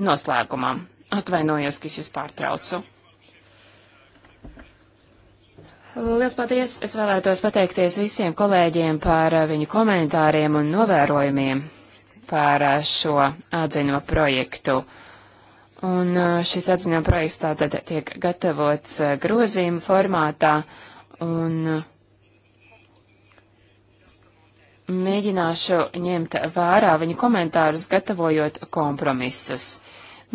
[SPEAKER 3] noslēgumā. Atvainojos, ka es jūs pārtraucu. Lielas paldies! Es vēlētos pateikties visiem kolēģiem par viņu komentāriem un novērojumiem par šo atziņo projektu. Un šis atziņo projekts tātad tiek gatavots grozījuma formātā, un mēģināšu ņemt vērā viņu komentārus, gatavojot kompromisus.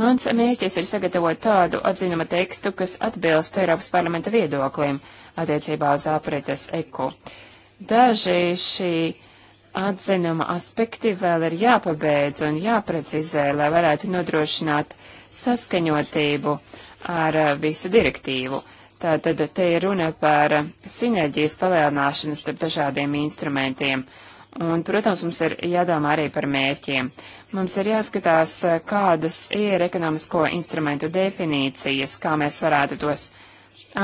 [SPEAKER 3] Mans mērķis ir sagatavot tādu atzinuma tekstu, kas atbilst Eiropas parlamenta viedoklim attiecībā uz aprites eku. Daži šī atzinuma aspekti vēl ir jāpabeidz un jāprecizē, lai varētu nodrošināt saskaņotību ar visu direktīvu. Tātad te ir runa par sinerģijas palielināšanu starp dažādiem instrumentiem. Uh, Un, protams, mums ir jādomā arī par mērķiem. Mums ir jāskatās, eh, kādas ir ekonomisko instrumentu definīcijas, kā mēs varētu tos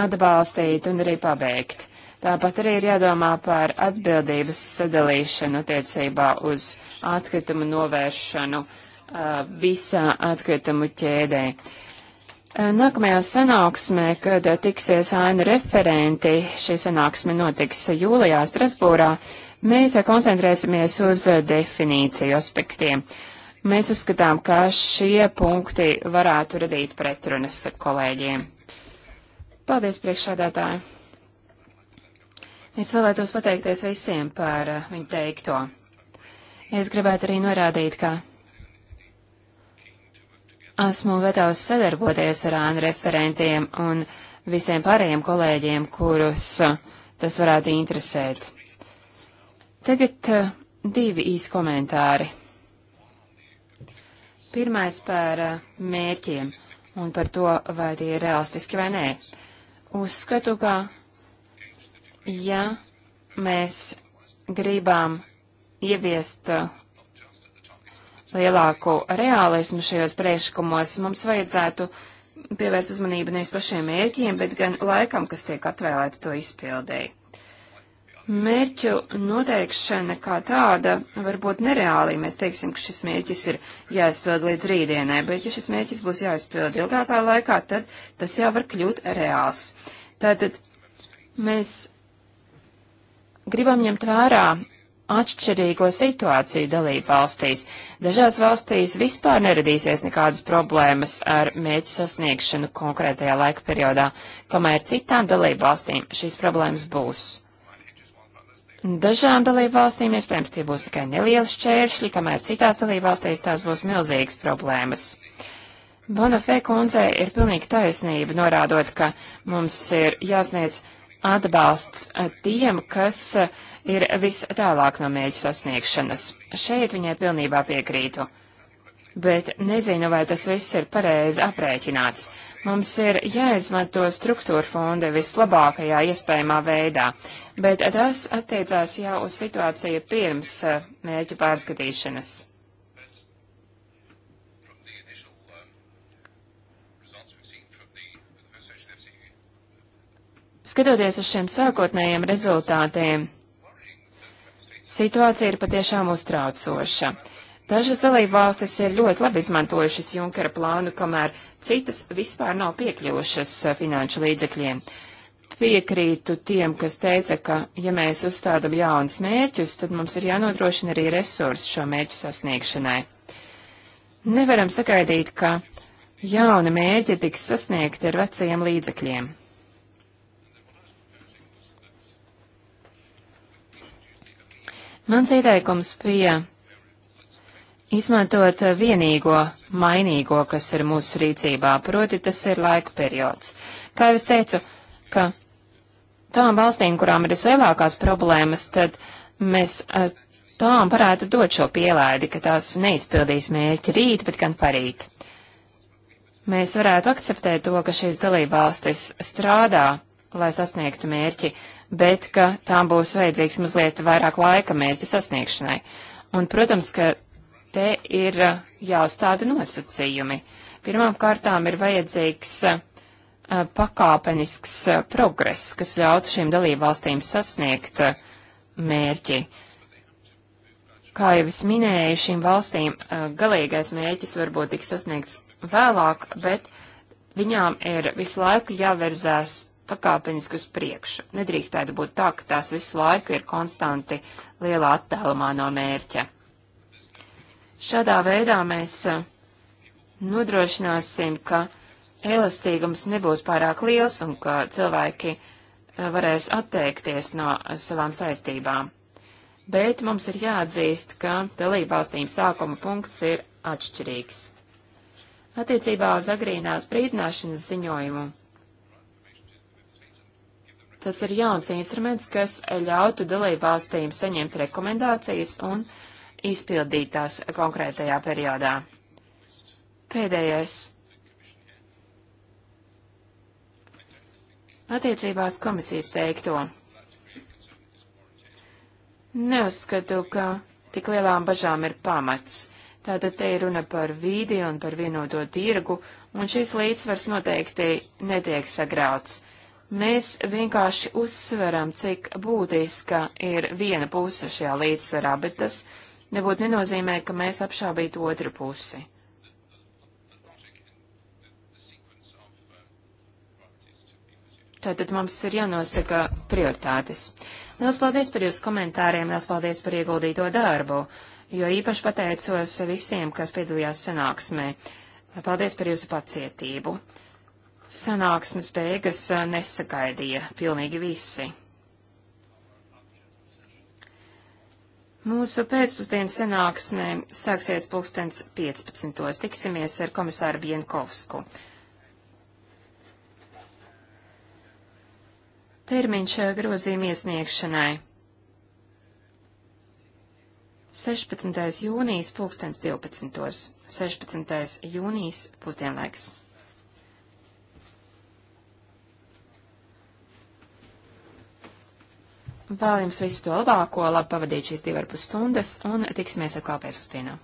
[SPEAKER 3] atbalstīt un arī pabeigt. Tāpat arī ir jādomā par atbildības sadalīšanu attiecībā uz atkritumu novēršanu eh, visā atkritumu ķēdē. Eh, nākamajā sanāksmē, kad tiksies ainu referenti, šī sanāksme notiks jūlijā Strasbūrā, uh, Mēs eh, koncentrēsimies uz eh, definīciju aspektiem. Mēs uzskatām, ka šie punkti varētu radīt pretrunas ar kolēģiem. Paldies, priekšsādātāji! Es vēlētos pateikties visiem par eh, viņu teikto. Es gribētu arī norādīt, ka esmu gatavs sadarboties ar ANU referentiem un visiem pārējiem kolēģiem, kurus tas varētu interesēt. Tagad eh, divi īsi komentāri. Pirmais par eh, mērķiem un par to, vai tie ir realistiski vai nē. Uzskatu, ka ja mēs gribām ieviest eh, lielāku realismu šajos priekšlikumos, mums vajadzētu pievērst uzmanību nevis pašiem mērķiem, bet gan laikam, kas tiek atvēlēts to izpildēji. Mērķu noteikšana kā tāda var būt nereāli. Mēs teiksim, ka šis mērķis ir jāizpild līdz rītdienai, bet ja šis mērķis būs jāizpild ilgākā laikā, tad tas jau var kļūt reāls. Tātad mēs gribam ņemt vērā atšķirīgo situāciju dalību valstīs. Dažās valstīs vispār neradīsies nekādas problēmas ar mēķu sasniegšanu konkrētajā laika periodā, kamēr citām dalību valstīm šīs problēmas būs. Dažām dalībvalstīm iespējams tie būs tikai nelieli šķēršļi, kamēr citās dalībvalstīs tās būs milzīgas problēmas. Bonafē kundze ir pilnīgi taisnība norādot, ka mums ir jāsniedz atbalsts tiem, kas ir vis tālāk no mēģu sasniegšanas. Šeit viņai pilnībā piekrītu. Bet nezinu, vai tas viss ir pareizi aprēķināts. Mums ir jāizmanto struktūra fonde vislabākajā iespējamā veidā, bet tas attiecās jau uz situāciju pirms eh, mērķu pārskatīšanas. Skatoties uz šiem sākotnējiem rezultātiem, situācija ir patiešām uztraucoša. Dažas dalībvalstis ir ļoti labi izmantojušas Junkera plānu, kamēr citas vispār nav piekļuvušas eh, finanšu līdzekļiem. Piekrītu tiem, kas teica, ka, ja mēs uzstādam jaunus mērķus, tad mums ir jānodrošina arī resursi šo mērķu sasniegšanai. Nevaram sagaidīt, ka jauni mērķi tiks sasniegti ar vecajiem līdzekļiem. Mans ieteikums bija izmantot eh, vienīgo mainīgo, kas ir mūsu rīcībā, proti tas ir laika periods. Kā jau es teicu, ka tām valstīm, kurām ir vislielākās problēmas, tad mēs eh, tām varētu dot šo pielaidi, ka tās neizpildīs mērķi rīt, bet gan parīt. Mēs varētu akceptēt to, ka šīs dalībvalstis strādā, lai sasniegtu mērķi, bet ka tām būs vajadzīgs mazliet vairāk laika mērķi sasniegšanai. Un, protams, ka Te ir uh, jāuzstāda nosacījumi. Pirmām kārtām ir vajadzīgs uh, pakāpenisks uh, progress, kas ļautu šīm dalībvalstīm sasniegt mērķi. Kā jau es minēju, šīm valstīm galīgais mērķis varbūt tiks sasniegts vēlāk, bet viņām ir visu laiku jāverzās pakāpeniski uz priekšu. Nedrīkstētu būt tā, ka tās visu laiku ir konstanti lielā attālumā no mērķa. Šādā veidā mēs eh, nodrošināsim, ka elastīgums nebūs pārāk liels un ka cilvēki eh, varēs atteikties no eh, savām saistībām. Bet mums ir jāatzīst, ka dalībvalstīm sākuma punkts ir atšķirīgs. Attiecībā uz agrīnās brīdināšanas ziņojumu. Tas ir jauns instruments, kas ļautu dalībvalstīm saņemt rekomendācijas un uh, izpildītās konkrētajā periodā. Pēdējais. Attiecībās komisijas teikto. Neuzskatu, ka tik lielām bažām ir pamats. Tātad te ir runa par vīdi un par vienoto tirgu, un šis līdzsvars noteikti netiek sagrauts. Mēs vienkārši uzsveram, cik būtiska ir viena puse šajā līdzsvarā, bet tas nebūtu nenozīmē, ka mēs apšābītu otru pusi. Tātad mums ir jānosaka prioritātes. Liels paldies par jūsu komentāriem, liels paldies par ieguldīto darbu, jo īpaši pateicos visiem, kas piedalījās sanāksmē. Paldies par jūsu pacietību. Sanāksmes beigas nesagaidīja pilnīgi visi. Mūsu pēcpusdienas sanāksmē sāksies pulkstens 15. Tiksimies ar komisāru Bienkovsku. Termiņš eh, grozījuma iesniegšanai. 16. jūnijas pulkstens 12. 16. jūnijas pusdienlaiks. Vēl jums
[SPEAKER 2] visu to labāko, labi pavadīt šīs divarpus stundas un tiksimies atkal pēcpusdienā.